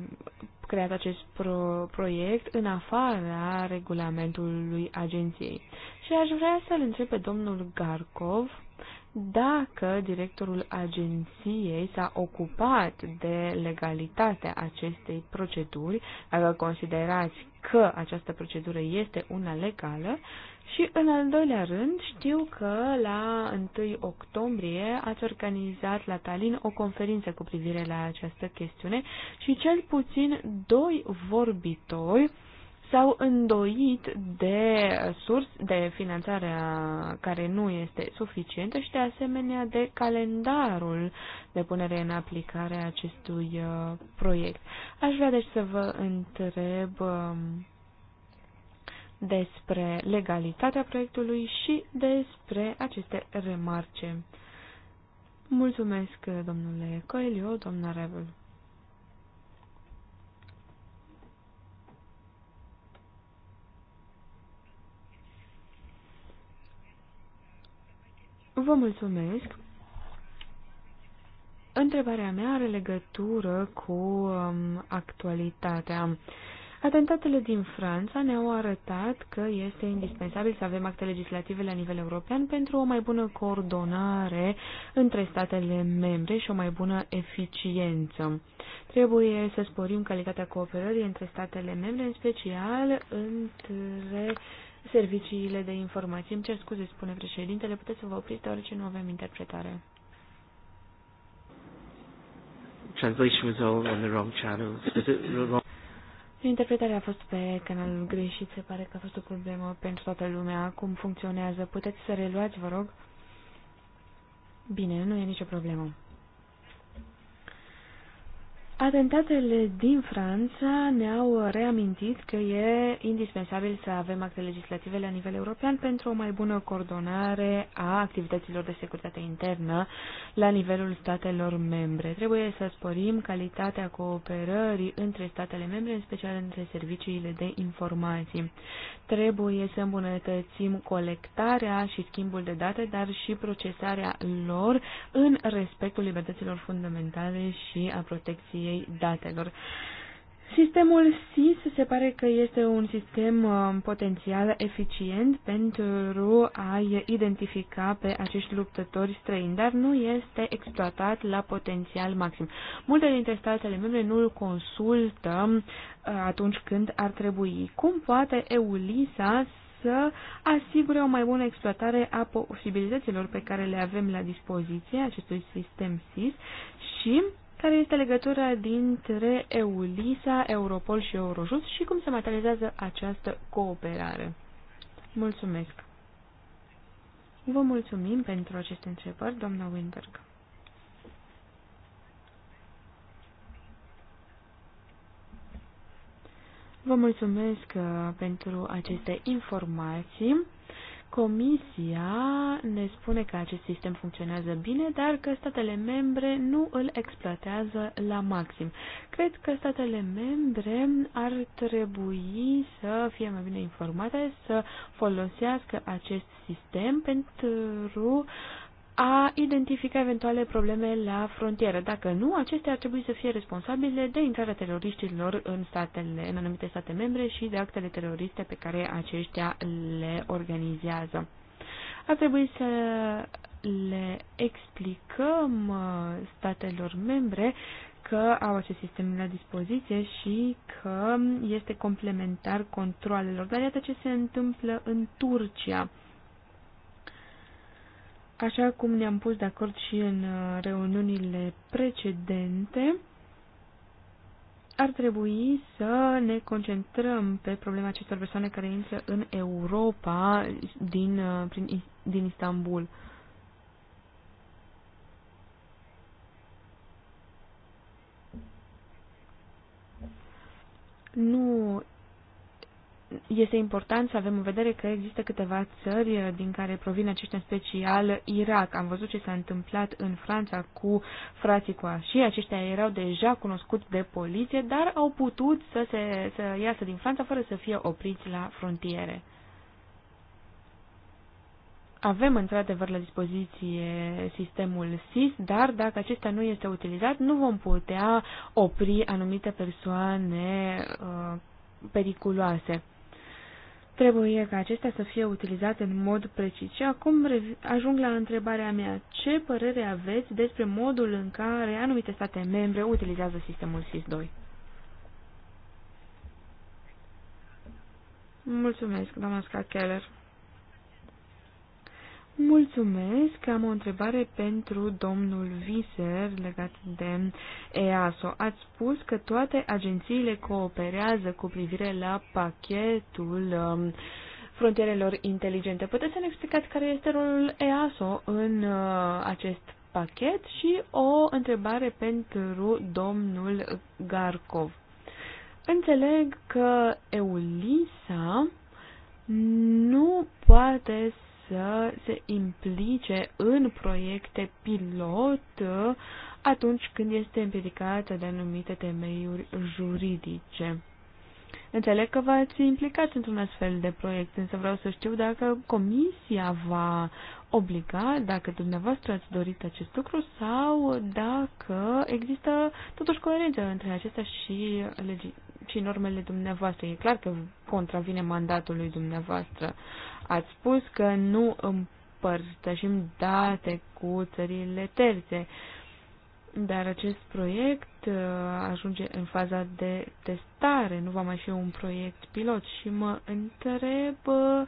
creat acest pro- proiect în afara regulamentului agenției. Și aș vrea să-l întreb pe domnul Garkov dacă directorul agenției s-a ocupat de legalitatea acestei proceduri, dacă considerați că această procedură este una legală, și în al doilea rând știu că la 1 octombrie ați organizat la Tallinn o conferință cu privire la această chestiune și cel puțin doi vorbitori s-au îndoit de surs de finanțare care nu este suficientă și de asemenea de calendarul de punere în aplicare a acestui uh, proiect. Aș vrea deci să vă întreb um, despre legalitatea proiectului și despre aceste remarce. Mulțumesc, domnule Coelio, domnule Revel. Vă mulțumesc. Întrebarea mea are legătură cu um, actualitatea. Atentatele din Franța ne-au arătat că este indispensabil să avem acte legislative la nivel european pentru o mai bună coordonare între statele membre și o mai bună eficiență. Trebuie să sporim calitatea cooperării între statele membre, în special între uh, serviciile de informații. Îmi cer scuze, spune președintele, puteți să vă opriți, deoarece nu avem interpretare. Translation was all on the wrong channel. it wrong? Interpretarea a fost pe canalul greșit, se pare că a fost o problemă pentru toată lumea. Cum funcționează? Puteți să reluați, vă rog? Bine, nu e nicio problemă. Atentatele din Franța ne-au reamintit că e indispensabil să avem acte legislative la nivel european pentru o mai bună coordonare a activităților de securitate internă la nivelul statelor membre. Trebuie să sporim calitatea cooperării între statele membre, în special între serviciile de informații. Trebuie să îmbunătățim colectarea și schimbul de date, dar și procesarea lor în respectul libertăților fundamentale și a protecției protecției datelor. Sistemul SIS se pare că este un sistem um, potențial eficient pentru a identifica pe acești luptători străini, dar nu este exploatat la potențial maxim. Multe dintre statele membre nu îl consultă uh, atunci când ar trebui. Cum poate EULISA să asigure o mai bună exploatare a posibilităților pe care le avem la dispoziție acestui sistem SIS și care este legătura dintre EULISA, Europol și Eurojust și cum se materializează această cooperare. Mulțumesc! Vă mulțumim pentru aceste întrebări, doamna Winberg. Vă mulțumesc uh, pentru aceste informații. Comisia ne spune că acest sistem funcționează bine, dar că statele membre nu îl exploatează la maxim. Cred că statele membre ar trebui să fie mai bine informate, să folosească acest sistem pentru a identifica eventuale probleme la frontieră. Dacă nu, acestea ar trebui să fie responsabile de intrarea teroriștilor în, statele, în anumite state membre și de actele teroriste pe care aceștia le organizează. Ar trebui să le explicăm uh, statelor membre că au acest sistem la dispoziție și că este complementar controalelor. Dar iată ce se întâmplă în Turcia Așa cum ne-am pus de acord și în uh, reuniunile precedente, ar trebui să ne concentrăm pe problema acestor persoane care intră în Europa din, uh, prin, din Istanbul. Nu este important să avem în vedere că există câteva țări din care provin aceștia, în special Irak. Am văzut ce s-a întâmplat în Franța cu frații Și Aceștia erau deja cunoscuți de poliție, dar au putut să, se, să iasă din Franța fără să fie opriți la frontiere. Avem într-adevăr la dispoziție sistemul SIS, dar dacă acesta nu este utilizat, nu vom putea opri anumite persoane uh, periculoase. Trebuie ca acestea să fie utilizate în mod precis. Și acum ajung la întrebarea mea. Ce părere aveți despre modul în care anumite state membre utilizează sistemul SIS-2? Mulțumesc, doamna Scacheller. Mulțumesc. Am o întrebare pentru domnul Viser legat de EASO. Ați spus că toate agențiile cooperează cu privire la pachetul um, frontierelor inteligente. Puteți să ne explicați care este rolul EASO în uh, acest pachet și o întrebare pentru domnul Garkov. Înțeleg că Eulisa nu poate să se implice în proiecte pilot uh, atunci când este împiedicată de anumite temeiuri juridice. Înțeleg că v-ați implicat într-un astfel de proiect, însă vreau să știu dacă comisia va obliga, dacă dumneavoastră ați dorit acest lucru sau dacă există totuși coerență între acestea și, legi- și normele dumneavoastră. E clar că contravine mandatului dumneavoastră. Ați spus că nu împărtășim date cu țările terțe, dar acest proiect uh, ajunge în faza de testare, nu va mai fi un proiect pilot și mă întreb uh,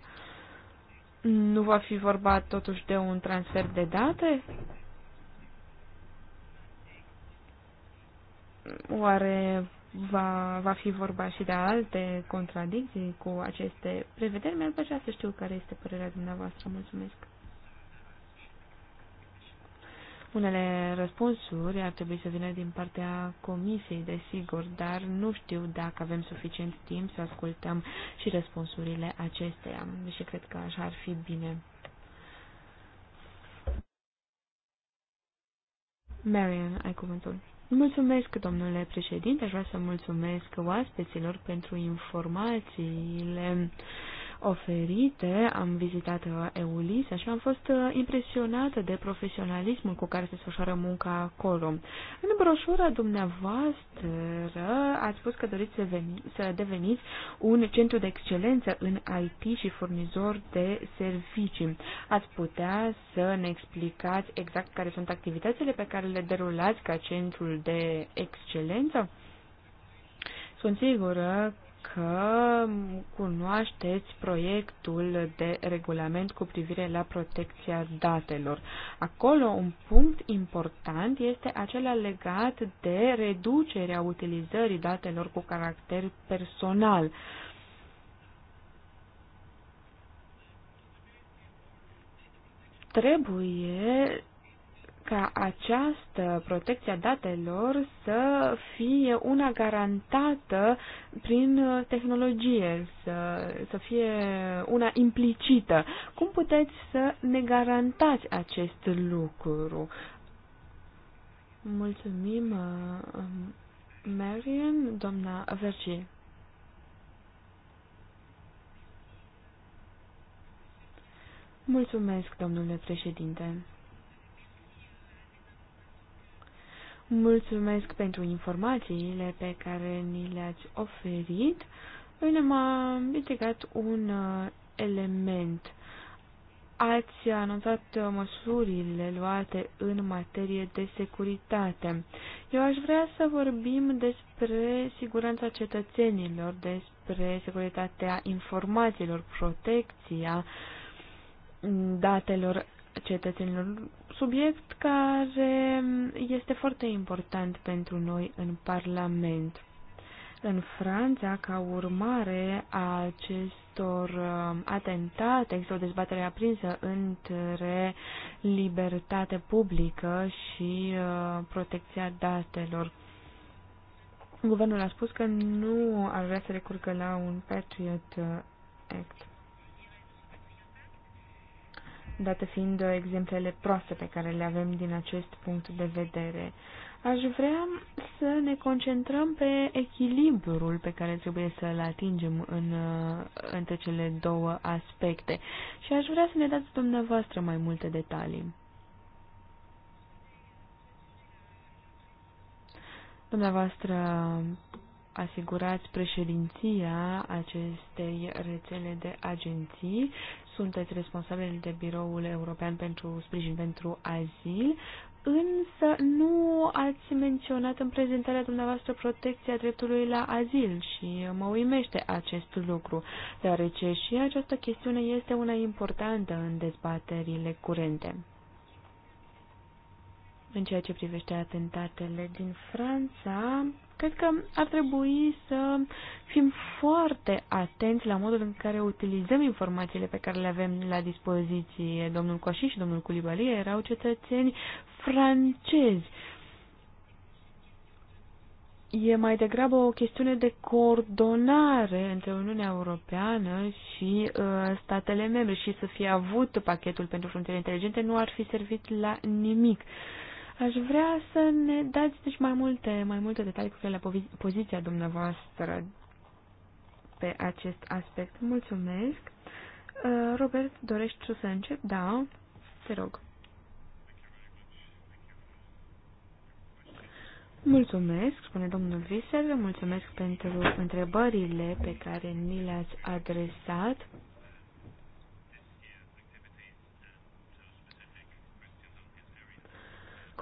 nu va fi vorba totuși de un transfer de date? Oare va, va fi vorba și de alte contradicții cu aceste prevederi. Mi-ar plăcea să știu care este părerea dumneavoastră. Mulțumesc. Unele răspunsuri ar trebui să vină din partea comisiei, desigur, dar nu știu dacă avem suficient timp să ascultăm și răspunsurile acesteia Deși cred că așa ar fi bine. Marian, ai cuvântul. Mulțumesc, domnule președinte. Aș vrea să mulțumesc oaspeților pentru informațiile oferite. Am vizitat uh, Eulisa și am fost uh, impresionată de profesionalismul cu care se sfășoară munca acolo. În broșura dumneavoastră ați spus că doriți să, veni, să deveniți un centru de excelență în IT și furnizor de servicii. Ați putea să ne explicați exact care sunt activitățile pe care le derulați ca centrul de excelență? Sunt sigură că cunoașteți proiectul de regulament cu privire la protecția datelor. Acolo un punct important este acela legat de reducerea utilizării datelor cu caracter personal. Trebuie ca această protecție a datelor să fie una garantată prin tehnologie, să, să fie una implicită. Cum puteți să ne garantați acest lucru? Mulțumim, uh, Marian, doamna Vergie. Mulțumesc, domnule președinte. Mulțumesc pentru informațiile pe care ni le-ați oferit. Mine m-a ridicat un element. Ați anunțat măsurile luate în materie de securitate. Eu aș vrea să vorbim despre siguranța cetățenilor, despre securitatea informațiilor, protecția datelor cetățenilor subiect care este foarte important pentru noi în Parlament. În Franța, ca urmare a acestor uh, atentate, există o dezbatere aprinsă între libertate publică și uh, protecția datelor. Guvernul a spus că nu ar vrea să recurgă la un Patriot Act date fiind exemplele proaste pe care le avem din acest punct de vedere. Aș vrea să ne concentrăm pe echilibrul pe care trebuie să-l atingem în, între cele două aspecte și aș vrea să ne dați dumneavoastră mai multe detalii. Dumneavoastră asigurați președinția acestei rețele de agenții sunteți responsabili de Biroul European pentru Sprijin pentru Azil, însă nu ați menționat în prezentarea dumneavoastră protecția dreptului la azil și mă uimește acest lucru, deoarece și această chestiune este una importantă în dezbaterile curente. În ceea ce privește atentatele din Franța, Cred că ar trebui să fim foarte atenți la modul în care utilizăm informațiile pe care le avem la dispoziție. Domnul Coșin și domnul Culibalie erau cetățeni francezi e mai degrabă o chestiune de coordonare între Uniunea Europeană și uh, statele membre și să fie avut pachetul pentru frontiere inteligente nu ar fi servit la nimic. Uh, Aș vrea să ne dați deci mai multe, mai multe detalii cu privire la poziția dumneavoastră pe acest aspect. Mulțumesc. Uh, Robert, dorești să încep? Da, te rog. Mulțumesc, spune domnul Viser, mulțumesc pentru întrebările pe care ni le-ați adresat.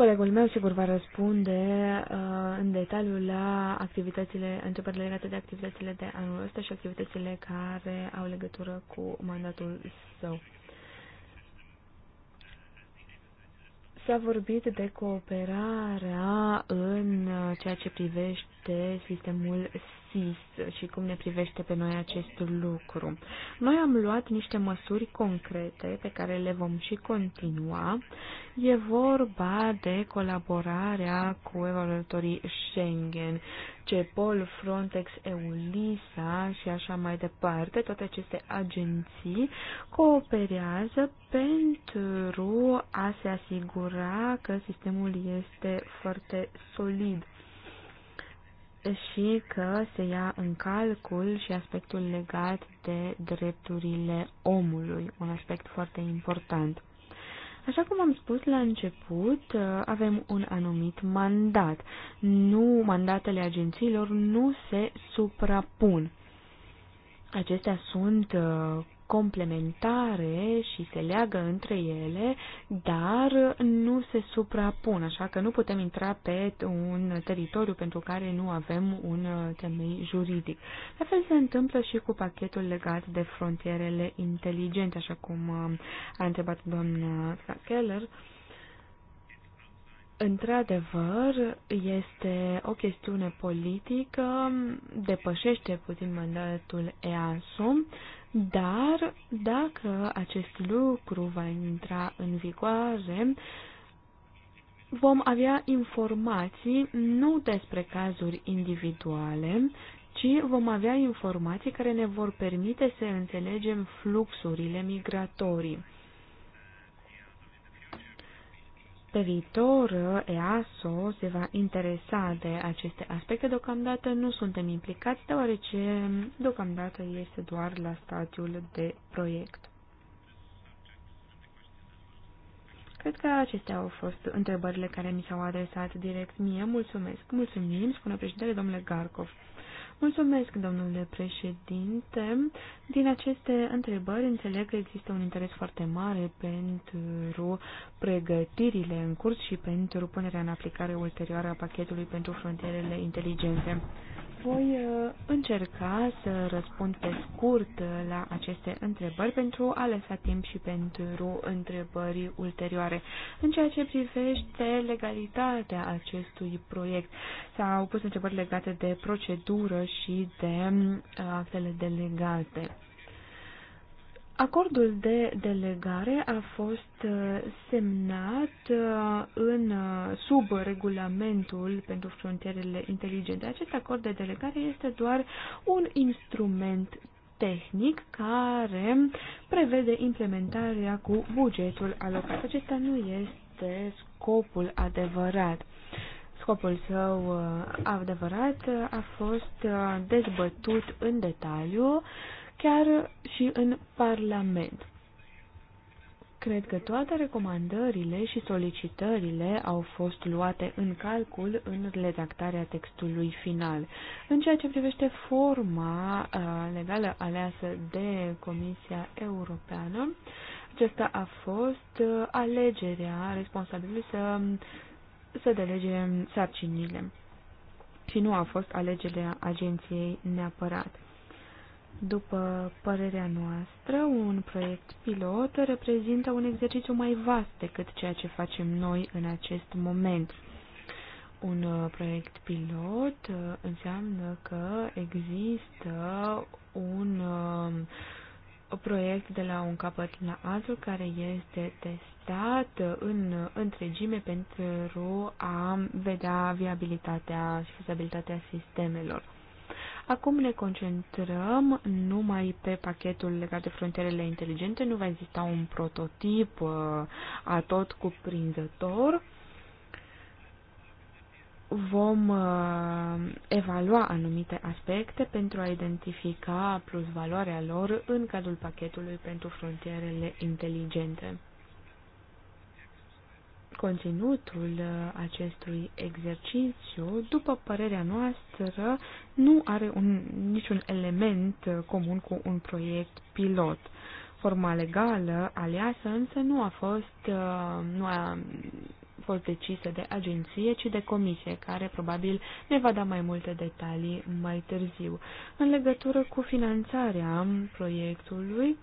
Colegul meu sigur va răspunde uh, în detaliu la activitățile, întrebările legate de activitățile de anul ăsta și activitățile care au legătură cu mandatul său. S-a vorbit de cooperarea în uh, ceea ce privește sistemul SIS și cum ne privește pe noi acest lucru. Noi am luat niște măsuri concrete pe care le vom și continua. E vorba de colaborarea cu evaluatorii Schengen, CEPOL, Frontex, EULISA și așa mai departe. Toate aceste agenții cooperează pentru a se asigura că sistemul este foarte solid și că se ia în calcul și aspectul legat de drepturile omului, un aspect foarte important. Așa cum am spus la început, avem un anumit mandat. Nu, mandatele agențiilor nu se suprapun. Acestea sunt uh, complementare și se leagă între ele, dar nu se suprapun, așa că nu putem intra pe un teritoriu pentru care nu avem un temei juridic. La fel se întâmplă și cu pachetul legat de frontierele inteligente, așa cum a întrebat doamna Keller. Uh, Într-adevăr, este o chestiune politică, depășește puțin mandatul EASO, dar dacă acest lucru va intra în vigoare, vom avea informații nu despre cazuri individuale, ci vom avea informații care ne vor permite să înțelegem fluxurile migratorii. Pe viitor, EASO se va interesa de aceste aspecte. Deocamdată nu suntem implicați, deoarece deocamdată este doar la stadiul de proiect. Cred că acestea au fost întrebările care mi s-au adresat direct mie. Mulțumesc. Mulțumim, spune președintele domnule Garkov. Mulțumesc, domnule președinte. Din aceste întrebări înțeleg că există un interes foarte mare pentru pregătirile în curs și pentru punerea în aplicare ulterioară a pachetului pentru frontierele inteligente. Voi uh, încerca să răspund pe scurt uh, la aceste întrebări pentru a lăsa timp și pentru întrebări ulterioare. În ceea ce privește legalitatea acestui proiect, s-au pus întrebări legate de procedură și de uh, actele delegate. Acordul de delegare a fost uh, semnat uh, în uh, sub regulamentul pentru frontierele inteligente. Acest acord de delegare este doar un instrument tehnic care prevede implementarea cu bugetul alocat. Acesta nu este scopul adevărat scopul său adevărat a fost dezbătut în detaliu chiar și în Parlament. Cred că toate recomandările și solicitările au fost luate în calcul în redactarea textului final. În ceea ce privește forma uh, legală aleasă de Comisia Europeană, aceasta a fost uh, alegerea responsabilului să, să delege sarcinile și nu a fost alegerea agenției neapărat. După părerea noastră, un proiect pilot reprezintă un exercițiu mai vast decât ceea ce facem noi în acest moment. Un uh, proiect pilot uh, înseamnă că există un uh, proiect de la un capăt la altul care este testat în întregime pentru a vedea viabilitatea și fezabilitatea sistemelor. Acum ne concentrăm numai pe pachetul legat de frontierele inteligente. Nu va exista un prototip uh, a tot cuprinzător vom uh, evalua anumite aspecte pentru a identifica plus valoarea lor în cadrul pachetului pentru frontierele inteligente conținutul uh, acestui exercițiu, după părerea noastră, nu are un, niciun element uh, comun cu un proiect pilot. Forma legală aliasă însă nu a fost, uh, nu a fost decisă de agenție, ci de comisie, care probabil ne va da mai multe detalii mai târziu. În legătură cu finanțarea proiectului,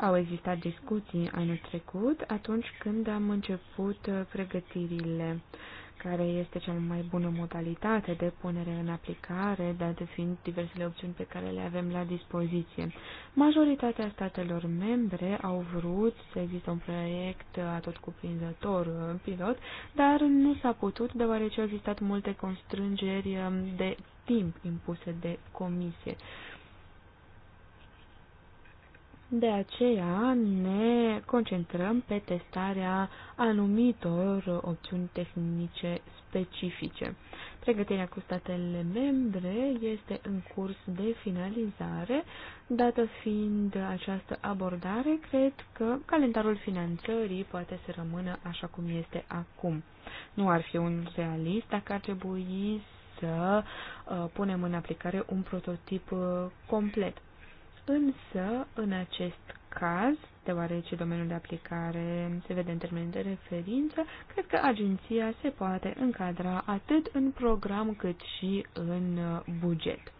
au existat discuții anul trecut, atunci când am început uh, pregătirile, care este cea mai bună modalitate de punere în aplicare, dat fiind diversele opțiuni pe care le avem la dispoziție. Majoritatea statelor membre au vrut să există un proiect atot cuprinzător uh, pilot, dar nu s-a putut deoarece au existat multe constrângeri um, de timp impuse de comisie. De aceea ne concentrăm pe testarea anumitor opțiuni tehnice specifice. Pregătirea cu statele membre este în curs de finalizare. Dată fiind această abordare, cred că calendarul finanțării poate să rămână așa cum este acum. Nu ar fi un realist dacă ar trebui să uh, punem în aplicare un prototip uh, complet. Însă, în acest caz, deoarece domeniul de aplicare se vede în termen de referință, cred că agenția se poate încadra atât în program cât și în uh, buget.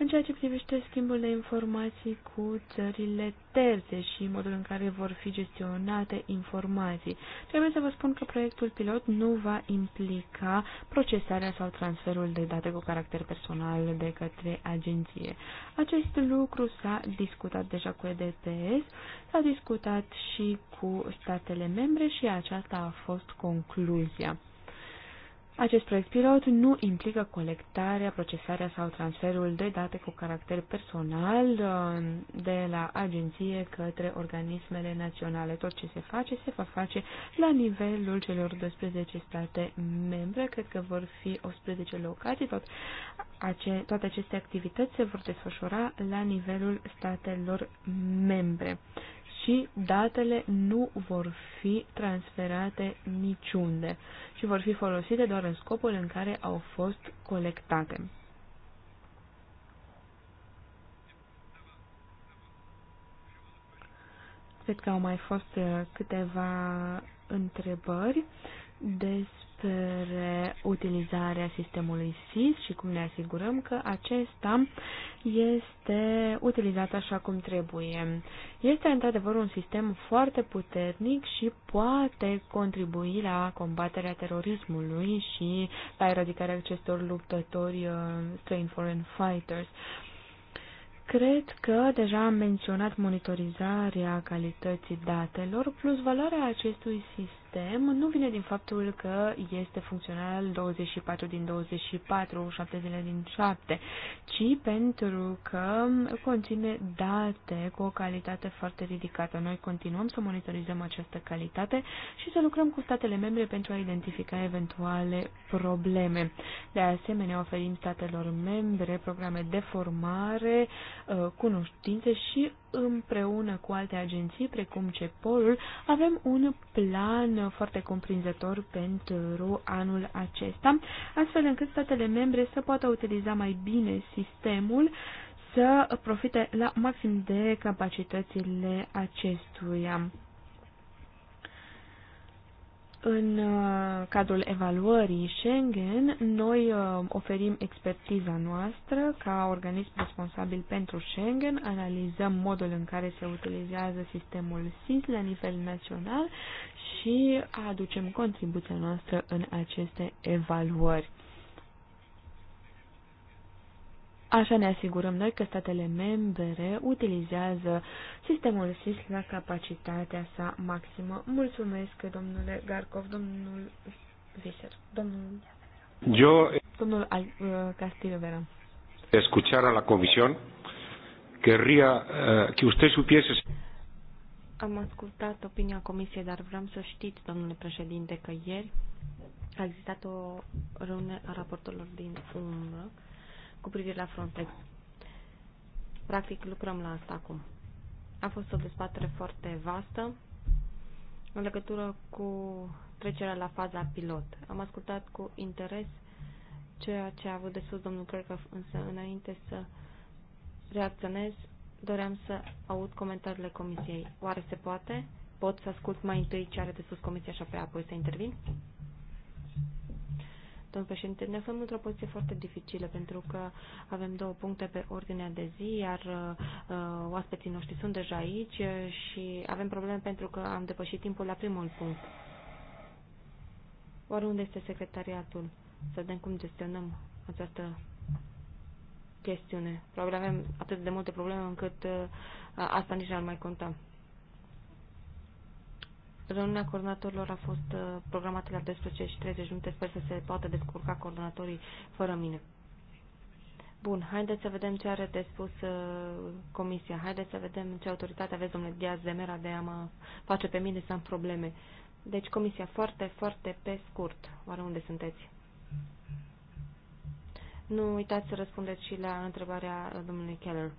În ceea ce privește schimbul de informații cu țările terțe și modul în care vor fi gestionate informații, trebuie să vă spun că proiectul pilot nu va implica procesarea sau transferul de date cu caracter personal de către agenție. Acest lucru s-a discutat deja cu EDPS, s-a discutat și cu statele membre și aceasta a fost concluzia. Acest proiect pilot nu implică colectarea, procesarea sau transferul de date cu caracter personal uh, de la agenție către organismele naționale. Tot ce se face, se va face la nivelul celor 12 state membre. Cred că vor fi 11 locații. Tot ace, toate aceste activități se vor desfășura la nivelul statelor membre și datele nu vor fi transferate niciunde și vor fi folosite doar în scopul în care au fost colectate. Cred că au mai fost uh, câteva întrebări despre despre utilizarea sistemului SIS și cum ne asigurăm că acesta este utilizat așa cum trebuie. Este într-adevăr un sistem foarte puternic și poate contribui la combaterea terorismului și la eradicarea acestor luptători uh, străini foreign fighters. Cred că deja am menționat monitorizarea calității datelor plus valoarea acestui sistem sistem nu vine din faptul că este funcțional 24 din 24, 7 zile din 7, ci pentru că conține date cu o calitate foarte ridicată. Noi continuăm să monitorizăm această calitate și să lucrăm cu statele membre pentru a identifica eventuale probleme. De asemenea, oferim statelor membre programe de formare, uh, cunoștințe și împreună cu alte agenții, precum cepol avem un plan Uh, foarte cumprinzător pentru anul acesta, astfel încât statele membre să poată utiliza mai bine sistemul să profite la maxim de capacitățile acestuia. În uh, cadrul evaluării Schengen, noi uh, oferim expertiza noastră ca organism responsabil pentru Schengen, analizăm modul în care se utilizează sistemul SIS la nivel național și aducem contribuția noastră în aceste evaluări. Așa ne asigurăm noi că statele membre utilizează sistemul SIS la capacitatea sa maximă. Mulțumesc, domnule Garcov, domnul Viser, domnul... Eu... Domnul Al... Uh, Castillo Vera. Escuchar a la comisión, querría uh, que usted supiese... Am ascultat opinia comisiei, dar vreau să știți, domnule președinte, că ieri a existat o reuniune a raportorilor din umbră cu privire la Frontex. Practic lucrăm la asta acum. A fost o dezbatere foarte vastă în legătură cu trecerea la faza pilot. Am ascultat cu interes ceea ce a avut de sus domnul Kerkhoff, însă înainte să reacționez, doream să aud comentariile comisiei. Oare se poate? Pot să ascult mai întâi ce are de sus comisia și apoi, apoi să intervin? Domn președinte, ne aflăm într-o poziție foarte dificilă pentru că avem două puncte pe ordinea de zi, iar uh, uh oaspeții noștri sunt deja aici uh, și avem probleme pentru că am depășit timpul la primul punct. Oare unde este secretariatul? Să vedem cum gestionăm această chestiune. Probabil avem atât de multe probleme încât uh, asta nici nu ar mai conta. Reuniunea coordonatorilor a fost uh, programată la 12 și 30 minute. Sper să se poată descurca coordonatorii fără mine. Bun, haideți să vedem ce are de spus uh, comisia. Haideți să vedem ce autoritate aveți, domnule Diaz Zemera, de a mă face pe mine să am probleme. Deci, comisia, foarte, foarte pe scurt. Oare unde sunteți? Nu uitați să răspundeți și la întrebarea uh, domnului Keller.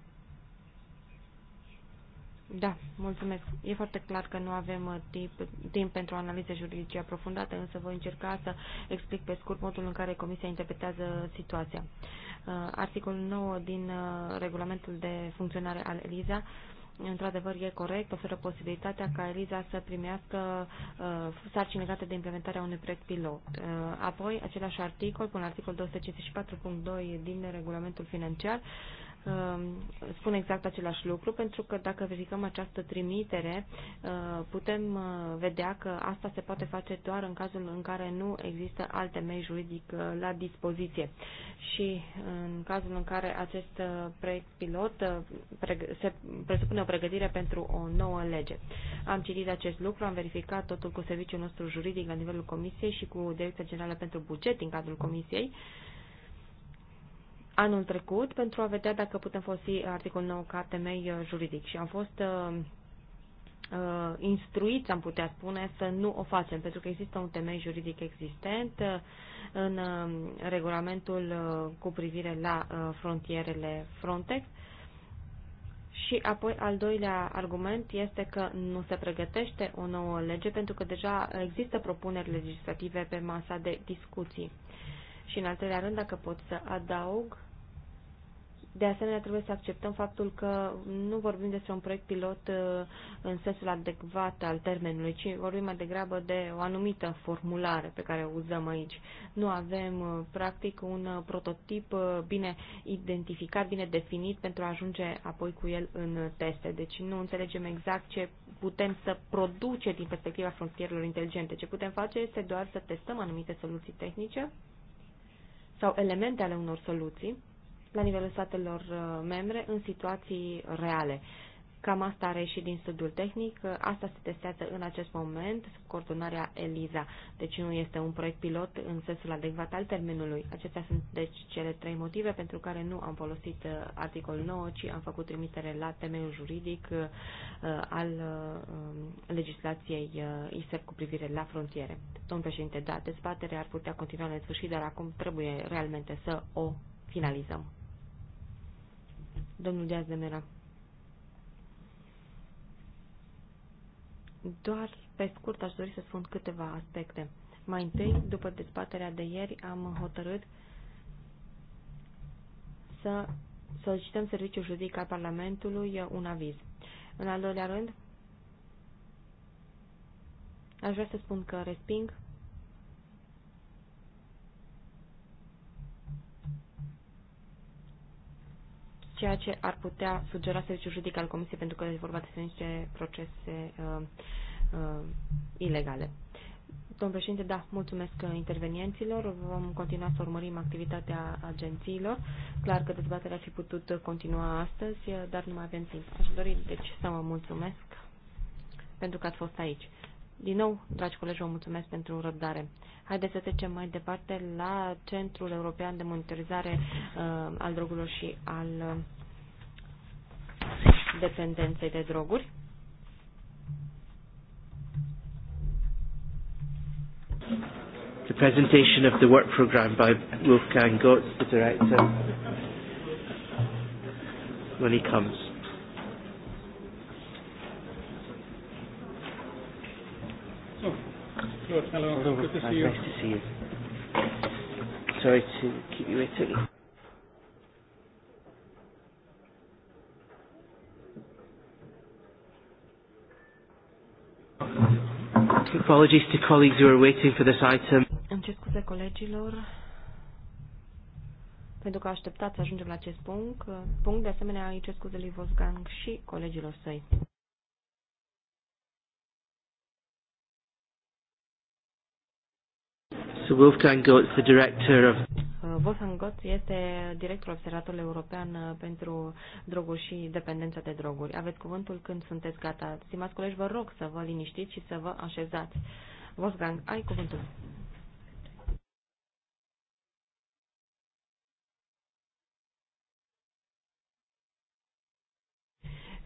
Da, mulțumesc. E foarte clar că nu avem uh, timp, timp pentru analiză juridice aprofundată, însă voi încerca să explic pe scurt modul în care Comisia interpretează situația. Uh, articolul 9 din uh, regulamentul de funcționare al ELISA într-adevăr e corect, oferă posibilitatea ca ELISA să primească uh, sarcini legate de implementarea unui proiect pilot. Uh, apoi, același articol, până articol 254.2 din regulamentul financiar, spun exact același lucru, pentru că dacă verificăm această trimitere, uh, putem uh, vedea că asta se poate face doar în cazul în care nu există alte mei juridic uh, la dispoziție. Și în cazul în care acest proiect pilot se presupune o pregătire pentru o nouă lege. Am citit acest lucru, am verificat totul cu serviciul nostru juridic la nivelul Comisiei și cu Direcția Generală pentru Buget din cadrul Comisiei anul trecut pentru a vedea dacă putem folosi articolul 9 ca temei uh, juridic și am fost uh, uh, instruiți, am putea spune, să nu o facem, pentru că există un temei juridic existent uh, în regulamentul cu privire la frontierele Frontex. Și apoi al doilea argument este că nu se pregătește o nouă lege pentru că deja există propuneri legislative pe masa de discuții. Și în al treilea rând, dacă pot să adaug, de asemenea, trebuie să acceptăm faptul că nu vorbim despre un proiect pilot uh, în sensul adecvat al termenului, ci vorbim mai degrabă de o anumită formulare pe care o uzăm aici. Nu avem, uh, practic, un uh, prototip bine identificat, bine definit pentru a ajunge apoi cu el în teste. Deci nu înțelegem exact ce putem să produce din perspectiva frontierelor inteligente. Ce putem face este doar să testăm anumite soluții tehnice sau elemente ale unor soluții la nivelul statelor uh, membre în situații reale. Cam asta are și din studiul tehnic. Asta se testează în acest moment sub coordonarea ELISA. Deci nu este un proiect pilot în sensul adecvat al termenului. Acestea sunt deci cele trei motive pentru care nu am folosit uh, articolul 9, ci am făcut trimitere la temeiul juridic uh, al um, legislației ISEP cu privire la frontiere. Domnul președinte, da, dezbaterea ar putea continua în sfârșit, dar acum trebuie realmente să o finalizăm. Domnul Diaz de Mera. Doar pe scurt aș dori să spun câteva aspecte. Mai întâi, după dezbaterea de ieri, am hotărât să solicităm serviciul juridic al Parlamentului un aviz. În al doilea rând, aș vrea să spun că resping ceea ce ar putea sugera serviciul juridic al Comisiei, pentru că e vorba despre niște procese uh, uh, ilegale. Domnul președinte, da, mulțumesc intervenienților. Vom continua să urmărim activitatea agențiilor. Clar că dezbaterea ar fi putut continua astăzi, dar nu mai avem timp. Aș dori, deci, să vă mulțumesc pentru că ați fost aici. Din nou, dragi colegi, vă mulțumesc pentru răbdare. Haideți să trecem mai departe la Centrul European de Monitorizare uh, al Drogurilor și al uh, Dependenței de Droguri. The presentation of the work program by Wolfgang Gotz, the director, when he comes. Good. Hello. Hello. Good to see you. Nice to see you. Sorry to keep you waiting. Apologies to colleagues who are waiting for this item. Îmi cer scuze colegilor pentru că așteptat să ajungem la acest punct. Punct, de asemenea, îi cer scuze lui Wolfgang și colegilor săi. So Wolfgang Gotz, the director of uh, Wolfgang Gotz este directorul Observatorului European uh, pentru Droguri și Dependența de Droguri. Aveți cuvântul când sunteți gata. Stimați colegi, vă rog să vă liniștiți și să vă așezați. Wolfgang, ai cuvântul.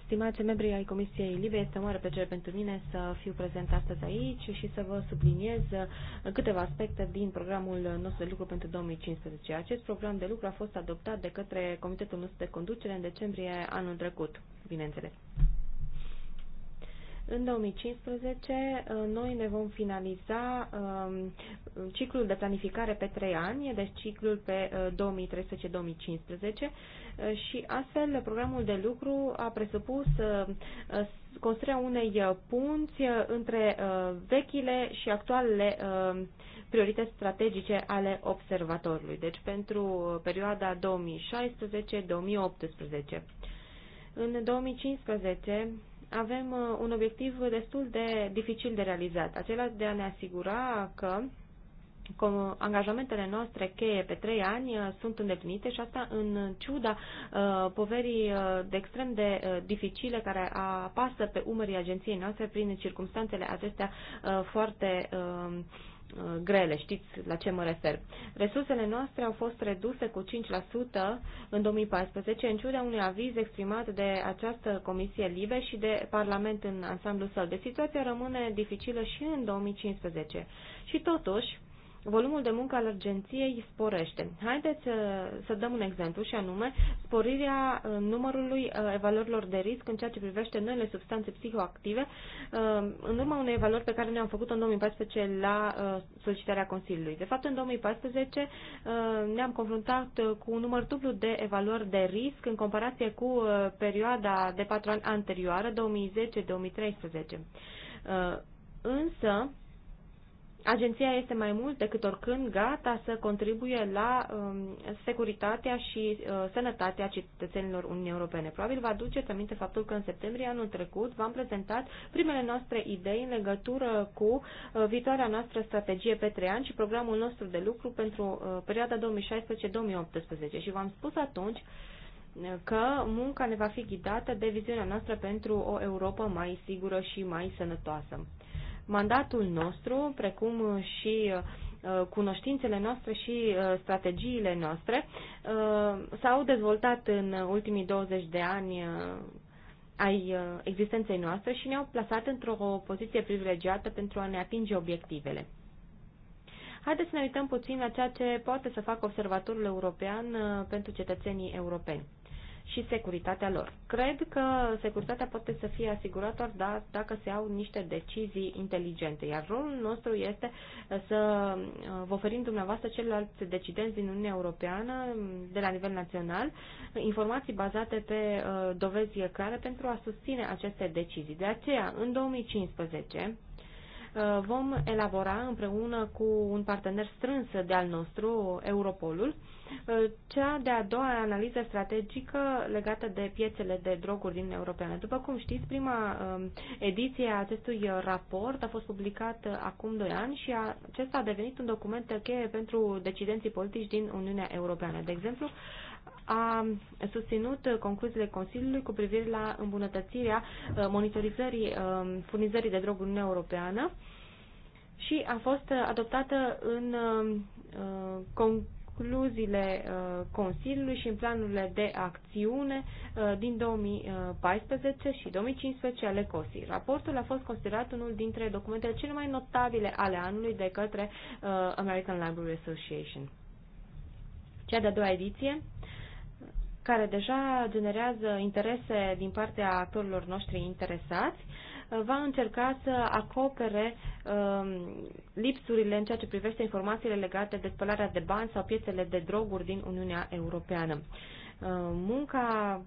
Stimați membri ai Comisiei Libe, este o mare plăcere pentru mine să fiu prezent astăzi aici și să vă subliniez câteva aspecte din programul nostru de lucru pentru 2015. Acest program de lucru a fost adoptat de către Comitetul nostru de conducere în decembrie anul trecut, bineînțeles. În 2015 uh, noi ne vom finaliza um, ciclul de planificare pe 3 ani, deci ciclul pe 2013-2015 uh, uh, și astfel programul de lucru a presupus construirea unei punți între vechile și actualele priorități strategice ale observatorului, deci pentru perioada 2016-2018. În 2015 avem uh, un obiectiv destul de dificil de realizat, acela de a ne asigura că angajamentele noastre cheie pe trei ani uh, sunt îndeplinite și asta în ciuda uh, poverii uh, de extrem de uh, dificile care apasă pe umării agenției noastre prin circumstanțele acestea uh, foarte Uh, grele, știți la ce mă refer. Resursele noastre au fost reduse cu 5% în 2014, în ciuda unui aviz exprimat de această Comisie Libe și de Parlament în ansamblu său. De deci, situația rămâne dificilă și în 2015. Și totuși, volumul de muncă al agenției sporește. Haideți uh, să dăm un exemplu și anume sporirea uh, numărului uh, evaluărilor de risc în ceea ce privește noile substanțe psihoactive în urma unei evaluări pe care ne-am făcut-o în 2014 la solicitarea Consiliului. De fapt, în 2014 ne-am confruntat cu un număr dublu de evaluări de risc în comparație cu perioada de patru ani anterioară, 2010-2013. Însă, Agenția este mai mult decât oricând gata să contribuie la um, securitatea și uh, sănătatea cetățenilor Uniunii Europene. Probabil vă aduceți aminte faptul că în septembrie anul trecut v-am prezentat primele noastre idei în legătură cu uh, viitoarea noastră strategie pe trei ani și programul nostru de lucru pentru uh, perioada 2016-2018 și v-am spus atunci uh, că munca ne va fi ghidată de viziunea noastră pentru o Europa mai sigură și mai sănătoasă. Mandatul nostru, precum și uh, cunoștințele noastre și uh, strategiile noastre uh, s-au dezvoltat în ultimii 20 de ani ai existenței noastre și ne-au plasat într-o poziție privilegiată pentru a ne atinge obiectivele. Haideți să ne uităm puțin la ceea ce poate să facă observatorul european pentru cetățenii europeni și securitatea lor. Cred că securitatea poate să fie asigurată dar dacă se au niște decizii inteligente, iar rolul nostru este uh, să uh, vă oferim dumneavoastră celorlalți decidenți din Uniunea Europeană, de la nivel național, informații bazate pe uh, dovezi clare pentru a susține aceste decizii. De aceea, în 2015, vom elabora împreună cu un partener strâns de al nostru, Europolul, Uh, cea de-a doua analiză strategică legată de piețele de droguri din Europeană. După cum știți, prima um, ediție a acestui raport a fost publicat acum 2 ani și acesta a devenit un document cheie pentru decidenții politici din Uniunea Europeană. De exemplu, a susținut concluziile Consiliului cu privire la îmbunătățirea uh, monitorizării um, furnizării de droguri în Europeană și a fost adoptată în um, uh, concluzie concluziile uh, Consiliului și în planurile de acțiune uh, din 2014 și 2015 ale COSI. Raportul a fost considerat unul dintre documentele cele mai notabile ale anului de către uh, American Library Association. Cea de-a doua ediție care deja generează interese din partea actorilor noștri interesați, uh, Uh, va încerca să acopere um, lipsurile în ceea ce privește informațiile legate de spălarea de bani sau piețele de droguri din Uniunea Europeană. Uh, munca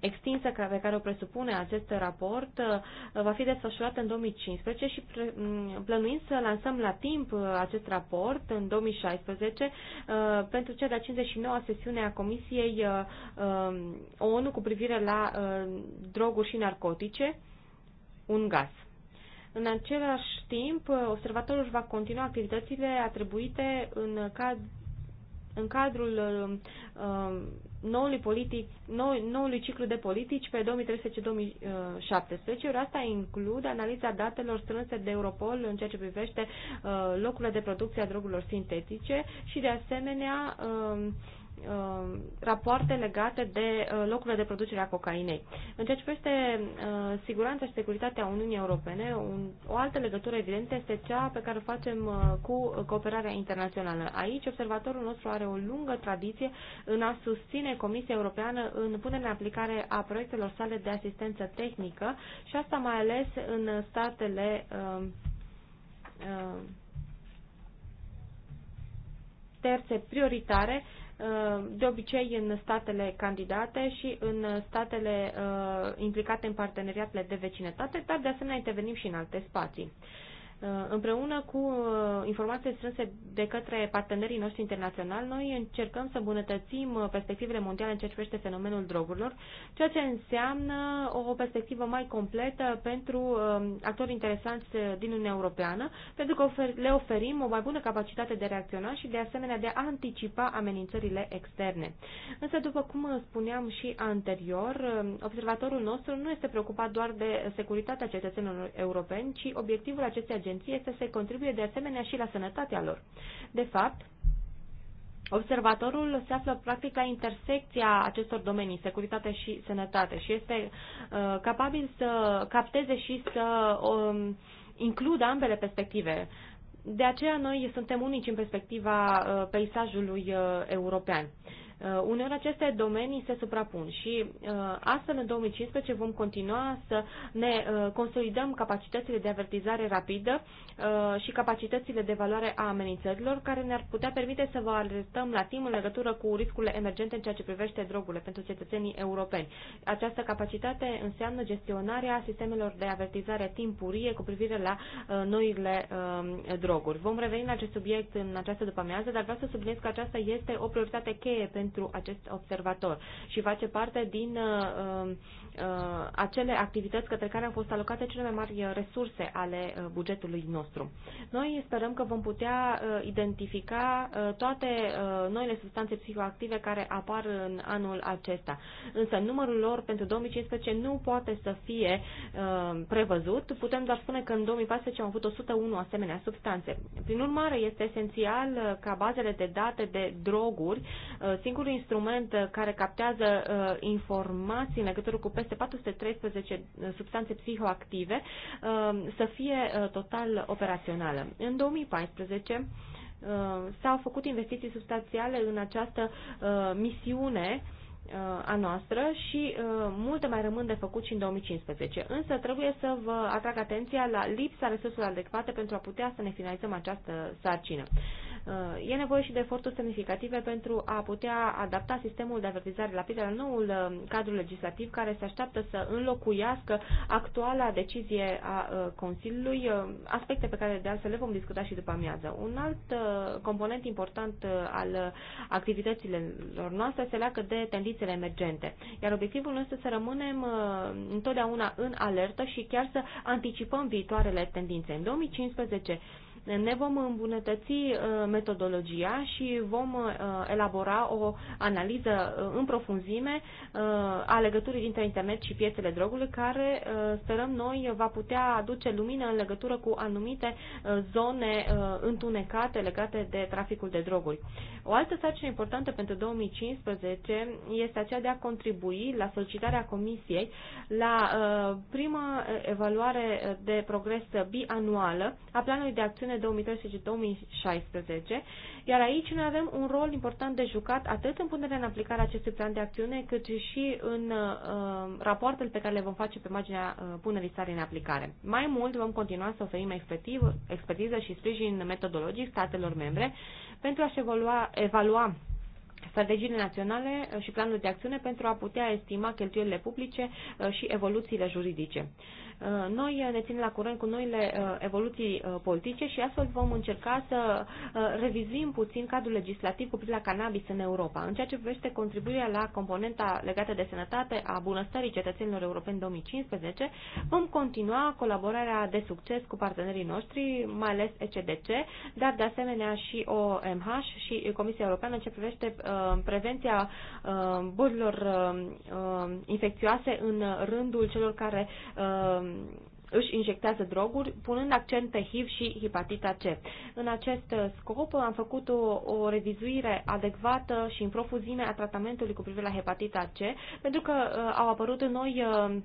extinsă pe care o presupune acest raport uh, va fi desfășurată în 2015 și mm, plănuim să lansăm la timp acest raport în 2016 pentru cea de-a 59-a sesiune a Comisiei um, ONU cu privire la droguri și narcotice un gaz. În același timp, observatorul își va continua activitățile atribuite în, cad- în cadrul uh, noului, politic, nou, noului ciclu de politici pe 2013-2017, iar asta include analiza datelor strânse de Europol în ceea ce privește uh, locurile de producție a drogurilor sintetice și, de asemenea, uh, Uh, rapoarte legate de uh, locurile de producere a cocainei. În ceea ce privește uh, siguranța și securitatea Uniunii Europene, un, o altă legătură evidentă este cea pe care o facem cu cooperarea internațională. Aici, observatorul nostru are o lungă tradiție în a susține Comisia Europeană în punerea în aplicare a proiectelor sale de asistență tehnică și asta mai ales în statele uh, uh, terțe prioritare uh, Uh, de obicei în statele candidate și în statele uh, implicate în parteneriatele de vecinătate, dar de asemenea intervenim și în alte spații. Uh, împreună cu uh, informații strânse de către partenerii noștri internaționali, noi încercăm să îmbunătățim uh, perspectivele mondiale în ceea ce privește fenomenul drogurilor, ceea ce înseamnă o perspectivă mai completă pentru um, actori interesanți din Uniunea Europeană, pentru că le oferim o mai bună capacitate de reacționa și de asemenea de a anticipa amenințările externe. Însă, după cum spuneam și anterior, um, observatorul nostru nu este preocupat doar de securitatea cetățenilor europeni, ci obiectivul acestei agenții agenție este să contribuie de asemenea și la sănătatea lor. De fapt, Observatorul se află practic la intersecția acestor domenii, securitate și sănătate, și este uh, capabil să capteze și să um, includă ambele perspective. De aceea noi suntem unici în perspectiva uh, peisajului uh, european. Uh, Uh, uneori aceste domenii se suprapun și uh, astfel în 2015 vom continua să ne uh, consolidăm capacitățile de avertizare rapidă și capacitățile de valoare a amenințărilor care ne-ar putea permite să vă alertăm la timp în legătură cu riscurile emergente în ceea ce privește drogurile pentru cetățenii europeni. Această capacitate înseamnă gestionarea sistemelor de avertizare timpurie cu privire la noile um, droguri. Vom reveni la acest subiect în această după dar vreau să subliniez că aceasta este o prioritate cheie pentru pentru acest observator și face parte din uh, uh, uh, acele activități către care au fost alocate cele mai mari resurse ale uh, bugetului nostru. Noi sperăm că vom putea uh, identifica uh, toate uh, noile substanțe psihoactive care apar în anul acesta. Însă numărul lor pentru 2015 nu poate să fie uh, prevăzut. Putem doar spune că în 2014 am avut 101 asemenea substanțe. Prin urmare, este esențial uh, ca bazele de date de droguri, uh, singur instrument uh, care captează uh, informații în legătură cu peste 413 uh, substanțe psihoactive uh, să fie uh, total operațională. În 2014 uh, s-au făcut investiții substanțiale în această uh, misiune uh, Uh, a noastră și uh, multe mai rămân de făcut și în 2015. Însă trebuie să vă atrag atenția la lipsa resurselor adecvate pentru a putea să ne finalizăm această sarcină. Uh, e nevoie și de eforturi semnificative pentru a putea adapta sistemul de avertizare rapidă la noul cadru legislativ care se așteaptă să înlocuiască actuala decizie a Consiliului, aspecte pe care de altfel le vom discuta și după amiază. Un alt component important al activităților noastre se leagă de tendințe condițiile emergente. Iar obiectivul nostru să rămânem uh, întotdeauna în alertă și chiar să anticipăm viitoarele tendințe. În 2015 ne vom îmbunătăți uh, metodologia și vom uh, elabora o analiză uh, în profunzime a legăturii dintre internet și piețele drogului, care sperăm noi va putea aduce lumină în legătură cu anumite zone întunecate legate de traficul de droguri. O altă sarcină importantă pentru 2015 este aceea de a contribui la solicitarea Comisiei la prima evaluare de progres bianuală a planului de acțiune perioadele 2013-2016, iar aici noi avem un rol important de jucat atât în punerea în aplicare a acestui plan de acțiune, cât și în uh, rapoartele pe care le vom face pe marginea uh, punerii sale în aplicare. Mai mult, vom continua să oferim expertiză și sprijin metodologic statelor membre pentru a-și evalua, evalua strategiile naționale uh, și planul de acțiune pentru a putea estima cheltuielile publice uh, și evoluțiile juridice. Uh, noi ne ținem la curent cu noile uh, evoluții uh, politice și astfel vom încerca să revizuim puțin cadrul legislativ cu privire la cannabis în Europa. În ceea ce privește contribuirea la componenta legată de sănătate a bunăstării cetățenilor europeni 2015, vom continua colaborarea de succes cu partenerii noștri, mai ales ECDC, dar de asemenea și OMH și Comisia Europeană în ce privește prevenția bolilor infecțioase în rândul celor care um, își injectează droguri, punând accent pe HIV și hepatita C. În acest uh, scop am făcut o, o revizuire adecvată și în profuzime a tratamentului cu privire la hepatita C, pentru că uh, au apărut noi uh,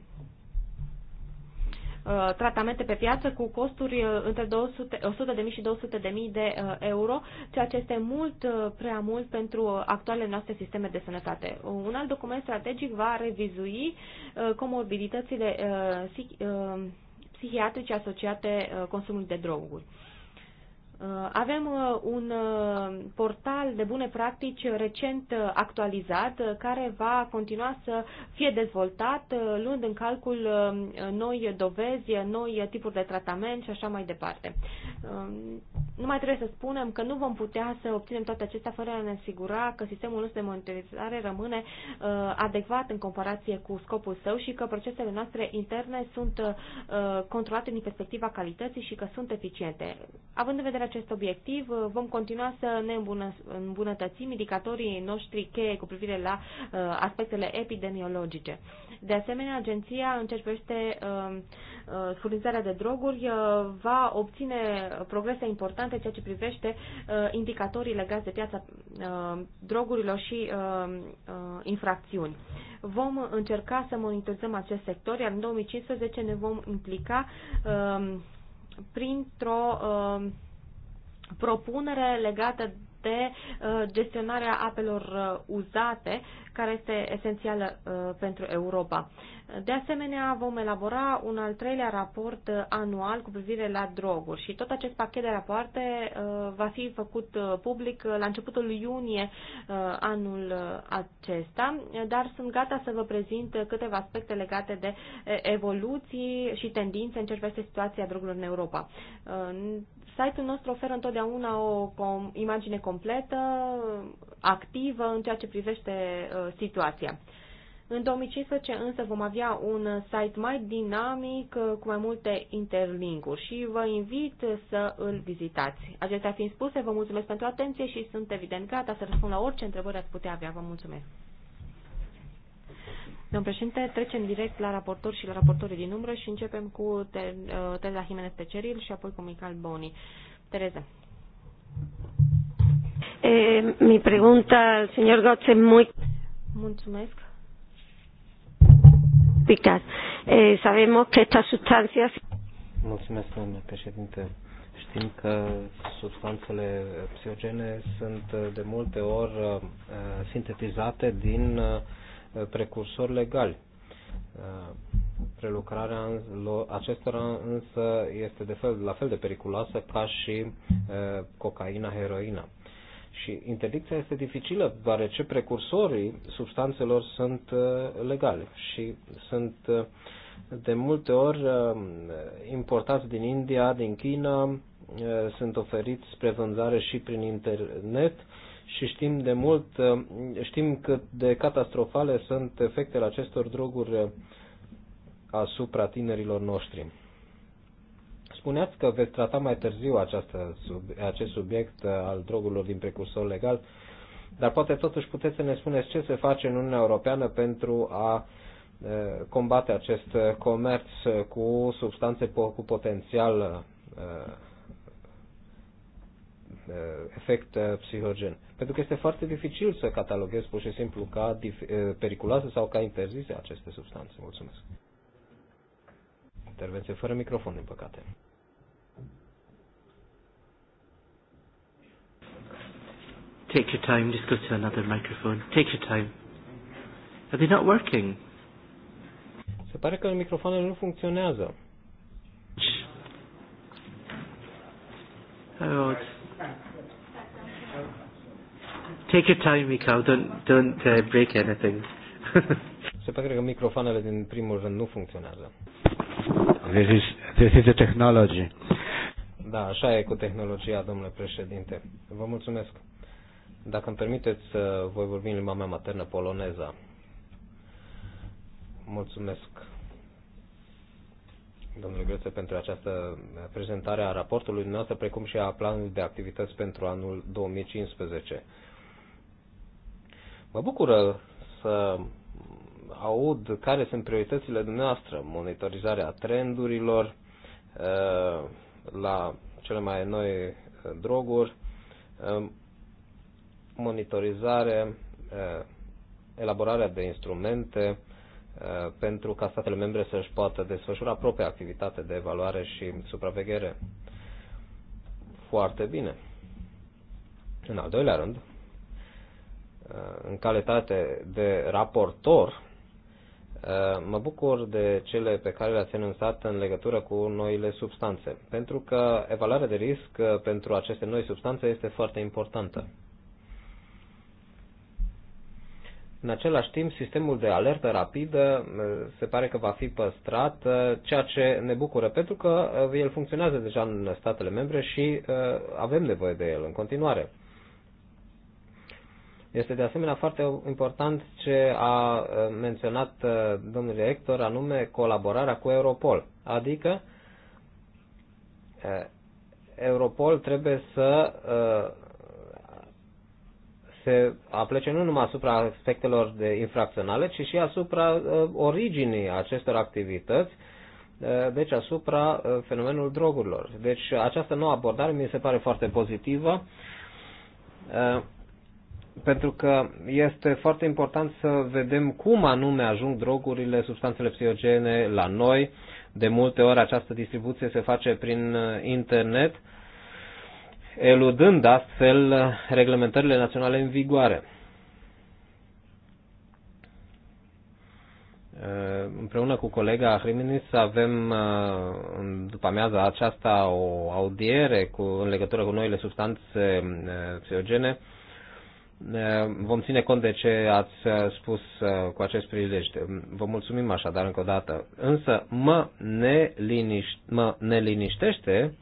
Uh, tratamente pe piață cu costuri uh, între 200, 100.000 și 200.000 de uh, euro, ceea ce este mult prea mult pentru actualele noastre sisteme de sănătate. Un alt document strategic va revizui comorbiditățile psihiatrice asociate consumului de droguri. Uh, avem uh, un uh, portal de bune practici recent actualizat care va continua să fie dezvoltat luând în calcul noi dovezi, noi tipuri de tratament și așa mai departe. Nu mai trebuie să spunem că nu vom putea să obținem toate acestea fără a ne asigura că sistemul nostru de monitorizare rămâne adecvat în comparație cu scopul său și că procesele noastre interne sunt controlate din perspectiva calității și că sunt eficiente. Având în vedere acest obiectiv, uh, vom continua să ne îmbunătățim indicatorii noștri cheie cu privire la uh, aspectele epidemiologice. De asemenea, agenția, în ceea ce privește um, uh, furnizarea de droguri, va obține progrese importante în ceea ce privește indicatorii legați de piața drogurilor și infracțiuni. Vom încerca să monitorizăm acest sector, iar în 2015 ne vom implica um, printr-o uh, propunere legată de uh, gestionarea apelor uh, uzate, care este esențială uh, pentru Europa. De asemenea, vom elabora un al treilea raport anual cu privire la droguri și tot acest pachet de rapoarte va fi făcut public la începutul iunie anul acesta, dar sunt gata să vă prezint câteva aspecte legate de evoluții și tendințe în ce privește situația drogurilor în Europa. Site-ul nostru oferă întotdeauna o imagine completă, activă în ceea ce privește uh, situația. În 2015 însă vom avea un site mai dinamic uh, cu mai multe interlinguri și vă invit să îl vizitați. Acestea fiind spuse, vă mulțumesc pentru atenție și sunt evident gata să răspund la orice întrebări ați putea avea. Vă mulțumesc! Domnul președinte, trecem direct la raportor și la raportorii din umbră și începem cu uh, Tereza Jimenez Peceril și apoi cu Michael Boni. Tereza. Eh, mi pregunta al señor Gotze muy... Mulțumesc. Picat. Eh, sabemos que estas sustancias... Mulțumesc, domnule președinte. Știm că substanțele psihogene sunt eh, de multe ori eh, sintetizate din uh, Uh, precursori legali. Uh, prelucrarea acestora însă este de fel, la fel de periculoasă ca și uh, cocaina, heroina. Și interdicția este dificilă, deoarece precursorii substanțelor sunt legale și sunt de multe ori importați din India, din China, sunt oferiți spre vânzare și prin internet și știm de mult, uh, știm cât de catastrofale sunt efectele acestor droguri uh, asupra tinerilor noștri. Spuneați că veți trata mai târziu această, sub, acest subiect uh, al drogurilor din precursor legal, dar poate totuși puteți să ne spuneți ce se face în Uniunea Europeană pentru a combate acest comerț cu substanțe cu potențial Uh, efect uh, psihogen. Pentru că este foarte dificil să cataloghezi pur și simplu ca uh, periculoase sau ca interzise aceste substanțe. Mulțumesc. Intervenție fără microfon, din păcate. Take your time, just go to another microphone. Take your time. Are they not working? Se pare că microfoanele nu funcționează. Oh, Take your time, Mikau. Don't, don't uh, break anything. Se pare că microfoanele din primul rând nu funcționează. This is, this is the technology. Da, așa e cu tehnologia, domnule președinte. Vă mulțumesc. Dacă îmi permiteți, uh, voi vorbi în limba mea maternă, poloneza. Mulțumesc, domnule Grețe, pentru această prezentare a raportului dumneavoastră, precum și a planului de activități pentru anul 2015. Mă bucură să aud care sunt prioritățile dumneavoastră, monitorizarea trendurilor uh, la cele mai noi uh, droguri, uh, monitorizare, elaborarea de instrumente pentru ca statele membre să-și poată desfășura propria activitate de evaluare și supraveghere. Foarte bine. În al doilea rând, în calitate de raportor, uh, mă bucur de cele pe care le-ați enunțat în legătură cu noile substanțe, pentru că evaluarea de risc uh, pentru aceste noi substanțe este foarte importantă. În același timp, sistemul de alertă rapidă uh, se pare că va fi păstrat, ceea ce ne bucură, pentru că el funcționează deja în statele membre și avem nevoie de el în continuare. Este de asemenea foarte important ce a menționat domnul director, anume colaborarea cu Europol. Adică Europol trebuie să se aplece nu numai asupra aspectelor de infracționale, ci și asupra originii acestor activități, deci asupra fenomenului drogurilor. Deci această nouă abordare mi se pare foarte pozitivă pentru că este foarte important să vedem cum anume ajung drogurile, substanțele psihogene la noi. De multe ori această distribuție se face prin internet, eludând astfel reglementările naționale în vigoare. Împreună cu colega Hriminis avem după amiaza aceasta o audiere cu, în legătură cu noile substanțe eh, psihogene vom ține cont de ce ați uh, spus uh, cu acest prilej. Vă mulțumim așadar încă o dată. Însă mă, neliniș- mă neliniștește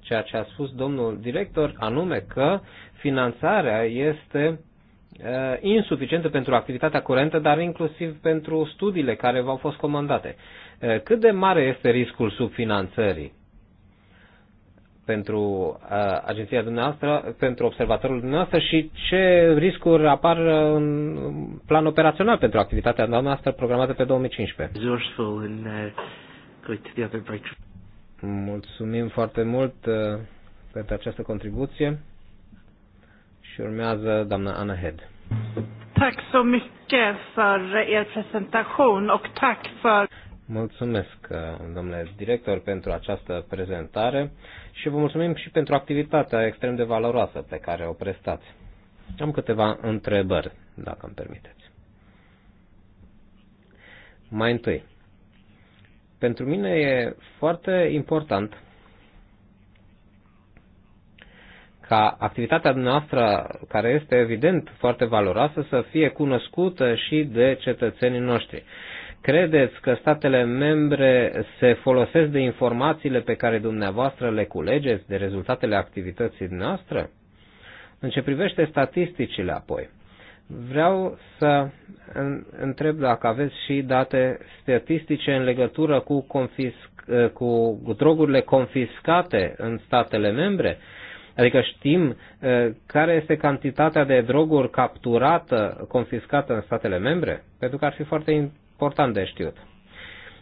ceea ce a spus domnul director, anume că finanțarea este uh, insuficientă pentru activitatea curentă, dar inclusiv pentru studiile care v-au fost comandate. Cât de mare este riscul subfinanțării? pentru uh, agenția dumneavoastră, pentru observatorul dumneavoastră și ce riscuri apar în plan operațional pentru activitatea dumneavoastră programată pe 2015. Mulțumim foarte mult uh, pentru această contribuție și urmează doamna Anna Head. Tack så mycket för er presentation och tack för Mulțumesc, domnule director, pentru această prezentare și vă mulțumim și pentru activitatea extrem de valoroasă pe care o prestați. Am câteva întrebări, dacă îmi permiteți. Mai întâi, pentru mine e foarte important ca activitatea noastră, care este evident foarte valoroasă, să fie cunoscută și de cetățenii noștri. Credeți că statele membre se folosesc de informațiile pe care dumneavoastră le culegeți, de rezultatele activității noastre? În ce privește statisticile apoi, vreau să întreb dacă aveți și date statistice în legătură cu, confisc, cu drogurile confiscate în statele membre, Adică știm care este cantitatea de droguri capturată, confiscată în statele membre? Pentru că ar fi foarte important de știut.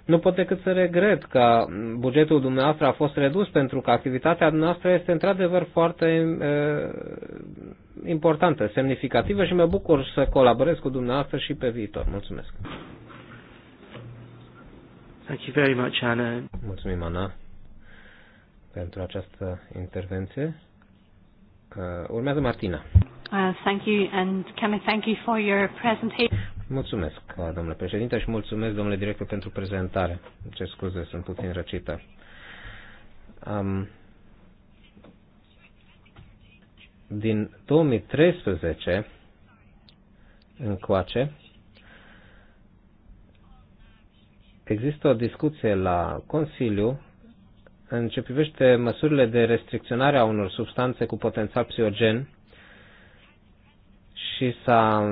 Nu pot decât să regret că bugetul dumneavoastră a fost redus pentru că activitatea noastră este într-adevăr foarte e, eh, importantă, semnificativă și mă bucur să colaborez cu dumneavoastră și pe viitor. Mulțumesc! Thank you very much, Anna. Mulțumim, Ana, pentru această intervenție. Eh, urmează Martina. Uh, thank you and can I thank you for your presentation. Mulțumesc, domnule președinte, și mulțumesc, domnule director, pentru prezentare. Ce scuze, sunt puțin răcită. Um, din 2013 încoace, există o discuție la Consiliu în ce privește măsurile de restricționare a unor substanțe cu potențial psihogen și s-a,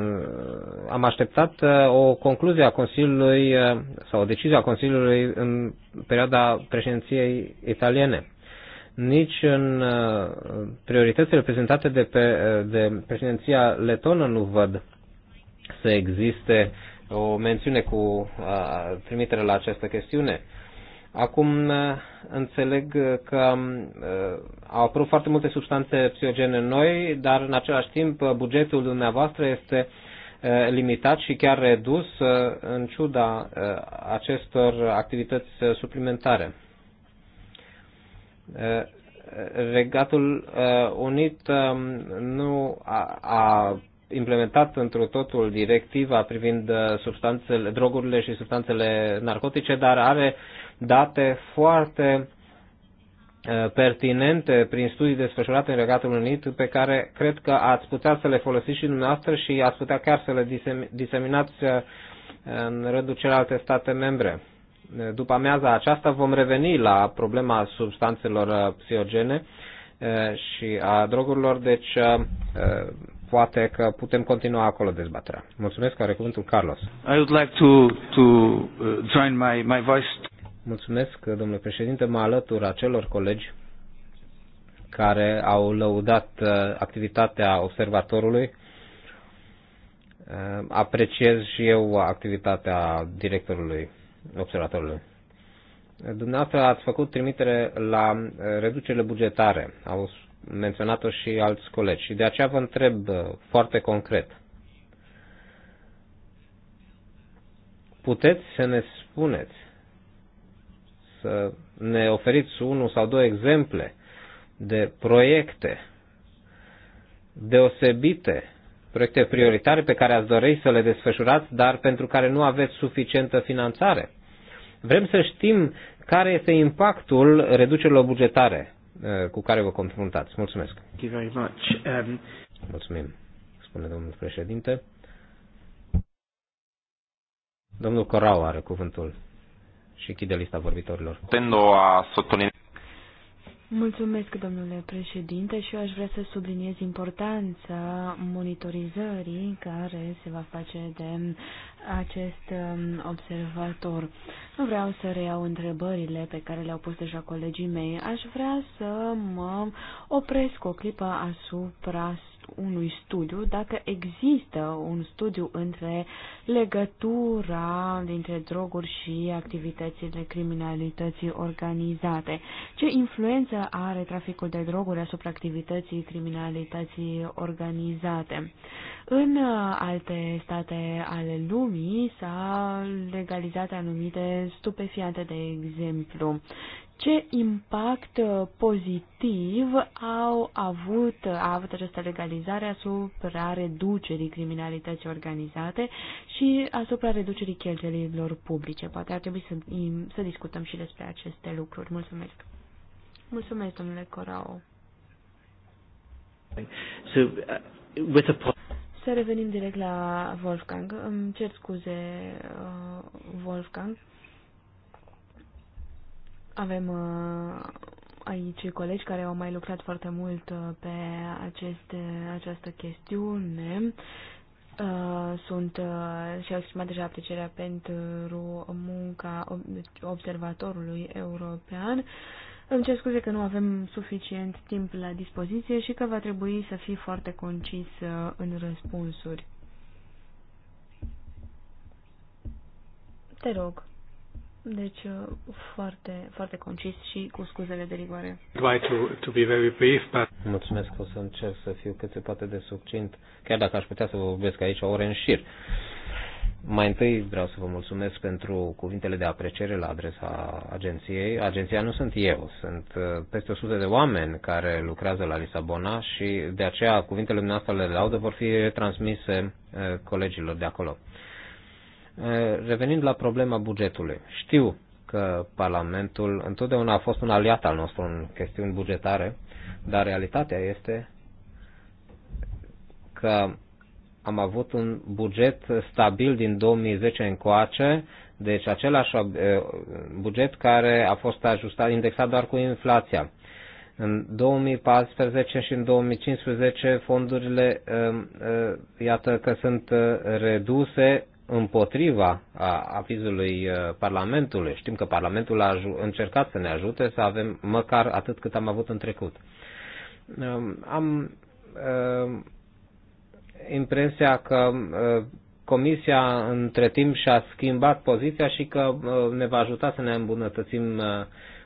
am așteptat uh, o concluzie a Consiliului uh, sau o decizie a Consiliului în perioada președinției italiene. Nici în uh, prioritățile prezentate de, pe, de președinția letonă nu văd să existe o mențiune cu trimitere la această chestiune. Acum uh, înțeleg că uh, au apărut foarte multe substanțe psihogene noi, dar în același timp uh, bugetul dumneavoastră este limitat și chiar redus în ciuda acestor activități suplimentare. Regatul Unit um, nu a, implementat într totul directiva privind substanțele, drogurile și substanțele narcotice, dar are date foarte pertinente prin studii desfășurate în Regatul Unit, pe care cred că ați putea să le folosiți și dumneavoastră și ați putea chiar să le diseminați în rândul celelalte state membre. După amiaza aceasta vom reveni la problema substanțelor psihogene și a drogurilor, deci poate că putem continua acolo dezbaterea. Mulțumesc, are cuvântul Carlos. I would like to, to uh, join my, my voice. Mulțumesc, domnule președinte. Mă alătur acelor colegi care au lăudat uh, activitatea observatorului. Uh, apreciez și eu activitatea directorului observatorului. Dumneavoastră ați făcut trimitere la uh, reducerile bugetare, au menționat-o și alți colegi și de aceea vă întreb foarte concret. Puteți să ne spuneți să ne oferiți unul sau două exemple de proiecte deosebite, proiecte prioritare pe care ați dori să le desfășurați, dar pentru care nu aveți suficientă finanțare. Vrem să știm care este impactul reducerilor bugetare uh, cu care vă confruntați. Mulțumesc. Thank you very much. Um... Mulțumim, spune domnul președinte. Domnul Corau are cuvântul și închide lista vorbitorilor. Tendo a sottolineare. Mulțumesc, domnule președinte, și eu aș vrea să subliniez importanța monitorizării care se va face de acest um, observator. Nu vreau să reiau întrebările pe care le-au pus deja colegii mei. Aș vrea să mă opresc o clipă asupra unui studiu, dacă există un studiu între legătura dintre droguri și activitățile criminalității organizate. Ce influență are traficul de droguri asupra activității criminalității organizate? În uh, alte state ale lumii s-a legalizat anumite stupefiante, de exemplu ce impact uh, pozitiv au avut, uh, a avut această legalizare asupra reducerii criminalității organizate și asupra reducerii cheltuielilor publice. Poate ar trebui să, să discutăm și despre aceste lucruri. Mulțumesc. Mulțumesc, domnule Corau. So, uh, with a... Să revenim direct la Wolfgang. Îmi cer scuze, uh, Wolfgang. Avem uh, aici colegi care au mai lucrat foarte mult uh, pe aceste, această chestiune. Uh, sunt și-au exprimat deja aprecierea pentru munca observatorului european. Îmi cer scuze că nu avem suficient timp la dispoziție și că va trebui să fii foarte concis în răspunsuri. Te rog. Deci, uh, foarte, foarte concis și cu scuzele de rigoare. to, to be very brief, but... Mulțumesc că o să încerc să fiu cât se poate de succint, chiar dacă aș putea să vă vorbesc aici o ore în șir. Mai întâi vreau să vă mulțumesc pentru cuvintele de apreciere la adresa agenției. Agenția nu sunt eu, sunt uh, peste 100 de oameni care lucrează la Lisabona și de aceea cuvintele dumneavoastră le laudă vor fi transmise uh, colegilor de acolo. Eh, revenind la problema bugetului, știu că Parlamentul întotdeauna a fost un aliat al nostru în chestiuni bugetare, dar realitatea este că am avut un buget stabil din 2010 încoace, deci același eh, buget care a fost ajustat, indexat doar cu inflația. În 2014 și în 2015 fondurile, eh, iată că sunt reduse împotriva avizului uh, Parlamentului. Știm că Parlamentul a încercat să ne ajute să avem măcar atât cât am avut în trecut. Um, am um, impresia că uh, Comisia între timp și-a schimbat poziția și că uh, ne va ajuta să ne îmbunătățim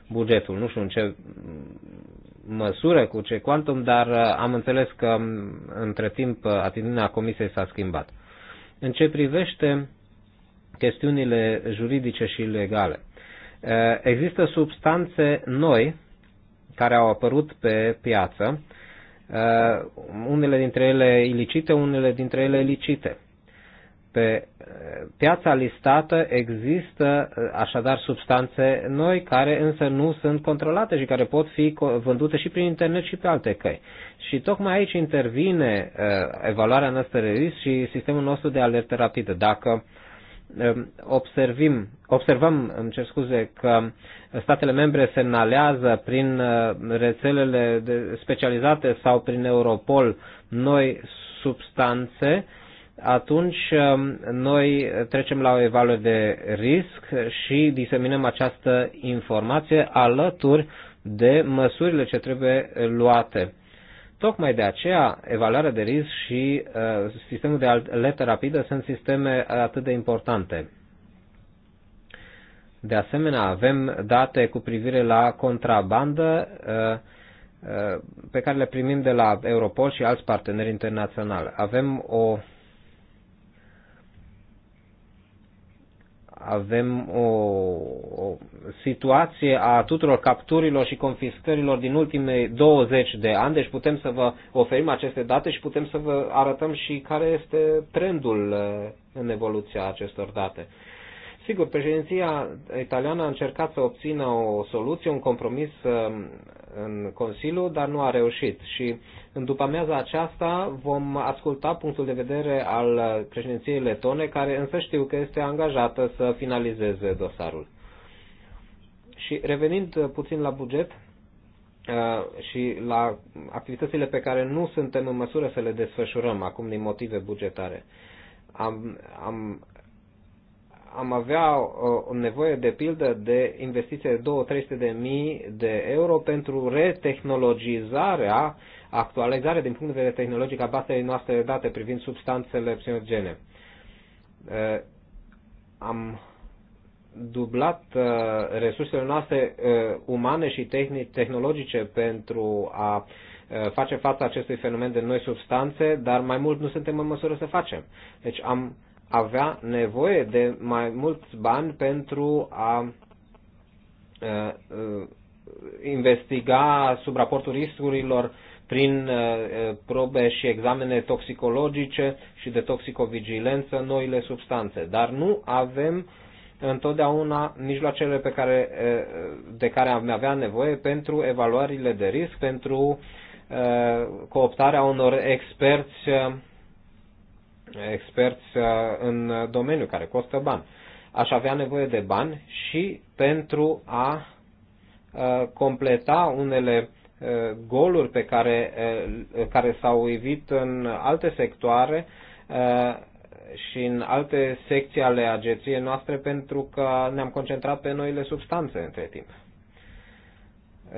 bugetul. Nu știu în ce mm, măsură, cu ce quantum, dar am înțeles că mm, între timp atitudinea Comisiei s-a schimbat. În ce privește chestiunile juridice și legale, eh, există substanțe noi care au apărut pe piață, eh, unele dintre ele ilicite, unele dintre ele licite. Pe eh, piața listată există eh, așadar substanțe noi care însă nu sunt controlate și care pot fi vândute și prin internet și pe alte căi. Și tocmai aici intervine eh, evaluarea noastră de risc și sistemul nostru de alertă rapidă. Dacă observim, observăm, îmi cer scuze, că statele membre semnalează prin rețelele specializate sau prin Europol noi substanțe, atunci um, noi trecem la o evaluare de risc și diseminăm această informație alături de măsurile ce trebuie luate. Tocmai de aceea, evaluarea de risc și uh, sistemul de alertă rapidă sunt sisteme atât de importante. De asemenea, avem date cu privire la contrabandă uh, uh, pe care le primim de la Europol și alți parteneri internaționali. Avem o avem o, o situație a tuturor capturilor și confiscărilor din ultimei 20 de ani, deci putem să vă oferim aceste date și putem să vă arătăm și care este trendul eh, în evoluția acestor date. Sigur, președinția italiană a încercat să obțină o soluție, un compromis um, în Consiliu, dar nu a reușit. Și în după amiaza aceasta vom asculta punctul de vedere al președinției letone, care însă știu că este angajată să finalizeze dosarul. Și revenind uh, puțin la buget uh, și la activitățile pe care nu suntem în măsură să le desfășurăm acum din motive bugetare am, am am avea o nevoie de pildă de investiție de 2-300 de mii de euro pentru retehnologizarea, actualizarea din punct de vedere tehnologic a bazei noastre de date privind substanțele psinogene. Am dublat resursele noastre umane și tehnologice pentru a face față acestui fenomen de noi substanțe, dar mai mult nu suntem în măsură să facem. Deci am uh, avea nevoie de mai mulți bani pentru a uh, uh, investiga sub raportul riscurilor prin uh, probe și examene toxicologice și de toxicovigilență noile substanțe. Dar nu avem întotdeauna mijloacele pe care, de care am avea nevoie pentru evaluările de risc, pentru cooptarea unor experți experți uh, în domeniu care costă bani. Aș avea nevoie de bani și pentru a uh, completa unele uh, goluri pe care, care s-au uivit în alte sectoare și în alte secții ale agenției noastre pentru că ne-am concentrat pe noile substanțe între timp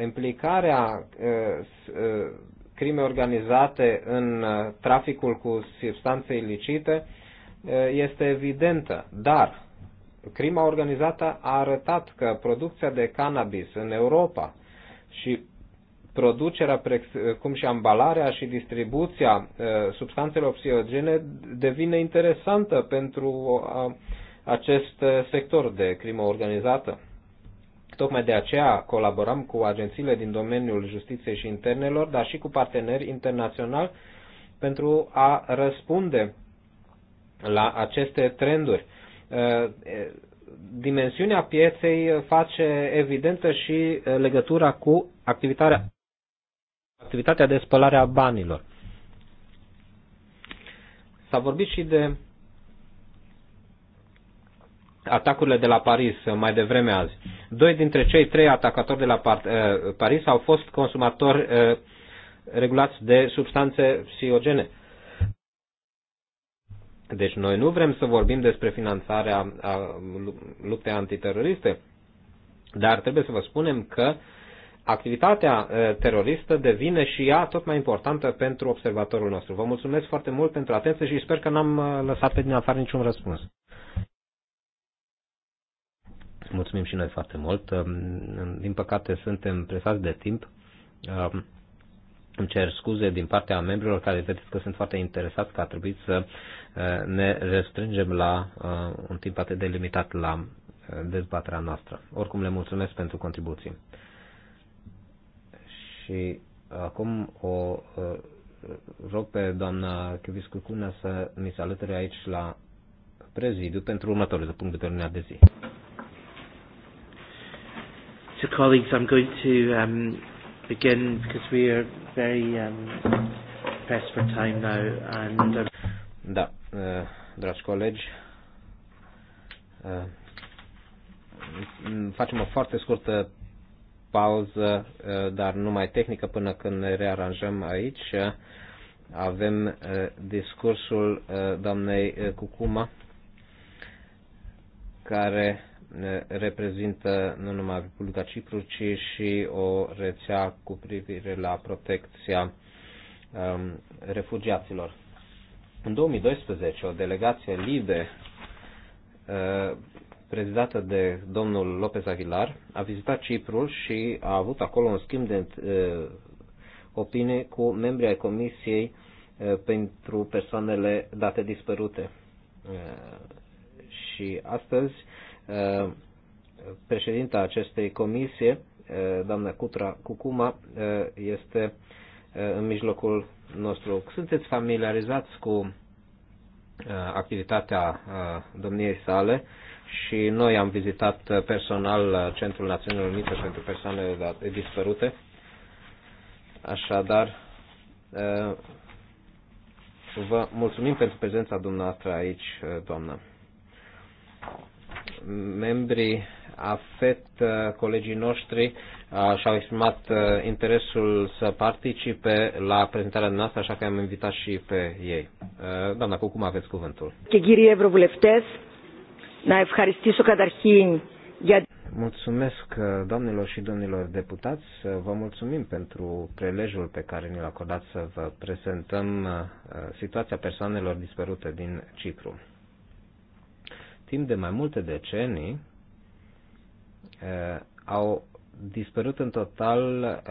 implicarea crime organizate în uh, traficul cu substanțe ilicite uh, este evidentă, dar crima organizată a arătat că producția de cannabis în Europa și producerea, uh, cum și ambalarea și distribuția substanțelor psihogene devine interesantă pentru acest sector de crimă organizată. Tocmai de aceea colaborăm cu agențiile din domeniul justiției și internelor, dar și cu parteneri internaționali pentru a răspunde la aceste trenduri. Uh, dimensiunea pieței face evidentă și uh, legătura cu activitatea, activitatea de spălare a banilor. S-a vorbit și de atacurile de la Paris uh, mai devreme azi. Doi dintre cei trei atacatori de la uh, Paris au fost consumatori uh, regulați de substanțe psihogene. Deci noi nu vrem să vorbim despre finanțarea a luptei antiteroriste, dar trebuie să vă spunem că activitatea teroristă devine și ea tot mai importantă pentru observatorul nostru. Vă mulțumesc foarte mult pentru atenție și sper că n-am lăsat pe din afară niciun răspuns. Mulțumim și noi foarte mult. Din păcate suntem presați de timp. Îmi cer scuze din partea membrilor care vedeți că sunt foarte interesați că a trebuit să uh, ne restrângem la uh, un timp atât de limitat la uh, dezbaterea noastră. Oricum le mulțumesc pentru contribuții. Și acum o rog pe doamna Chiviscu să mi se alăture aici la prezidiu pentru următorul punct de ordine de zi. So, colleagues, I'm going to um, begin because we are very um, pressed for time now. And uh, da, uh, dragi colegi, uh, facem o foarte scurtă pauză, uh, dar numai tehnică până când ne rearanjăm aici. Uh, avem uh, discursul uh, doamnei uh, Cucuma care reprezintă nu numai Republica Cipru, ci și o rețea cu privire la protecția um, refugiaților. În 2012, o delegație LIBE, uh, prezidată de domnul López Aguilar, a vizitat Ciprul și a avut acolo un schimb de uh, opinie cu membrii ai Comisiei uh, pentru persoanele date dispărute. Uh, și astăzi uh, Uh, președinta acestei comisie, uh, doamna Cutra Cucuma, uh, este în mijlocul nostru. Sunteți familiarizați cu activitatea domniei sale și noi am vizitat personal Centrul Națiunilor Unite pentru persoanele dispărute. Așadar, vă mulțumim pentru prezența dumneavoastră aici, doamnă membrii AFET, uh, colegii noștri, uh, și-au exprimat uh, interesul să participe la prezentarea noastră, așa că am invitat și pe ei. Doamna cum aveți cuvântul. Mulțumesc, doamnelor și domnilor deputați. Vă mulțumim pentru prelejul pe care ne-l acordat să vă prezentăm situația persoanelor dispărute din Cipru timp de mai multe decenii eh, au dispărut în total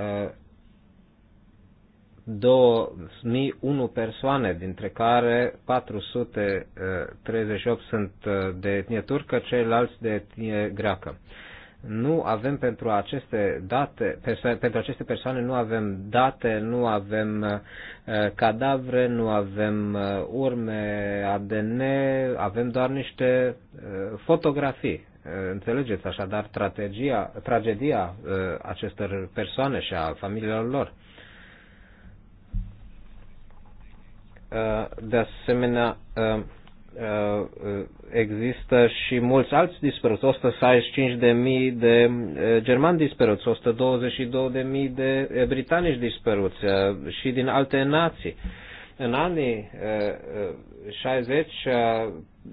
2001 eh, persoane, dintre care 438 eh, sunt de etnie turcă, ceilalți de etnie greacă nu avem pentru aceste date, pentru aceste persoane nu avem date, nu avem uh, cadavre, nu avem uh, urme ADN, avem doar niște uh, fotografii. Înțelegeți așadar strategia, tragedia acestor persoane și a familiilor lor. De asemenea, Uh, uh, există și mulți alți dispăruți, 165.000 de uh, germani dispăruți, 122.000 de britanici dispăruți și din alte nații. În anii 60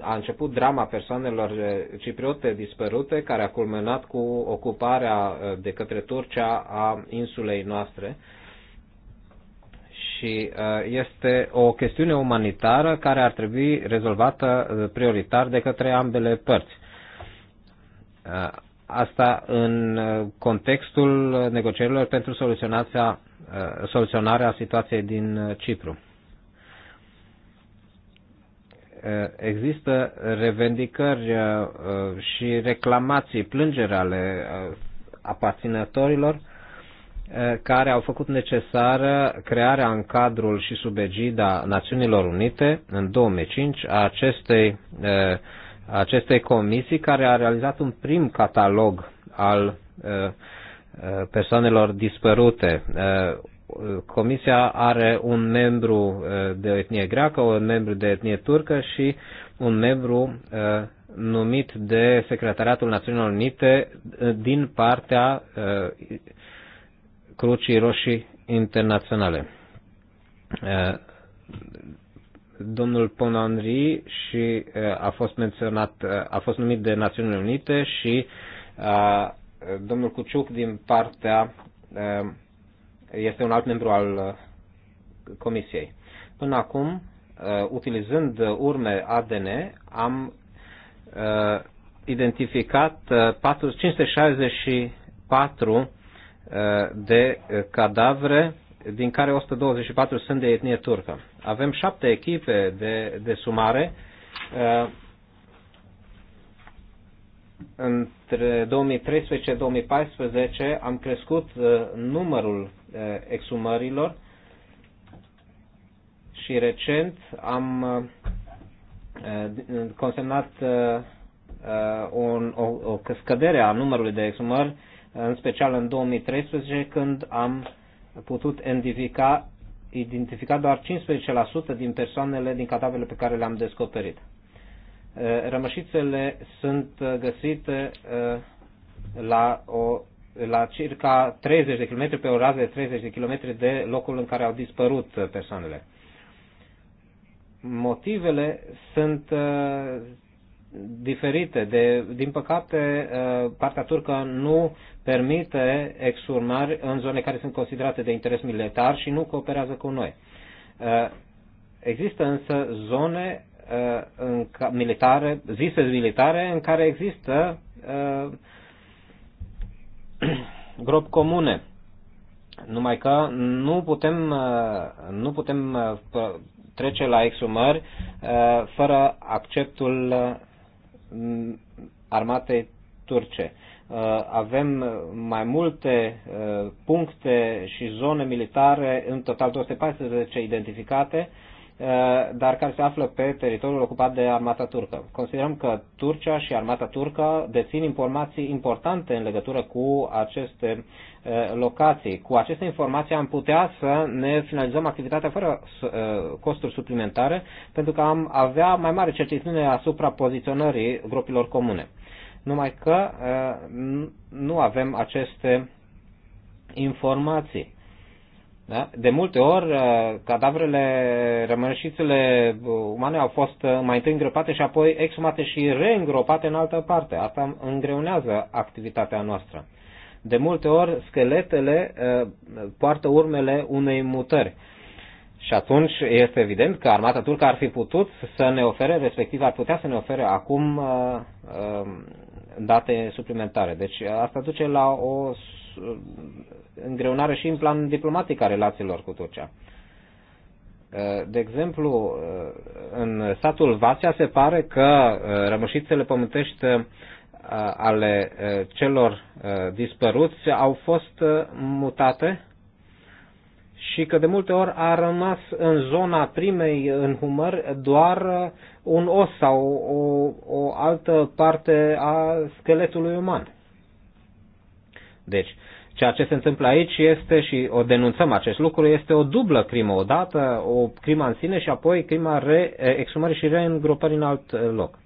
a început drama persoanelor cipriote dispărute, care a culminat cu ocuparea de către Turcia a insulei noastre și uh, este o chestiune umanitară care ar trebui rezolvată uh, prioritar de către ambele părți. Uh, asta în contextul negocierilor pentru soluționarea, soluționarea situației din Cipru. Există revendicări și reclamații, plângeri ale aparținătorilor Eh, care au făcut necesară crearea în cadrul și sub egida Națiunilor Unite în 2005 a acestei, a eh, acestei comisii care a realizat un prim catalog al eh, persoanelor dispărute. Comisia are un membru de etnie greacă, un membru de etnie turcă și un membru numit de Secretariatul Națiunilor Unite din partea Crucii Roșii Internaționale. Eh, domnul Ponanri și eh, a fost menționat, eh, a fost numit de Națiunile Unite și a, domnul Cuciuc din partea este un alt membru al Comisiei. Până acum, utilizând urme ADN, am identificat 4, 564 de cadavre, din care 124 sunt de etnie turcă. Avem șapte echipe de, de sumare. Între 2013-2014 am crescut uh, numărul uh, exumărilor și recent am uh, consemnat o, o, o scădere a numărului de exumări în special în 2013, când am putut identifica, identifica doar 15% din persoanele din cadavrele pe care le-am descoperit. Uh, rămășițele sunt uh, găsite uh, la, o, la circa 30 de km pe o rază de 30 de km de locul în care au dispărut persoanele. Motivele sunt diferite. De, din păcate, partea turcă nu permite exurmări în zone care sunt considerate de interes militar și nu cooperează cu noi. Uh, există însă zone uh, în militare, zise militare în care există uh, gropi comune. Numai că nu putem, nu putem trece la exumări fără acceptul armatei turce. Uh, avem mai multe uh, puncte și zone militare, în total 214 identificate, uh, dar care se află pe teritoriul ocupat de armata turcă. Considerăm că Turcia și armata turcă dețin informații importante în legătură cu aceste locații. Cu aceste informații am putea să ne finalizăm activitatea fără costuri suplimentare, pentru că am avea mai mare certitudine asupra poziționării grupilor comune numai că nu avem aceste informații. Da? De multe ori, cadavrele, rămășițele umane au fost mai întâi îngropate și apoi exumate și reîngropate în altă parte. Asta îngreunează activitatea noastră. De multe ori, scheletele poartă urmele unei mutări. Și atunci este evident că armata turcă ar fi putut să ne ofere, respectiv ar putea să ne ofere acum date suplimentare. Deci asta duce la o îngreunare și în plan diplomatic a relațiilor cu Turcia. Eh, de exemplu, eh, în satul Vasea se pare că eh, rămășițele pământești ale celor dispăruți au fost mutate și că de multe ori a rămas în zona primei în humăr doar un os sau o, o altă parte a scheletului uman. Deci, ceea ce se întâmplă aici este, și o denunțăm acest lucru, este o dublă crimă. Odată o crimă în sine și apoi crima re, exumării și reîngropării în alt loc.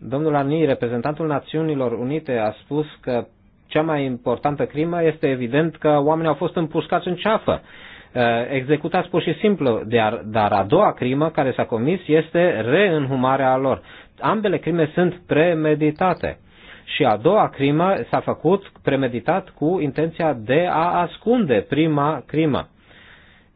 Domnul Ani, reprezentantul Națiunilor Unite, a spus că cea mai importantă crimă este evident că oamenii au fost împușcați în ceafă, uh, executați pur și simplu, dar, a doua crimă care s-a comis este reînhumarea lor. Ambele crime sunt premeditate. Și a doua crimă s-a făcut premeditat cu intenția de a ascunde prima crimă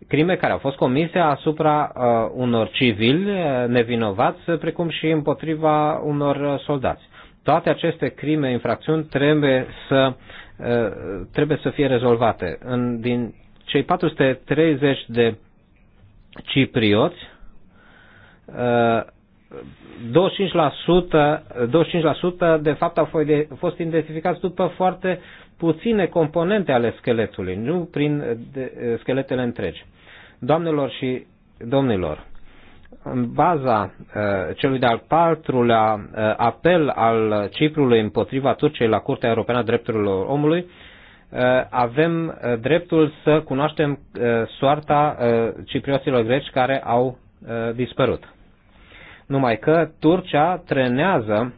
crime care au fost comise asupra uh, unor civili uh, nevinovați, precum și împotriva unor uh, soldați. Toate aceste crime, infracțiuni trebuie să, uh, trebuie să fie rezolvate. În, din cei 430 de ciprioți, 25%, uh, 25% de fapt au fost identificați după foarte puține componente ale scheletului, nu prin uh, scheletele întregi. Doamnelor și domnilor, în baza uh, celui de-al patrulea uh, apel al Ciprului împotriva Turciei la Curtea Europeană a Drepturilor Omului, uh, avem dreptul să cunoaștem soarta ciprioților greci care au dispărut. Numai că Turcia trenează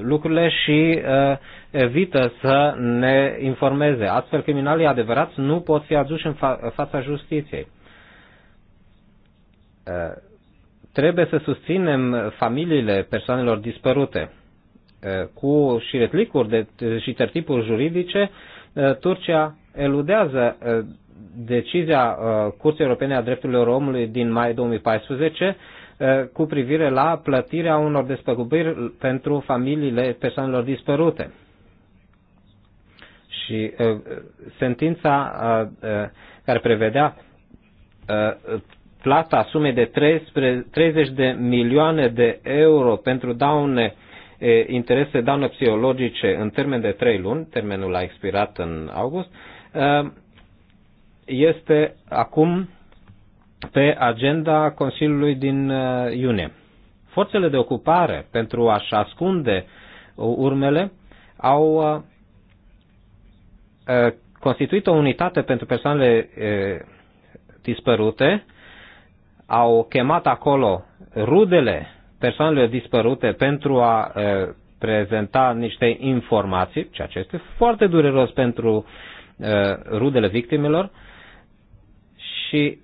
lucrurile și evită să ne informeze. Astfel, criminalii adevărați nu pot fi aduși în fa- fața justiției. Uh, trebuie să susținem familiile persoanelor dispărute. Uh, cu șiretlicuri de, și tertipuri juridice, uh, Turcia eludează decizia Curții Europene a Drepturilor Omului din mai 2014 cu privire la plătirea unor despăgubiri pentru familiile persoanelor dispărute. Și sentința care prevedea plata sumei de 30 de milioane de euro pentru daune, interese daune psihologice în termen de 3 luni, termenul a expirat în august, este acum pe agenda Consiliului din iunie. Forțele de ocupare, pentru a-și ascunde urmele, au constituit o unitate pentru persoanele dispărute au chemat acolo rudele persoanelor dispărute pentru a prezenta niște informații, ceea ce este foarte dureros pentru rudele victimelor. Și,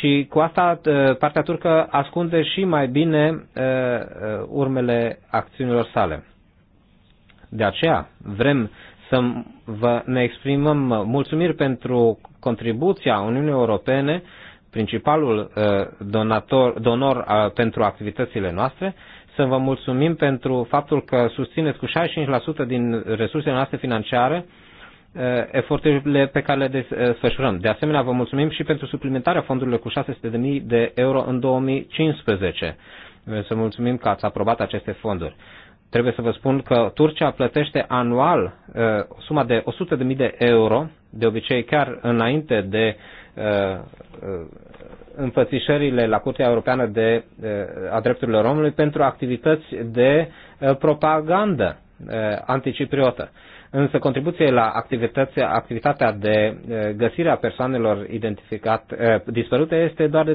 și cu asta partea turcă ascunde și mai bine uh, urmele acțiunilor sale. De aceea vrem să vă, ne exprimăm mulțumiri pentru contribuția Uniunii Europene principalul uh, donator, donor uh, pentru activitățile noastre, să vă mulțumim pentru faptul că susțineți cu 65% din resursele noastre financiare uh, eforturile pe care le desfășurăm. De asemenea, vă mulțumim și pentru suplimentarea fondurilor cu 600.000 de euro în 2015. Să mulțumim că ați aprobat aceste fonduri. Trebuie să vă spun că Turcia plătește anual uh, suma de 100.000 de euro, de obicei chiar înainte de uh, uh, înfățișările la Curtea Europeană de, uh, a Drepturilor Omului pentru activități de propagandă anticipriotă. Însă contribuție la activitatea, activitatea de găsire a persoanelor identificate dispărute este doar de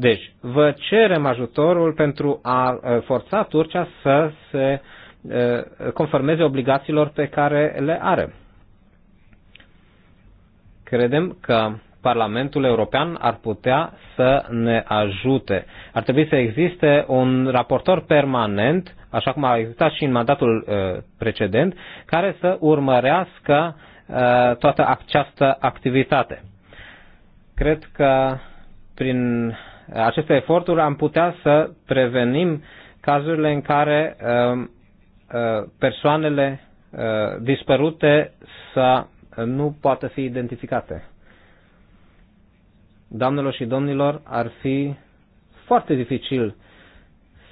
deci, vă cerem ajutorul pentru a uh, forța Turcia să se uh, conformeze obligațiilor pe care le are. Credem că Parlamentul European ar putea să ne ajute. Ar trebui să existe un raportor permanent, așa cum a existat și în mandatul uh, precedent, care să urmărească toată această activitate. Cred că prin aceste eforturi am putea să prevenim cazurile în care um, uh, persoanele uh, dispărute să nu poată fi identificate. Doamnelor și domnilor, ar fi foarte dificil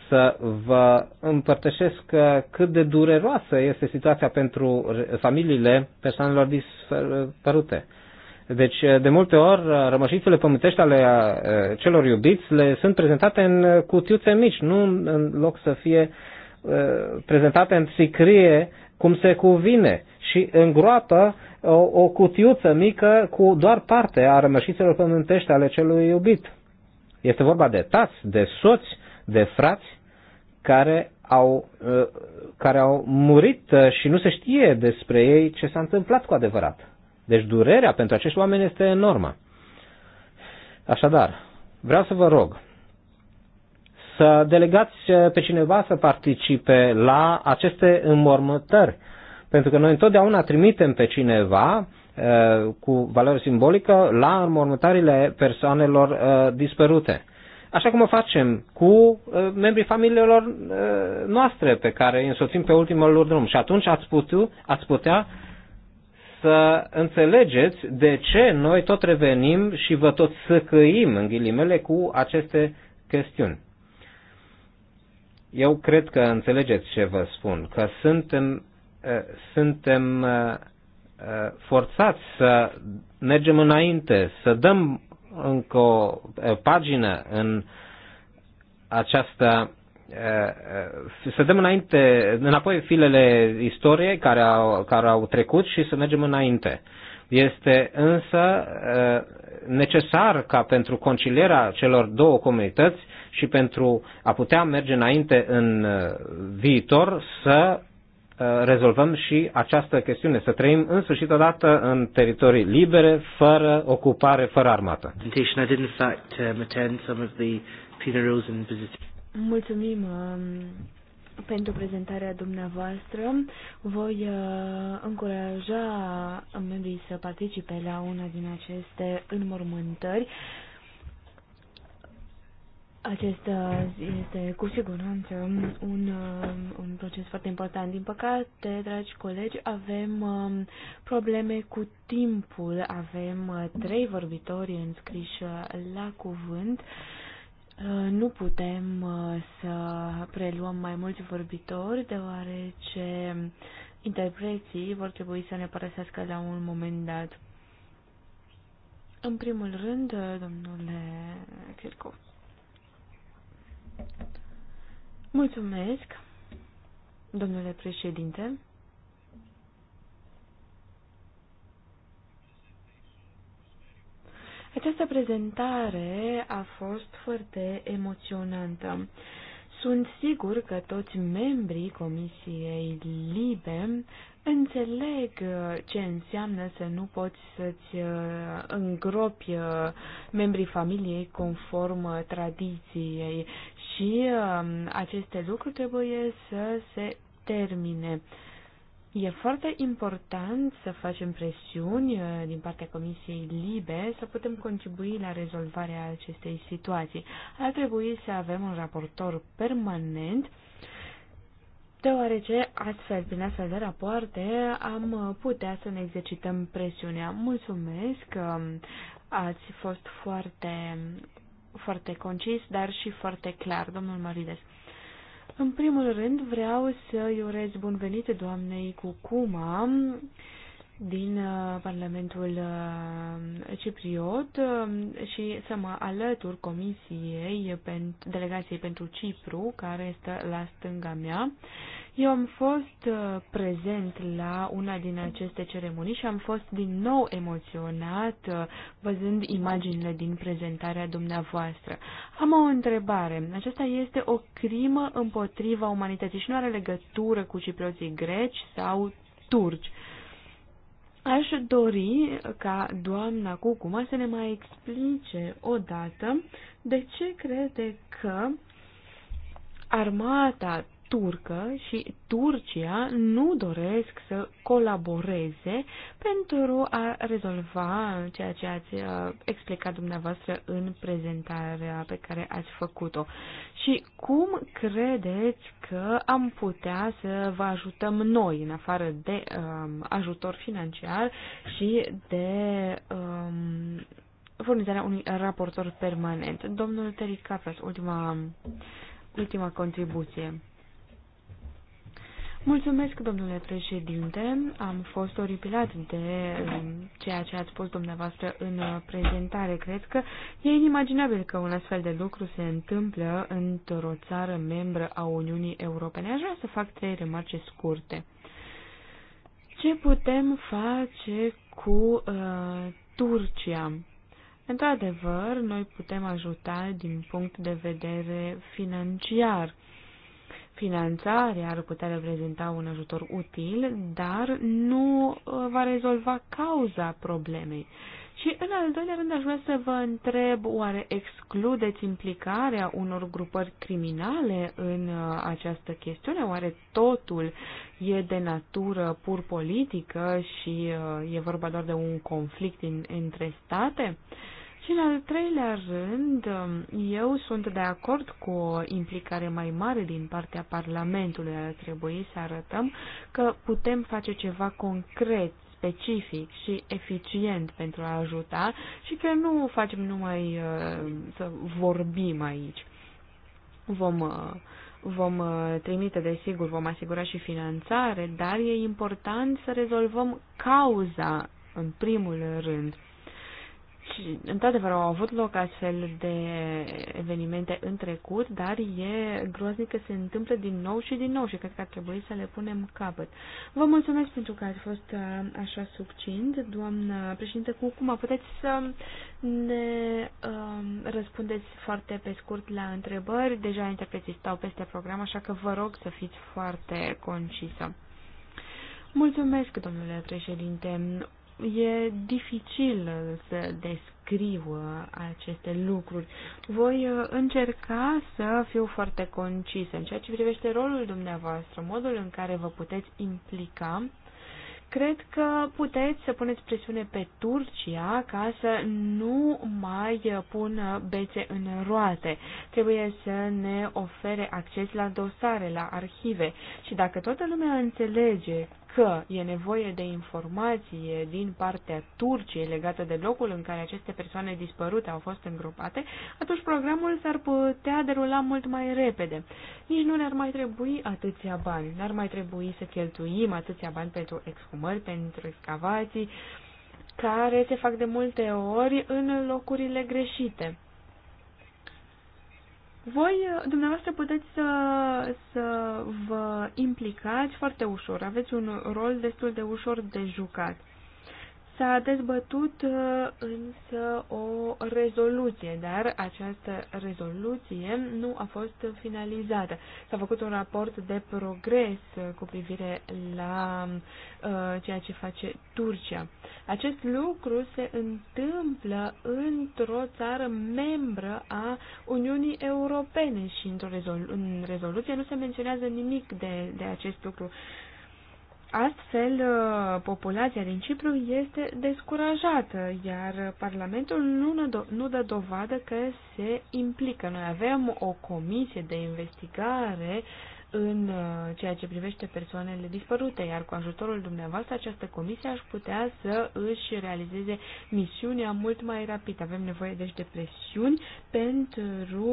să vă împărtășesc uh, cât de dureroasă este situația pentru familiile persoanelor dispărute. Deci, de multe ori, rămășițele pământești ale celor iubiți le sunt prezentate în cutiuțe mici, nu în loc să fie prezentate în sicrie cum se cuvine și în groapă o, o cutiuță mică cu doar parte a rămășițelor pământești ale celui iubit. Este vorba de tați, de soți, de frați care au, care au murit și nu se știe despre ei ce s-a întâmplat cu adevărat. Deci durerea pentru acești oameni este enormă. Așadar, vreau să vă rog să delegați eh, pe cineva să participe la aceste înmormântări. Pentru că noi întotdeauna trimitem pe cineva eh, cu valoare simbolică la înmormântările persoanelor eh, dispărute. Așa cum o facem cu membrii familiilor noastre pe care îi însoțim pe ultimul lor drum. Și atunci ați, putu, ați putea să înțelegeți de ce noi tot revenim și vă tot săcăim, în ghilimele, cu aceste chestiuni. Eu cred că înțelegeți ce vă spun, că suntem, eh, suntem eh, eh, forțați să mergem înainte, să dăm încă o pagină în această Eh, eh, să dăm înainte, înapoi filele istoriei care au, care au trecut și să mergem înainte. Este însă eh, necesar ca pentru concilierea celor două comunități și pentru a putea merge înainte în viitor să rezolvăm și această chestiune, să trăim în sfârșit odată în teritorii libere, fără ocupare, fără armată. Mulțumim um, pentru prezentarea dumneavoastră. Voi uh, încuraja membrii să participe la una din aceste înmormântări. Acesta este cu siguranță un, um, un proces foarte important. Din păcate, dragi colegi, avem um, probleme cu timpul. Avem uh, trei vorbitori înscriși la cuvânt. Uh, nu putem uh, să preluăm mai mulți vorbitori, deoarece interpreții vor trebui să ne părăsească la un moment dat. În primul rând, uh, domnule Kirchhoff. Mulțumesc, domnule președinte. Această prezentare a fost foarte emoționantă. Sunt sigur că toți membrii Comisiei Libe înțeleg ce înseamnă să nu poți să-ți uh, îngropi uh, membrii familiei conform uh, tradiției și um, aceste lucruri trebuie să se termine. E foarte important să facem presiuni uh, din partea Comisiei Libe să putem contribui la rezolvarea acestei situații. Ar trebui să avem un raportor permanent deoarece astfel, prin astfel de rapoarte, am uh, putea să ne exercităm presiunea. Mulțumesc că um, ați fost foarte, foarte concis, dar și foarte clar, domnul Marides. În primul rând vreau să-i urez bun venit doamnei Cucuma din uh, Parlamentul uh, Cipriot uh, și să mă alătur Comisiei Delegației pentru Cipru, care este la stânga mea, eu am fost uh, prezent la una din aceste ceremonii și am fost din nou emoționat uh, văzând imaginile din prezentarea dumneavoastră. Am o întrebare. Aceasta este o crimă împotriva umanității și nu are legătură cu ciprioții greci sau turci. Aș dori ca doamna Cucuma să ne mai explice odată de ce crede că armata turcă și Turcia nu doresc să colaboreze pentru a rezolva ceea ce ați uh, explicat dumneavoastră în prezentarea pe care ați făcut-o. Și cum credeți că am putea să vă ajutăm noi, în afară de um, ajutor financiar și de um, furnizarea unui raportor permanent? Domnul Teric Capras, ultima, ultima contribuție. Mulțumesc, domnule președinte. Am fost oripilat de um, ceea ce ați spus dumneavoastră în uh, prezentare. Cred că e inimaginabil că un astfel de lucru se întâmplă într-o țară membră a Uniunii Europene. Aș vrea să fac trei remarce scurte. Ce putem face cu uh, Turcia? Într-adevăr, noi putem ajuta din punct de vedere financiar. Finanțarea ar putea reprezenta un ajutor util, dar nu uh, va rezolva cauza problemei. Și în al doilea rând aș vrea să vă întreb, oare excludeți implicarea unor grupări criminale în uh, această chestiune? Oare totul e de natură pur politică și uh, e vorba doar de un conflict in, între state? Uh, și în al treilea rând, eu sunt de acord cu o implicare mai mare din partea Parlamentului. Ar trebui să arătăm că putem face ceva concret specific și eficient pentru a ajuta și că nu facem numai uh, să vorbim aici. Vom uh, vom uh, trimite, desigur, vom asigura și finanțare, dar e important să rezolvăm cauza în primul rând. Și, într-adevăr, au avut loc astfel de evenimente în trecut, dar e groaznic că se întâmplă din nou și din nou și cred că ar trebui să le punem capăt. Vă mulțumesc pentru că ați fost uh, așa subțind, doamnă președinte Cucuma. Puteți să ne um, răspundeți foarte pe scurt la întrebări. Deja interpreții stau peste program, așa că vă rog să fiți foarte concisă. Mulțumesc, domnule președinte e dificil să descriu uh, aceste lucruri. Voi uh, încerca să fiu foarte concis în ceea ce privește rolul dumneavoastră, modul în care vă puteți implica. Cred că puteți să puneți presiune pe Turcia ca să nu mai pună bețe în roate. Trebuie să ne ofere acces la dosare, la arhive și dacă toată lumea înțelege că e nevoie de informație din partea Turciei legată de locul în care aceste persoane dispărute au fost îngropate, atunci programul s-ar putea derula mult mai repede. Nici nu ne-ar mai trebui atâția bani, n-ar mai trebui să cheltuim atâția bani pentru exhumări, pentru excavații, care se fac de multe ori în locurile greșite. Voi, uh, dumneavoastră, puteți să, să vă implicați foarte ușor. Aveți un rol destul de ușor de jucat. S-a dezbătut uh, însă o rezoluție, dar această rezoluție nu a fost finalizată. S-a făcut un raport de progres uh, cu privire la uh, ceea ce face Turcia. Acest lucru se întâmplă într-o țară membră a Uniunii Europene și într-o rezolu- în rezoluție nu se menționează nimic de, de acest lucru. Uh, Astfel, uh, populația din Cipru este descurajată, iar Parlamentul nu, nu dă dovadă că se implică. Noi avem o comisie de investigare în uh, ceea ce privește persoanele dispărute, iar cu ajutorul dumneavoastră această comisie aș putea să își realizeze misiunea mult mai rapid. Avem nevoie deci de presiuni pentru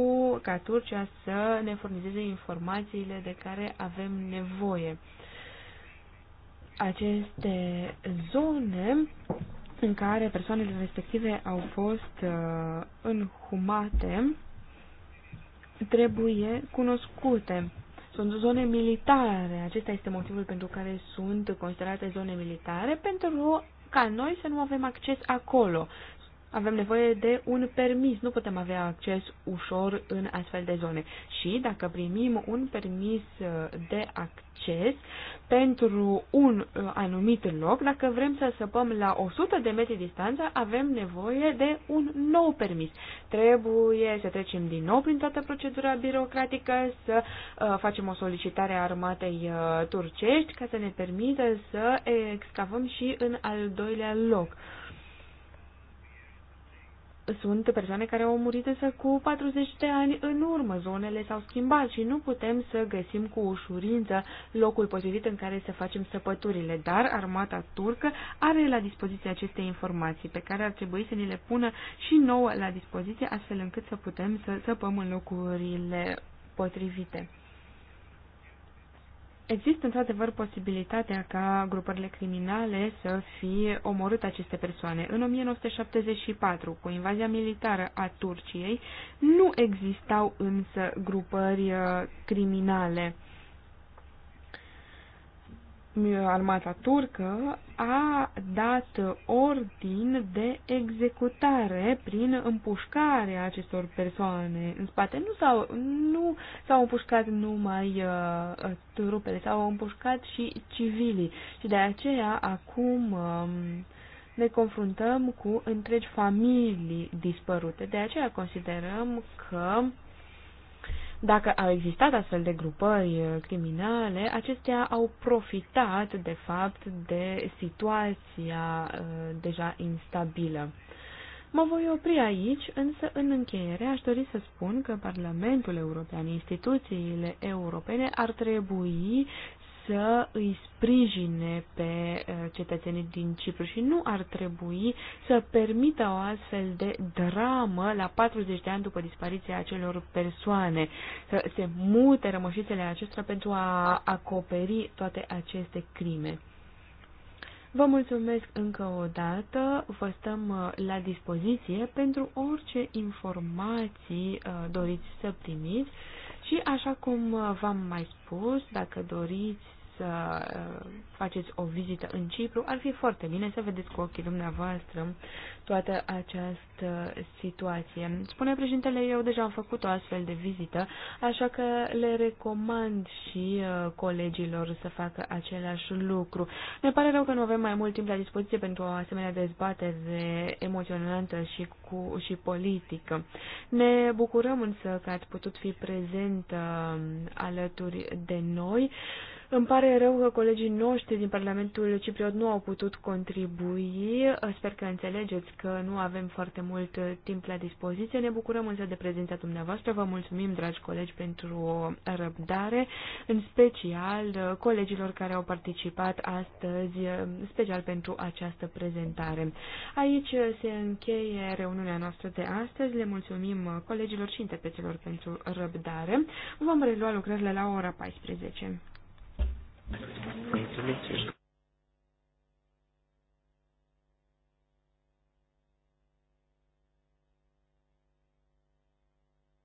ca Turcia să ne furnizeze informațiile de care avem nevoie aceste zone în care persoanele respective au fost uh, înhumate trebuie cunoscute. Sunt zone militare. Acesta este motivul pentru care sunt considerate zone militare, pentru ca noi să nu avem acces acolo avem nevoie de un permis, nu putem avea acces ușor în astfel de zone. Și dacă primim un permis uh, de acces pentru un uh, anumit loc, dacă vrem să săpăm la 100 de metri distanță, avem nevoie de un nou permis. Trebuie să trecem din nou prin toată procedura birocratică, să uh, facem o solicitare a armatei turcești ca să ne permită să excavăm și în al doilea loc sunt persoane care au murit însă cu 40 de ani în urmă. Zonele s-au schimbat și nu putem să găsim cu ușurință locul potrivit în care să facem săpăturile, dar armata turcă are la dispoziție aceste informații pe care ar trebui să ni le pună și nouă la dispoziție astfel încât să putem să săpăm în locurile potrivite. Există într-adevăr posibilitatea ca grupările criminale să fie omorât aceste persoane. În 1974, cu invazia militară a Turciei, nu existau însă grupări uh, criminale armata turcă a dat ordin de executare prin împușcarea acestor persoane în spate. Nu s-au, nu s-au împușcat numai uh, uh, trupele, s-au împușcat și civilii. Și de aceea acum um, ne confruntăm cu întregi familii dispărute. De aceea considerăm că dacă au existat astfel de grupări eh, criminale, acestea au profitat, de fapt, de situația eh, deja instabilă. Mă voi opri aici, însă în încheiere aș dori să spun că Parlamentul European, instituțiile europene ar trebui să îi sprijine pe uh, cetățenii din Cipru și nu ar trebui să permită o astfel de dramă la 40 de ani după dispariția acelor persoane, să se mute rămășițele acestora pentru a acoperi toate aceste crime. Vă mulțumesc încă o dată, vă stăm uh, la dispoziție pentru orice informații uh, doriți să primiți și așa cum v-am mai spus, dacă doriți să uh, faceți o vizită în Cipru, ar fi foarte bine să vedeți cu ochii dumneavoastră toată această situație. Spune președintele, eu deja am făcut o astfel de vizită, așa că le recomand și uh, colegilor să facă același lucru. Ne pare rău că nu avem mai mult timp la dispoziție pentru o asemenea dezbatere emoționantă și, cu, și politică. Ne bucurăm însă că ați putut fi prezent um, alături de noi. Îmi pare rău că colegii noștri din Parlamentul Cipriot nu au putut contribui. Sper că înțelegeți că nu avem foarte mult timp la dispoziție. Ne bucurăm însă de prezența dumneavoastră. Vă mulțumim, dragi colegi, pentru o răbdare, în special colegilor care au participat astăzi, special pentru această prezentare. Aici se încheie reuniunea noastră de astăzi. Le mulțumim colegilor și interpreților pentru răbdare. Vom relua lucrările la ora 14. Mulțumesc.